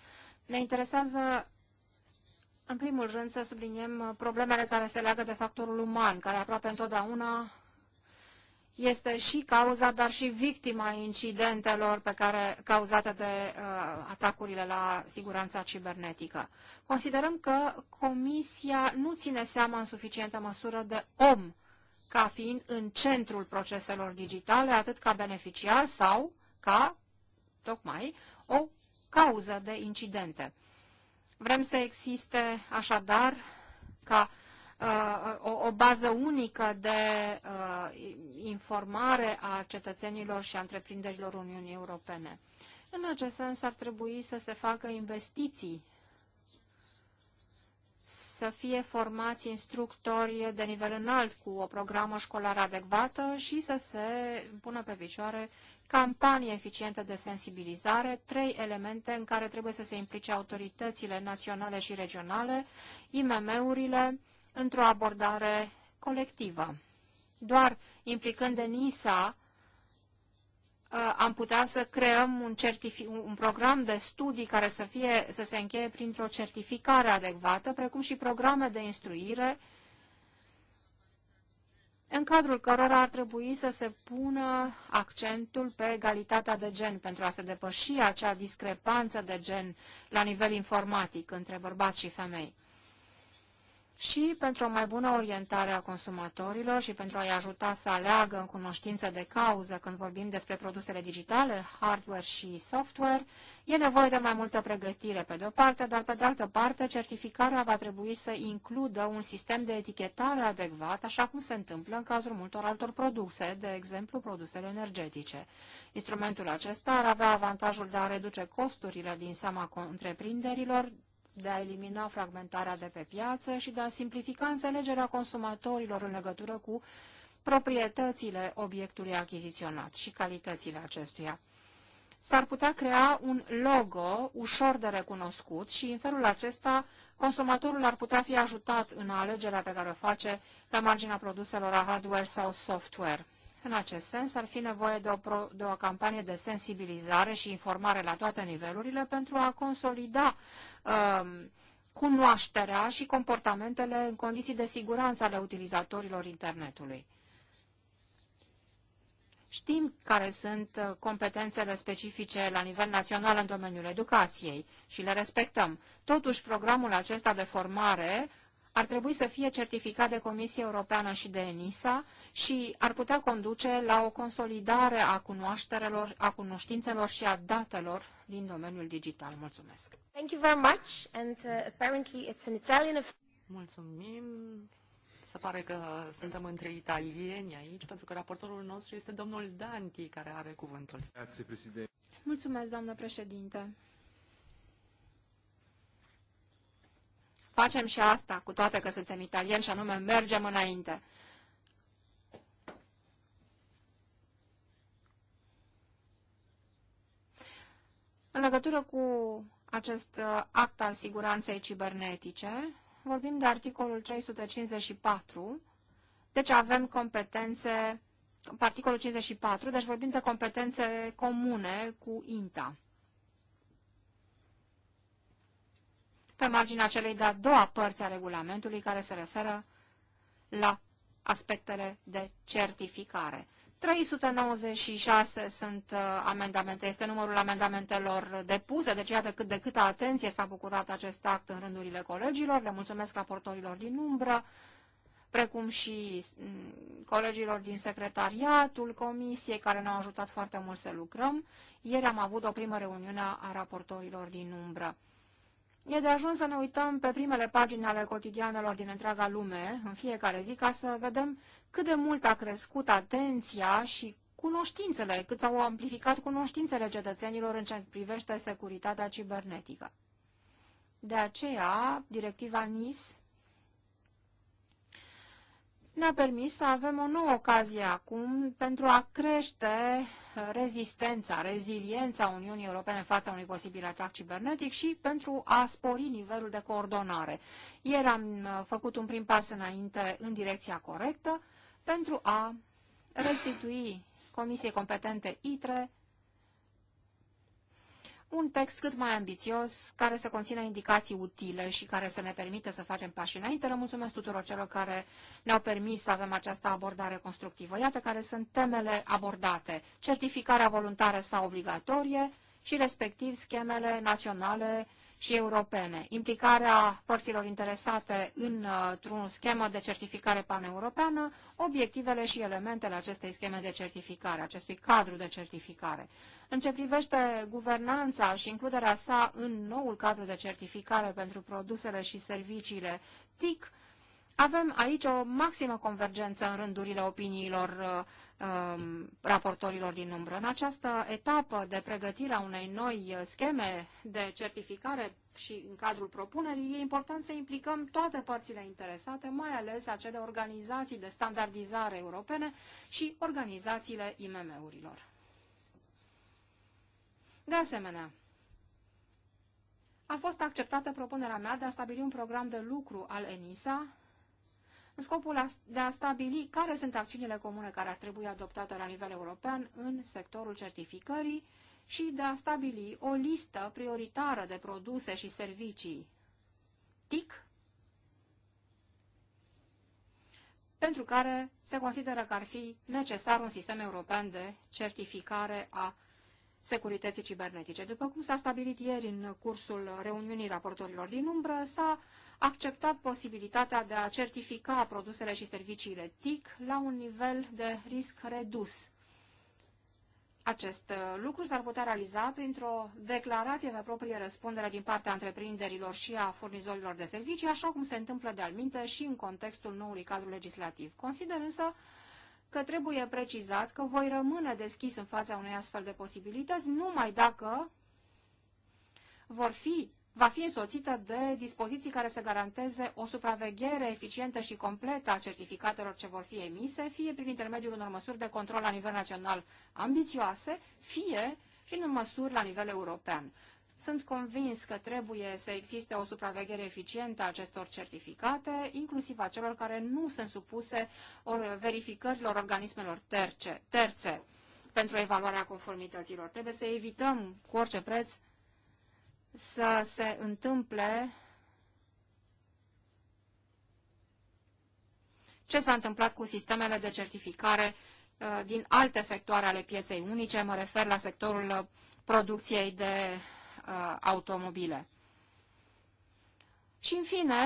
Ne interesează, în primul rând, să subliniem problemele care se leagă de factorul uman, care aproape întotdeauna este și cauza, dar și victima incidentelor pe care, cauzate de uh, atacurile la siguranța cibernetică. Considerăm că Comisia nu ține seama în suficientă măsură de om ca fiind în centrul proceselor digitale, atât ca beneficiar sau ca, tocmai, o cauză de incidente. Vrem să existe, așadar, ca uh, Uh, o, bază unică de uh, informare a cetățenilor și a întreprinderilor Uniunii Europene. În acest sens ar trebui să se facă investiții să fie formați instructori de nivel înalt cu o programă școlară adecvată și să se pună pe picioare campanii eficiente de sensibilizare, trei elemente în care trebuie să se implice autoritățile naționale și regionale, IMM-urile, într-o abordare colectivă. Doar implicând în ISA, uh, am putea să creăm un, un program de studii care să, fie, să se încheie printr-o certificare adecvată, precum și programe de instruire, în cadrul cărora ar trebui să se pună accentul pe egalitatea de gen pentru a se depăși acea discrepanță de gen la nivel informatic între bărbați și femei și pentru o mai bună orientare a consumatorilor și pentru a-i ajuta să aleagă în cunoștință de cauză când vorbim despre produsele digitale, hardware și software, e nevoie de mai multă pregătire pe de-o parte, dar pe de altă parte certificarea va trebui să includă un sistem de etichetare adecvat, așa cum se întâmplă în cazul multor altor produse, de exemplu produsele energetice. Instrumentul acesta ar avea avantajul de a reduce costurile din seama întreprinderilor, de a elimina fragmentarea de pe piață și de a simplifica înțelegerea consumatorilor în legătură cu proprietățile obiectului achiziționat și calitățile acestuia. S-ar putea crea un logo ușor de recunoscut și în felul acesta consumatorul ar putea fi ajutat în alegerea pe care o face la marginea produselor hardware sau software. În acest sens, ar fi nevoie de o, pro, de o campanie de sensibilizare și informare la toate nivelurile pentru a consolida um, cunoașterea și comportamentele în condiții de siguranță ale utilizatorilor internetului. Știm care sunt uh, competențele specifice la nivel național în domeniul educației și le respectăm. Totuși, programul acesta de formare ar trebui să fie certificat de Comisia Europeană și de ENISA și ar putea conduce la o consolidare a cunoașterelor, a cunoștințelor și a datelor din domeniul digital. Mulțumesc! Thank you very much and uh, apparently it's an Italian Mulțumim! Se pare că suntem între italieni aici, pentru că raportorul nostru este domnul Danti, care are cuvântul. Grazie, președinte. Mulțumesc, doamnă președinte. facem și asta, cu toate că suntem italieni și anume mergem înainte. În legătură cu acest uh, act al siguranței cibernetice, vorbim de articolul 354, deci avem competențe, articolul 54, deci vorbim de competențe comune cu INTA. pe marginea celei de-a doua părți a regulamentului care se referă la aspectele de certificare. 396 sunt uh, amendamente, este numărul amendamentelor depuse, deci iată cât de câtă atenție s-a bucurat acest act în rândurile colegilor. Le mulțumesc raportorilor din umbră, precum și mm, colegilor din secretariatul comisiei care ne-au ajutat foarte mult să lucrăm. Ieri am avut o primă reuniune a raportorilor din umbră. E de ajuns să ne uităm pe primele pagini ale cotidianelor din întreaga lume, în fiecare zi, ca să vedem cât de mult a crescut atenția și cunoștințele, cât au amplificat cunoștințele cetățenilor în ce privește securitatea cibernetică. De aceea, directiva NIS ne-a permis să avem o nouă ocazie acum pentru a crește uh, rezistența, reziliența Uniunii Europene în fața unui posibil atac cibernetic și pentru a spori nivelul de coordonare. Ieri am uh, făcut un prim pas înainte în direcția corectă pentru a restitui Comisiei Competente ITRE un text cât mai ambițios, care să conțină indicații utile și care să ne permită să facem pași înainte. Le mulțumesc tuturor celor care ne-au permis să avem această abordare constructivă. Iată care sunt temele abordate. Certificarea voluntară sau obligatorie și respectiv schemele naționale și europene, implicarea părților interesate uh, într-un schemă de certificare paneuropeană, obiectivele și elementele acestei scheme de certificare, acestui cadru de certificare. În ce privește guvernanța și includerea sa în noul cadru de certificare pentru produsele și serviciile TIC, avem aici o maximă convergență în rândurile opiniilor uh, um, raportorilor din umbră. În această etapă de pregătire a unei noi scheme de certificare și în cadrul propunerii, e important să implicăm toate părțile interesate, mai ales acele organizații de standardizare europene și organizațiile IMM-urilor. De asemenea, a fost acceptată propunerea mea de a stabili un program de lucru al ENISA în scopul de a stabili care sunt acțiunile comune care ar trebui adoptate la nivel european în sectorul certificării și de a stabili o listă prioritară de produse și servicii TIC, pentru care se consideră că ar fi necesar un sistem european de certificare a securității cibernetice. După cum s-a stabilit ieri în cursul reuniunii raportorilor din umbră, s-a acceptat posibilitatea de a certifica produsele și serviciile TIC la un nivel de risc redus. Acest uh, lucru s-ar putea realiza printr-o declarație pe proprie răspundere din partea întreprinderilor și a furnizorilor de servicii, așa cum se întâmplă de alminte și în contextul noului cadru legislativ. Consider însă că trebuie precizat că voi rămâne deschis în fața unei astfel de posibilități numai dacă vor fi va fi însoțită de dispoziții care să garanteze o supraveghere eficientă și completă a certificatelor ce vor fi emise, fie prin intermediul unor măsuri de control la nivel național ambițioase, fie prin măsuri la nivel european. Sunt convins că trebuie să existe o supraveghere eficientă a acestor certificate, inclusiv a celor care nu sunt supuse or verificărilor organismelor terce, terțe pentru evaluarea conformităților. Trebuie să evităm cu orice preț să se întâmple ce s-a întâmplat cu sistemele de certificare uh, din alte sectoare ale pieței unice, mă refer la sectorul uh, producției de uh, automobile. Și, în fine,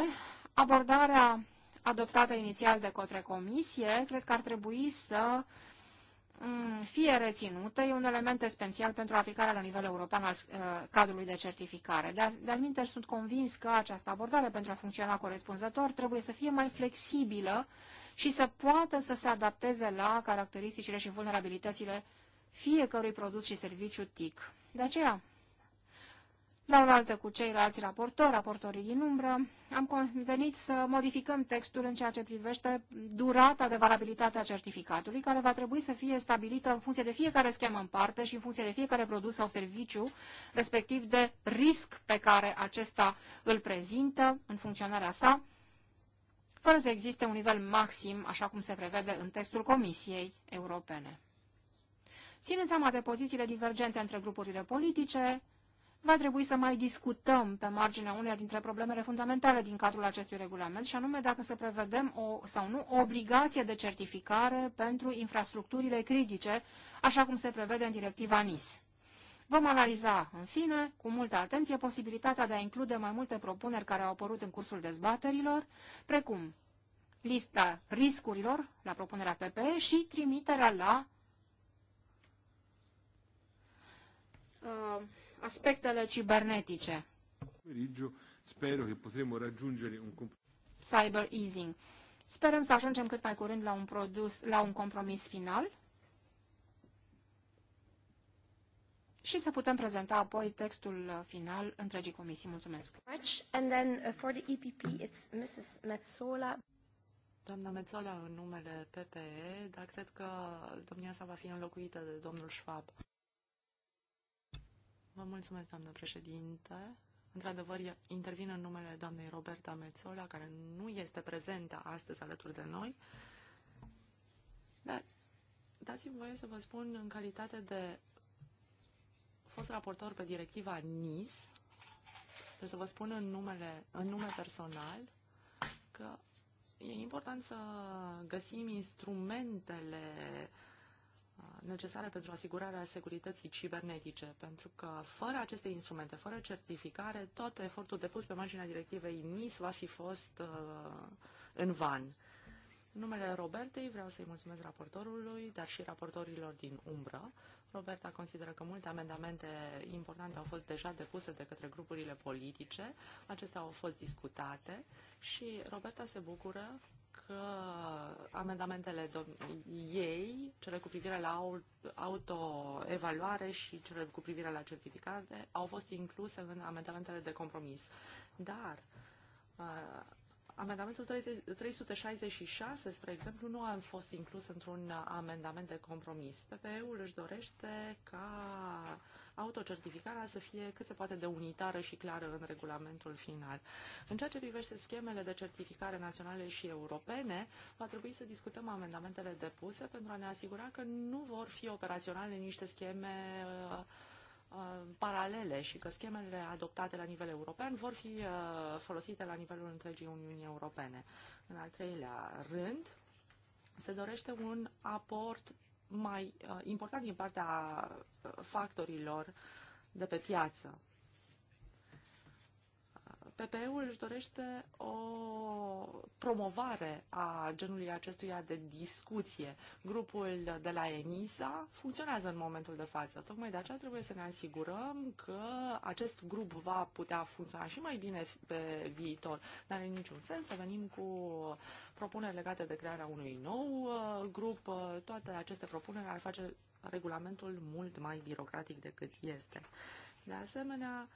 abordarea adoptată inițial de către Comisie, cred că ar trebui să Mm, fie reținută, e un element esențial pentru aplicarea la nivel european al uh, cadrului de certificare. De-al sunt convins că această abordare pentru a funcționa corespunzător trebuie să fie mai flexibilă și să poată să se adapteze la caracteristicile și vulnerabilitățile fiecărui produs și serviciu TIC. De aceea, la oaltă cu ceilalți raportori, raportorii din umbră, am convenit să modificăm textul în ceea ce privește durata de valabilitate a certificatului, care va trebui să fie stabilită în funcție de fiecare schemă în parte și în funcție de fiecare produs sau serviciu, respectiv de risc pe care acesta îl prezintă în funcționarea sa, fără să existe un nivel maxim, așa cum se prevede în textul Comisiei Europene. Ținând seama de pozițiile divergente între grupurile politice, va trebui să mai discutăm pe marginea uneia dintre problemele fundamentale din cadrul acestui regulament, și anume dacă să prevedem o, sau nu o obligație de certificare pentru infrastructurile critice, așa cum se prevede în directiva NIS. Vom analiza, în fine, cu multă atenție posibilitatea de a include mai multe propuneri care au apărut în cursul dezbaterilor, precum lista riscurilor la propunerea PPE și trimiterea la uh, aspectele cibernetice. Spero che potremo raggiungere un cyber easing. Sperăm să ajungem cât mai curând la un produs, la un compromis final și să putem prezenta apoi textul final întregii comisii. Mulțumesc. And then uh, for the EPP it's Mrs. Metzola. Doamna Metzola în numele PPE, dar cred că domnia sa va fi înlocuită de domnul Schwab. Vă mulțumesc, doamnă președinte. Într-adevăr, intervin în numele doamnei Roberta Mețola, care nu este prezentă astăzi alături de noi. Dar dați-mi voie să vă spun în calitate de fost raportor pe directiva NIS, trebuie să vă spun în, numele, în nume personal că e important să găsim instrumentele uh, necesare pentru asigurarea securității cibernetice, pentru că fără aceste instrumente, fără certificare, tot efortul depus pe marginea directivei NIS va fi fost uh, în van. În numele Robertei vreau să-i mulțumesc raportorului, dar și raportorilor din umbră. Roberta consideră că multe amendamente importante au fost deja depuse de către grupurile politice, acestea au fost discutate și Roberta se bucură că amendamentele ei, cele cu privire la autoevaluare și cele cu privire la certificate, au fost incluse în amendamentele de compromis. Dar uh, Amendamentul 30, 366, spre exemplu, nu a fost inclus într-un amendament de compromis. PPE-ul își dorește ca autocertificarea să fie cât se poate de unitară și clară în regulamentul final. În ceea ce privește schemele de certificare naționale și europene, va trebui să discutăm amendamentele depuse pentru a ne asigura că nu vor fi operaționale niște scheme uh, Uh, paralele și că schemele adoptate la nivel european vor fi uh, folosite la nivelul întregii Uniunii Europene. În al treilea rând, se dorește un aport mai uh, important din partea factorilor de pe piață. PPE-ul își dorește o promovare a genului acestuia de discuție. Grupul de la ENISA funcționează în momentul de față. Tocmai de aceea trebuie să ne asigurăm că acest grup va putea funcționa și mai bine pe viitor. Dar are niciun sens să venim cu propuneri legate de crearea unui nou uh, grup. Uh, toate aceste propuneri ar face regulamentul mult mai birocratic decât este. De asemenea,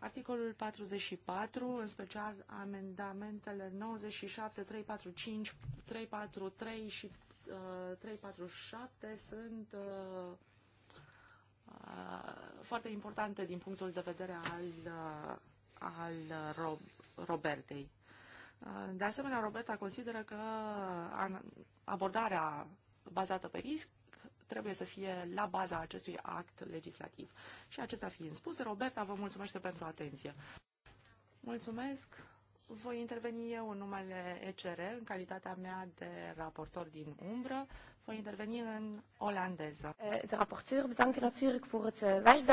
Articolul 44, în special amendamentele 97, 345, 343 și 347 uh, sunt uh, uh, foarte importante din punctul de vedere al, al Rob, Robertei. De asemenea, Roberta consideră că abordarea bazată pe risc trebuie să fie la baza acestui act legislativ. Și acesta fiind spus, Roberta, vă mulțumesc pentru atenție. Mulțumesc! Voi interveni eu în numele ECR, în calitatea mea de raportor din umbră. Voi interveni în olandeză. Eh, de raporteur, eh,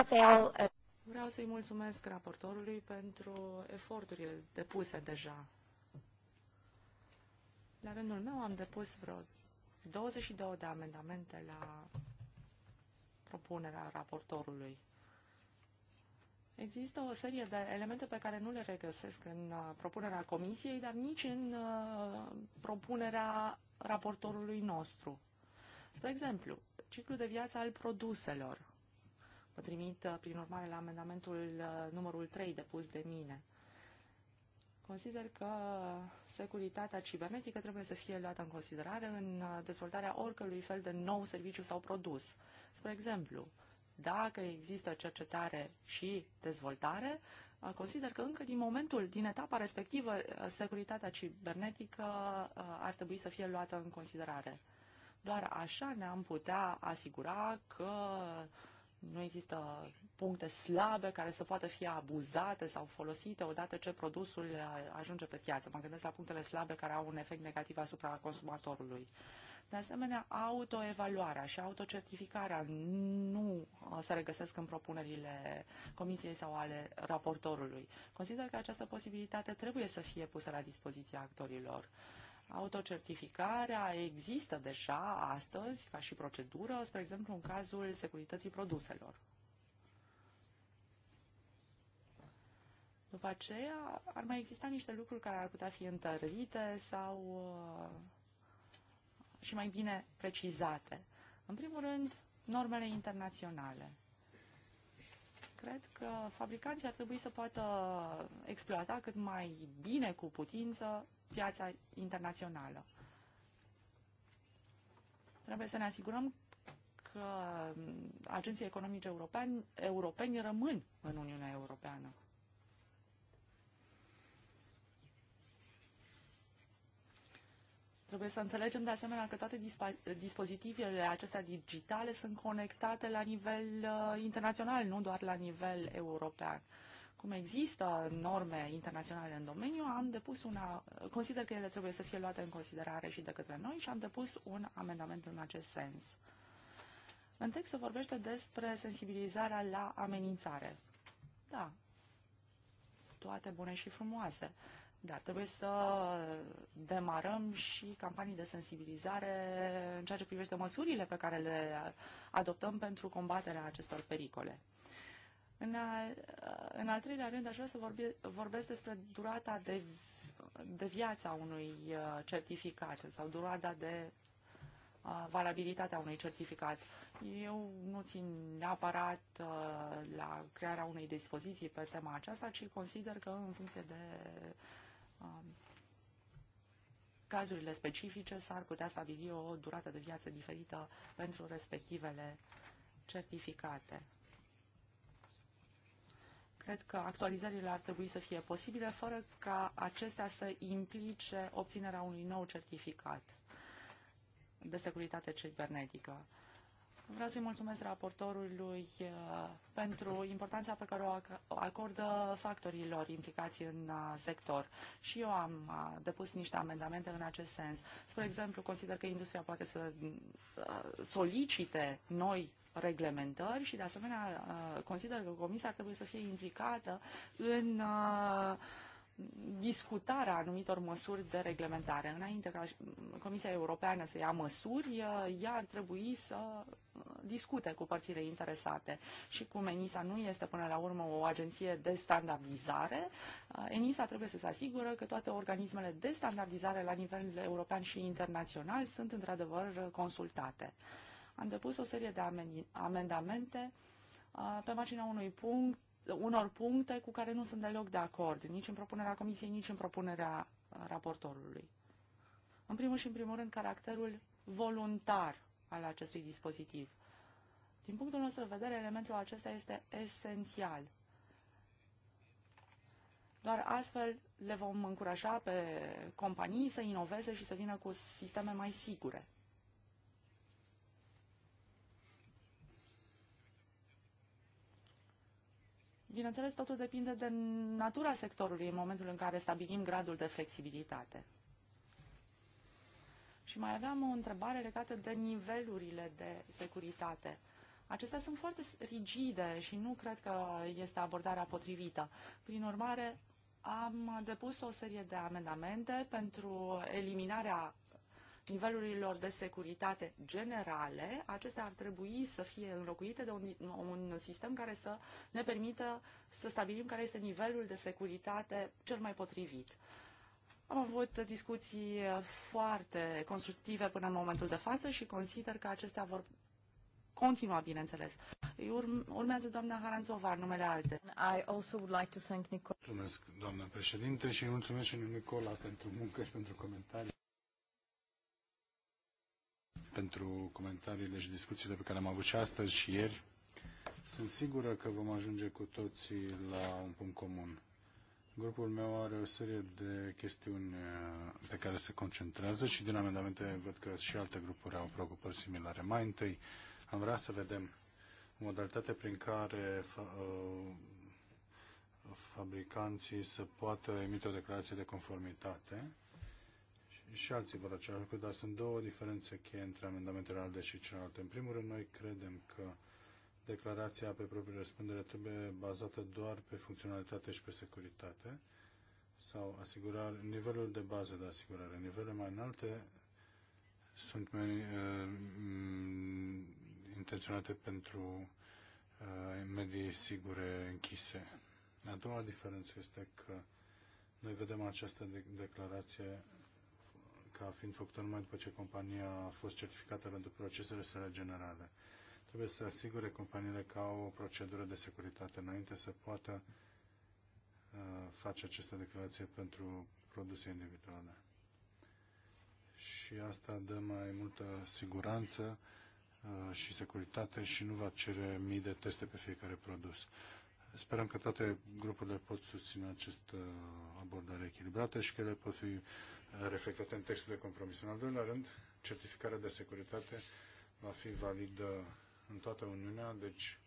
eh, Vreau să-i mulțumesc raportorului pentru eforturile depuse deja. La rândul meu am depus vreo 22 de amendamente la propunerea raportorului. Există o serie de elemente pe care nu le regăsesc în uh, propunerea comisiei, dar nici în uh, propunerea raportorului nostru. Spre exemplu, ciclul de viață al produselor. Vă trimit, uh, prin urmare, la amendamentul numărul 3 depus de mine. Consider că securitatea cibernetică trebuie să fie luată în considerare în uh, dezvoltarea oricărui fel de nou serviciu sau produs. Spre exemplu, dacă există cercetare și dezvoltare, uh, consider că încă din momentul, din etapa respectivă, uh, securitatea cibernetică ar trebui să fie luată în considerare. Doar așa ne-am putea asigura că uh, nu există puncte slabe care să poată fi abuzate sau folosite odată ce produsul ajunge pe piață. Mă gândesc la punctele slabe care au un efect negativ asupra consumatorului. De asemenea, autoevaluarea și autocertificarea nu uh, se regăsesc în propunerile comisiei sau ale raportorului. Consider că această posibilitate trebuie să fie pusă la dispoziția actorilor. Uh, Autocertificarea există deja astăzi ca și procedură, spre exemplu în cazul securității produselor. După aceea ar mai exista niște lucruri care ar putea fi întărite sau uh, și mai bine precizate. În primul rând, normele internaționale. Cred că fabricanții ar trebui să poată exploata cât mai bine cu putință piața internațională. Trebuie să ne asigurăm că agenții economici europeni, europeni rămân în Uniunea Europeană. Trebuie să înțelegem de asemenea că toate dispozitivele acestea digitale sunt conectate la nivel uh, internațional, nu doar la nivel european. Cum există norme internaționale în domeniu, am depus una, consider că ele trebuie să fie luate în considerare și de către noi și am depus un amendament în acest sens. În text se vorbește despre sensibilizarea la amenințare. Da, toate bune și frumoase. Da. trebuie să demarăm și campanii de sensibilizare în ceea ce privește măsurile pe care le adoptăm pentru combaterea acestor pericole. În al, în al treilea rând, aș vrea să vorbe, vorbesc despre durata de, de a unui uh, certificat sau durata de uh, valabilitatea unui certificat. Eu nu țin neapărat uh, la crearea unei dispoziții pe tema aceasta, ci consider că în funcție de um, cazurile specifice s-ar putea stabili o durată de viață diferită pentru respectivele certificate. Cred că actualizările ar trebui să fie posibile fără ca acestea să implice obținerea unui nou certificat de securitate cibernetică. Vreau să-i mulțumesc raportorului uh, pentru importanța pe care o acordă factorilor implicați în uh, sector. Și eu am uh, depus niște amendamente în acest sens. Spre exemplu, consider că industria poate să solicite noi reglementări și, de asemenea, consider că Comisia ar trebui să fie implicată în discutarea anumitor măsuri de reglementare. Înainte ca Comisia Europeană să ia măsuri, ea ar trebui să uh, discute cu părțile interesate. Și cum ENISA nu este până la urmă o agenție de standardizare, uh, ENISA trebuie să se asigură că toate organismele de standardizare la nivel european și internațional sunt într-adevăr consultate. Am depus o serie de amendamente uh, pe marginea unui punct unor puncte cu care nu sunt deloc de acord, nici în propunerea comisiei, nici în propunerea uh, raportorului. În primul și în primul rând, caracterul voluntar al acestui dispozitiv. Din punctul nostru de vedere, elementul acesta este esențial. Doar astfel le vom încuraja pe companii să inoveze și să vină cu sisteme mai sigure. Bineînțeles, totul depinde de natura sectorului în momentul în care stabilim gradul de flexibilitate. Și mai aveam o întrebare legată de nivelurile de securitate. Acestea sunt foarte rigide și nu cred că este abordarea potrivită. Prin urmare, am depus o serie de amendamente pentru eliminarea nivelurilor de securitate generale, acestea ar trebui să fie înlocuite de un, un sistem care să ne permită să stabilim care este nivelul de securitate cel mai potrivit. Am avut discuții foarte constructive până în momentul de față și consider că acestea vor continua, bineînțeles. urmează doamna Haranțova, numele alte. I also would like to thank Nicola. Mulțumesc, doamna președinte, și mulțumesc și lui Nicola pentru muncă și pentru comentarii pentru comentariile și discuțiile pe care am avut și astăzi și ieri. Sunt sigură că vom ajunge cu toții la un punct comun. Grupul meu are o serie de chestiuni uh, pe care se concentrează și din amendamente văd că și alte grupuri au preocupări similare. Mai întâi, am vrea să vedem modalitatea prin care uh, fabricanții să poată emite o declarație de conformitate și alții vor același lucru, dar sunt două diferențe cheie între amendamentele ALDE și celelalte. În primul rând, noi credem că declarația pe proprie răspundere trebuie bazată doar pe funcționalitate și pe securitate sau asigurare, nivelul de bază de asigurare. Nivele mai înalte sunt mai, uh, intenționate pentru uh, medii sigure închise. A doua diferență este că noi vedem această de- declarație ca fiind făcută numai după ce compania a fost certificată pentru procesele sale generale. Trebuie să asigure companiile că au o procedură de securitate înainte să poată uh, face această declarație pentru produse individuale. Și asta dă mai multă siguranță uh, și securitate și nu va cere mii de teste pe fiecare produs. Sperăm că toate grupurile pot susține această abordare echilibrată și că ele pot fi reflectate în textul de compromis. În al doilea rând, certificarea de securitate va fi validă în toată Uniunea, deci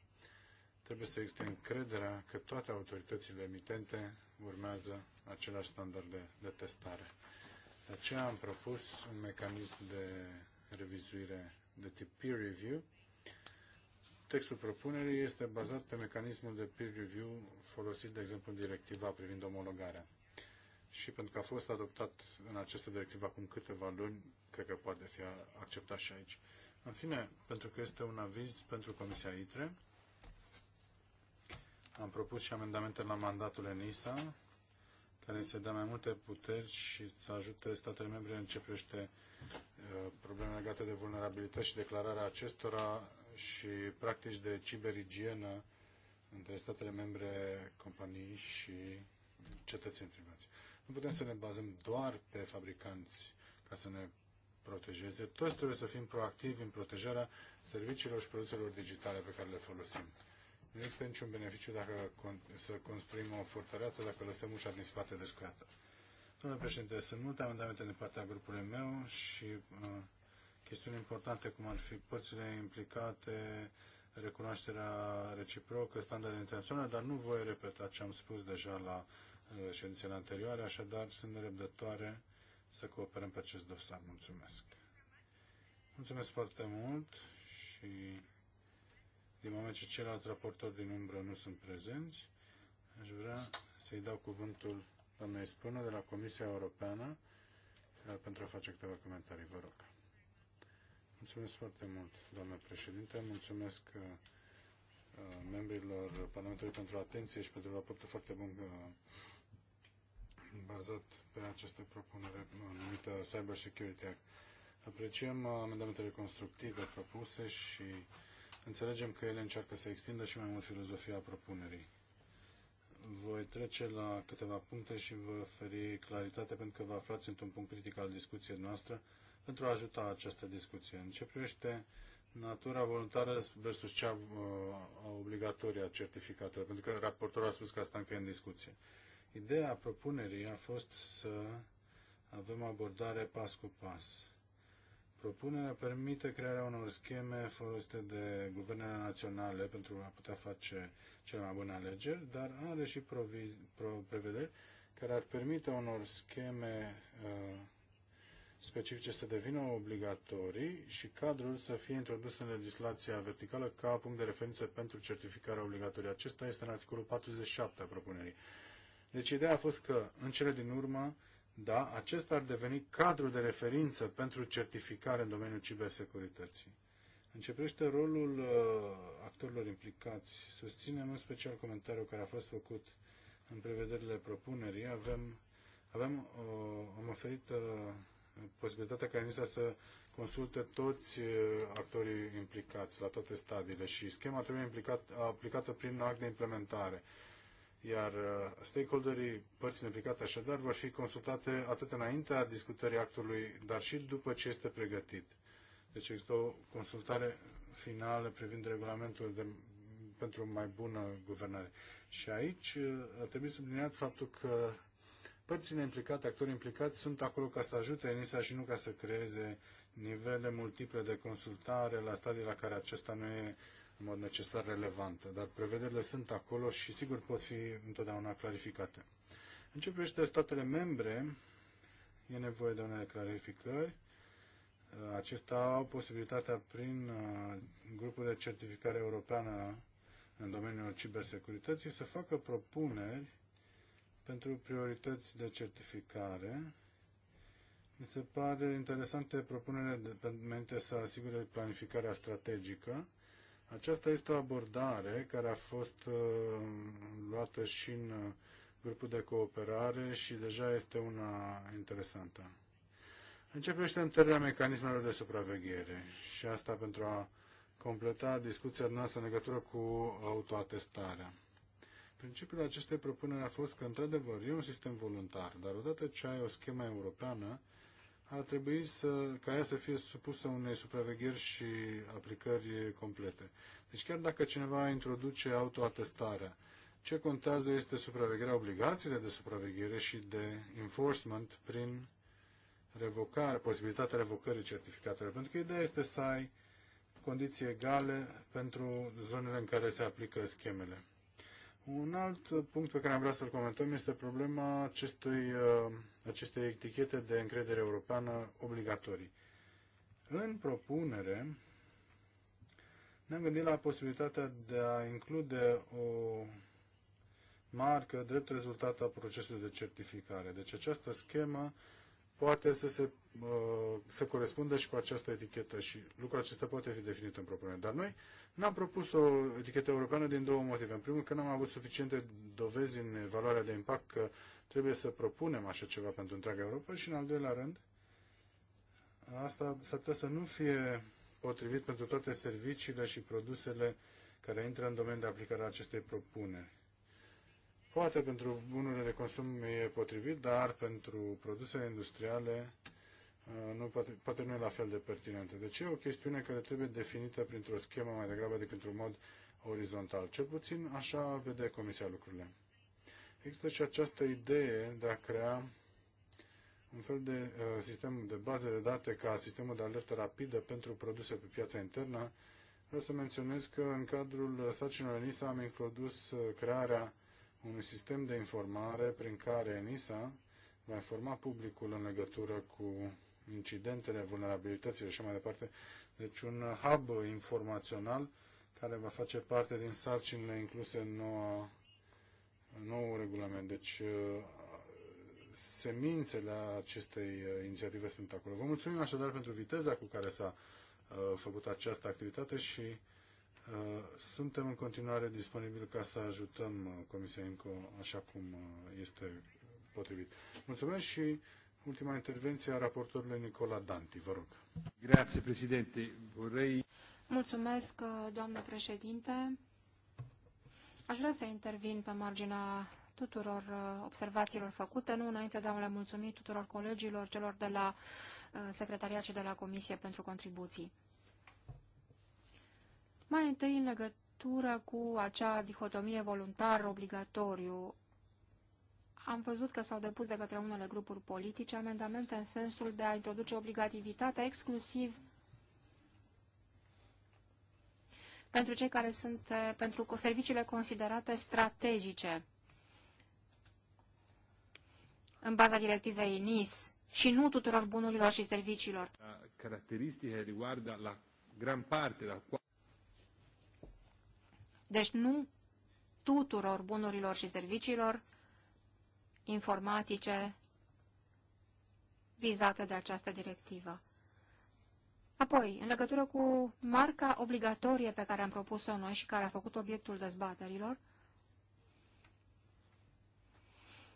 trebuie să existe încrederea că toate autoritățile emitente urmează aceleași standarde de testare. De aceea am propus un mecanism de revizuire de tip peer review, Textul propunerii este bazat pe mecanismul de peer review folosit, de exemplu, în directiva privind omologarea. Și pentru că a fost adoptat în această directivă acum câteva luni, cred că poate fi acceptat și aici. În fine, pentru că este un aviz pentru Comisia ITRE, am propus și amendamente la mandatul ENISA, care se dă mai multe puteri și să ajute statele membre în ce privește uh, probleme legate de vulnerabilități și declararea acestora și practici de ciberigienă între statele membre, companii și cetățeni privați. Nu putem să ne bazăm doar pe fabricanți ca să ne protejeze. Toți trebuie să fim proactivi în protejarea serviciilor și produselor digitale pe care le folosim. Nu există niciun beneficiu dacă să construim o fortăreață dacă lăsăm ușa din spate descuiată. Domnule președinte, sunt multe amendamente din partea grupului meu și uh, chestiuni importante, cum ar fi părțile implicate, recunoașterea reciprocă, standarde internaționale, dar nu voi repeta ce am spus deja la uh, ședințele anterioare, așadar sunt nerăbdătoare să cooperăm pe acest dosar. Mulțumesc! Mulțumesc foarte mult și din moment ce ceilalți raportori din umbră nu sunt prezenți, aș vrea să-i dau cuvântul doamnei Spună de la Comisia Europeană uh, pentru a face câteva comentarii. Vă rog. Mulțumesc foarte mult, doamnă președinte. Mulțumesc uh, membrilor Parlamentului pentru atenție și pentru raportul foarte bun uh, bazat pe această propunere numită Cyber Security Act. Apreciem uh, amendamentele constructive propuse și înțelegem că ele încearcă să extindă și mai mult filozofia propunerii. Voi trece la câteva puncte și vă oferi claritate pentru că vă aflați într-un punct critic al discuției noastre pentru a ajuta această discuție. În ce privește natura voluntară versus cea uh, obligatorie a certificatului, pentru că raportorul a spus că asta încă e în discuție. Ideea propunerii a fost să avem abordare pas cu pas. Propunerea permite crearea unor scheme folosite de guvernele naționale pentru a putea face cele mai bune alegeri, dar are și provi- pro- prevederi care ar permite unor scheme uh, specifice să devină obligatorii și cadrul să fie introdus în legislația verticală ca punct de referință pentru certificarea obligatorie. Acesta este în articolul 47 a propunerii. Deci ideea a fost că, în cele din urmă, da, acesta ar deveni cadrul de referință pentru certificare în domeniul cibersecurității. Începește rolul uh, actorilor implicați. Susținem în special comentariul care a fost făcut în prevederile propunerii. Avem, avem uh, am oferit uh, posibilitatea ca ENISA să consulte toți eh, actorii implicați la toate stadiile și schema trebuie implicat, aplicată prin act de implementare. Iar eh, stakeholderii, părțile implicate așadar, vor fi consultate atât înaintea discutării actului, dar și după ce este pregătit. Deci există o consultare finală privind regulamentul de, pentru mai bună guvernare. Și aici eh, trebuie subliniat faptul că părțile implicate, actorii implicați sunt acolo ca să ajute ENISA și nu ca să creeze nivele multiple de consultare la stadii la care acesta nu e în mod necesar relevant. Dar prevederile sunt acolo și sigur pot fi întotdeauna clarificate. În ce privește statele membre, e nevoie de unele clarificări. Acestea au posibilitatea prin uh, grupul de certificare europeană în domeniul cibersecurității să facă propuneri pentru priorități de certificare. Mi se pare interesante propunerea de menite să asigure planificarea strategică. Aceasta este o abordare care a fost uh, luată și în uh, grupul de cooperare și deja este una interesantă. Începește întărirea mecanismelor de supraveghere și asta pentru a completa discuția noastră în legătură cu autoatestarea. Principiul acestei propuneri a fost că, într-adevăr, e un sistem voluntar, dar odată ce ai o schemă europeană, ar trebui să, ca ea să fie supusă unei supravegheri și aplicări complete. Deci chiar dacă cineva introduce autoatestarea, ce contează este supravegherea, obligațiile de supraveghere și de enforcement prin revocare, posibilitatea revocării certificatelor. Pentru că ideea este să ai condiții egale pentru zonele în care se aplică schemele. Un alt punct pe care am vrea să-l comentăm este problema acestui, uh, acestei etichete de încredere europeană obligatorii. În propunere ne-am gândit la posibilitatea de a include o marcă drept rezultat al procesului de certificare. Deci această schemă poate să se uh, să corespundă și cu această etichetă și lucrul acesta poate fi definit în propunere. Dar noi n-am propus o etichetă europeană din două motive. În primul că n-am avut suficiente dovezi în valoarea de impact că trebuie să propunem așa ceva pentru întreaga Europa și în al doilea rând asta s-ar putea să nu fie potrivit pentru toate serviciile și produsele care intră în domeniul de aplicare a acestei propuneri. Poate pentru bunurile de consum e potrivit, dar pentru produsele industriale uh, nu, poate, poate nu e la fel de pertinentă. Deci e o chestiune care trebuie definită printr-o schemă mai degrabă decât într-un mod orizontal. Cel puțin așa vede Comisia lucrurile. Există și această idee de a crea un fel de uh, sistem de baze de date ca sistemul de alertă rapidă pentru produse pe piața internă. Vreau să menționez că în cadrul sarcinilor NISA am introdus uh, crearea unui sistem de informare prin care ENISA va informa publicul în legătură cu incidentele, vulnerabilitățile și mai departe. Deci un hub informațional care va face parte din sarcinile incluse în noua, nou regulament. Deci uh, semințele acestei uh, inițiative sunt acolo. Vă mulțumim așadar pentru viteza cu care s-a uh, făcut această activitate și Uh, suntem în continuare disponibili ca să ajutăm uh, Comisia INCO așa cum uh, este potrivit. Mulțumesc și ultima intervenție a raportorului Nicola Danti. Vă rog. Grazie, președinte. Vorrei... Mulțumesc, doamnă președinte. Aș vrea să intervin pe marginea tuturor observațiilor făcute, nu înainte de a le mulțumi tuturor colegilor, celor de la secretariat și de la Comisie pentru contribuții. Mai întâi în legătură cu acea dihotomie voluntar-obligatoriu, am văzut că s-au depus de către unele grupuri politice amendamente în sensul de a introduce obligativitatea exclusiv pentru cei care sunt pentru serviciile considerate strategice în baza directivei NIS și nu tuturor bunurilor și serviciilor. Caracteristica riguarda la gran parte la deci nu tuturor bunurilor și serviciilor informatice vizate de această directivă. Apoi, în legătură cu marca obligatorie pe care am propus-o noi și care a făcut obiectul dezbaterilor,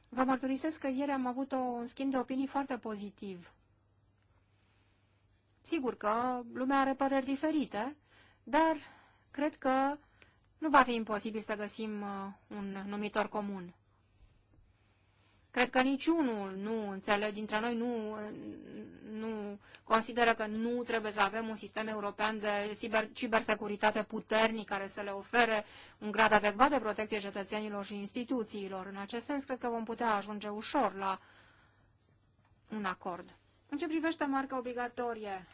vă mărturisesc că ieri am avut o, un schimb de opinii foarte pozitiv. Sigur că lumea are păreri diferite, dar cred că nu va fi imposibil să găsim uh, un numitor comun. Cred că niciunul nu înțeleg, dintre noi nu, uh, nu consideră că nu trebuie să avem un sistem european de ciber, cibersecuritate puternic care să le ofere un grad adecvat de protecție cetățenilor și instituțiilor. În acest sens, cred că vom putea ajunge ușor la un acord. În ce privește marca obligatorie,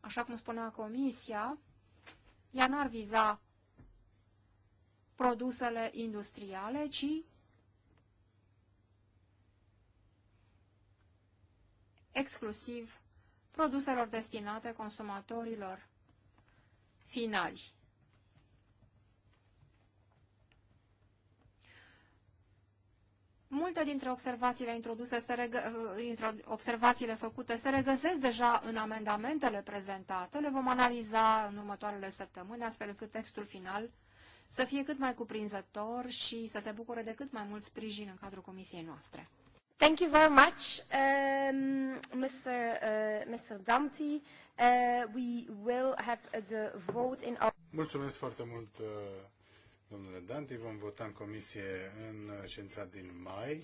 așa cum spunea Comisia, ea n-ar viza produsele industriale, ci exclusiv produselor destinate consumatorilor finali. Multe dintre observațiile, introduse se regă, uh, observațiile făcute se regăsesc deja în amendamentele prezentate. Le vom analiza în următoarele săptămâni, astfel încât textul final să fie cât mai cuprinzător și să se bucure de cât mai mult sprijin în cadrul comisiei noastre. Thank you very much, um, Mr. Uh, Mr. Dumpty. Uh, we will have the vote in our... Mulțumesc foarte mult, uh, domnule Danti. Vom vota în comisie în uh, ședința din mai.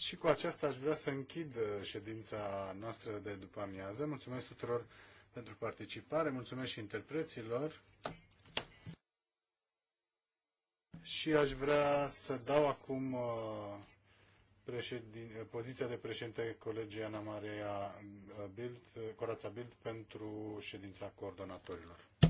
Și cu aceasta aș vrea să închid uh, ședința noastră de după amiază. Mulțumesc tuturor pentru participare, mulțumesc și interpreților. Și aș vrea să dau acum uh, președin, poziția de președinte colegii Ana Maria Bild, uh, Corața Bild pentru ședința coordonatorilor.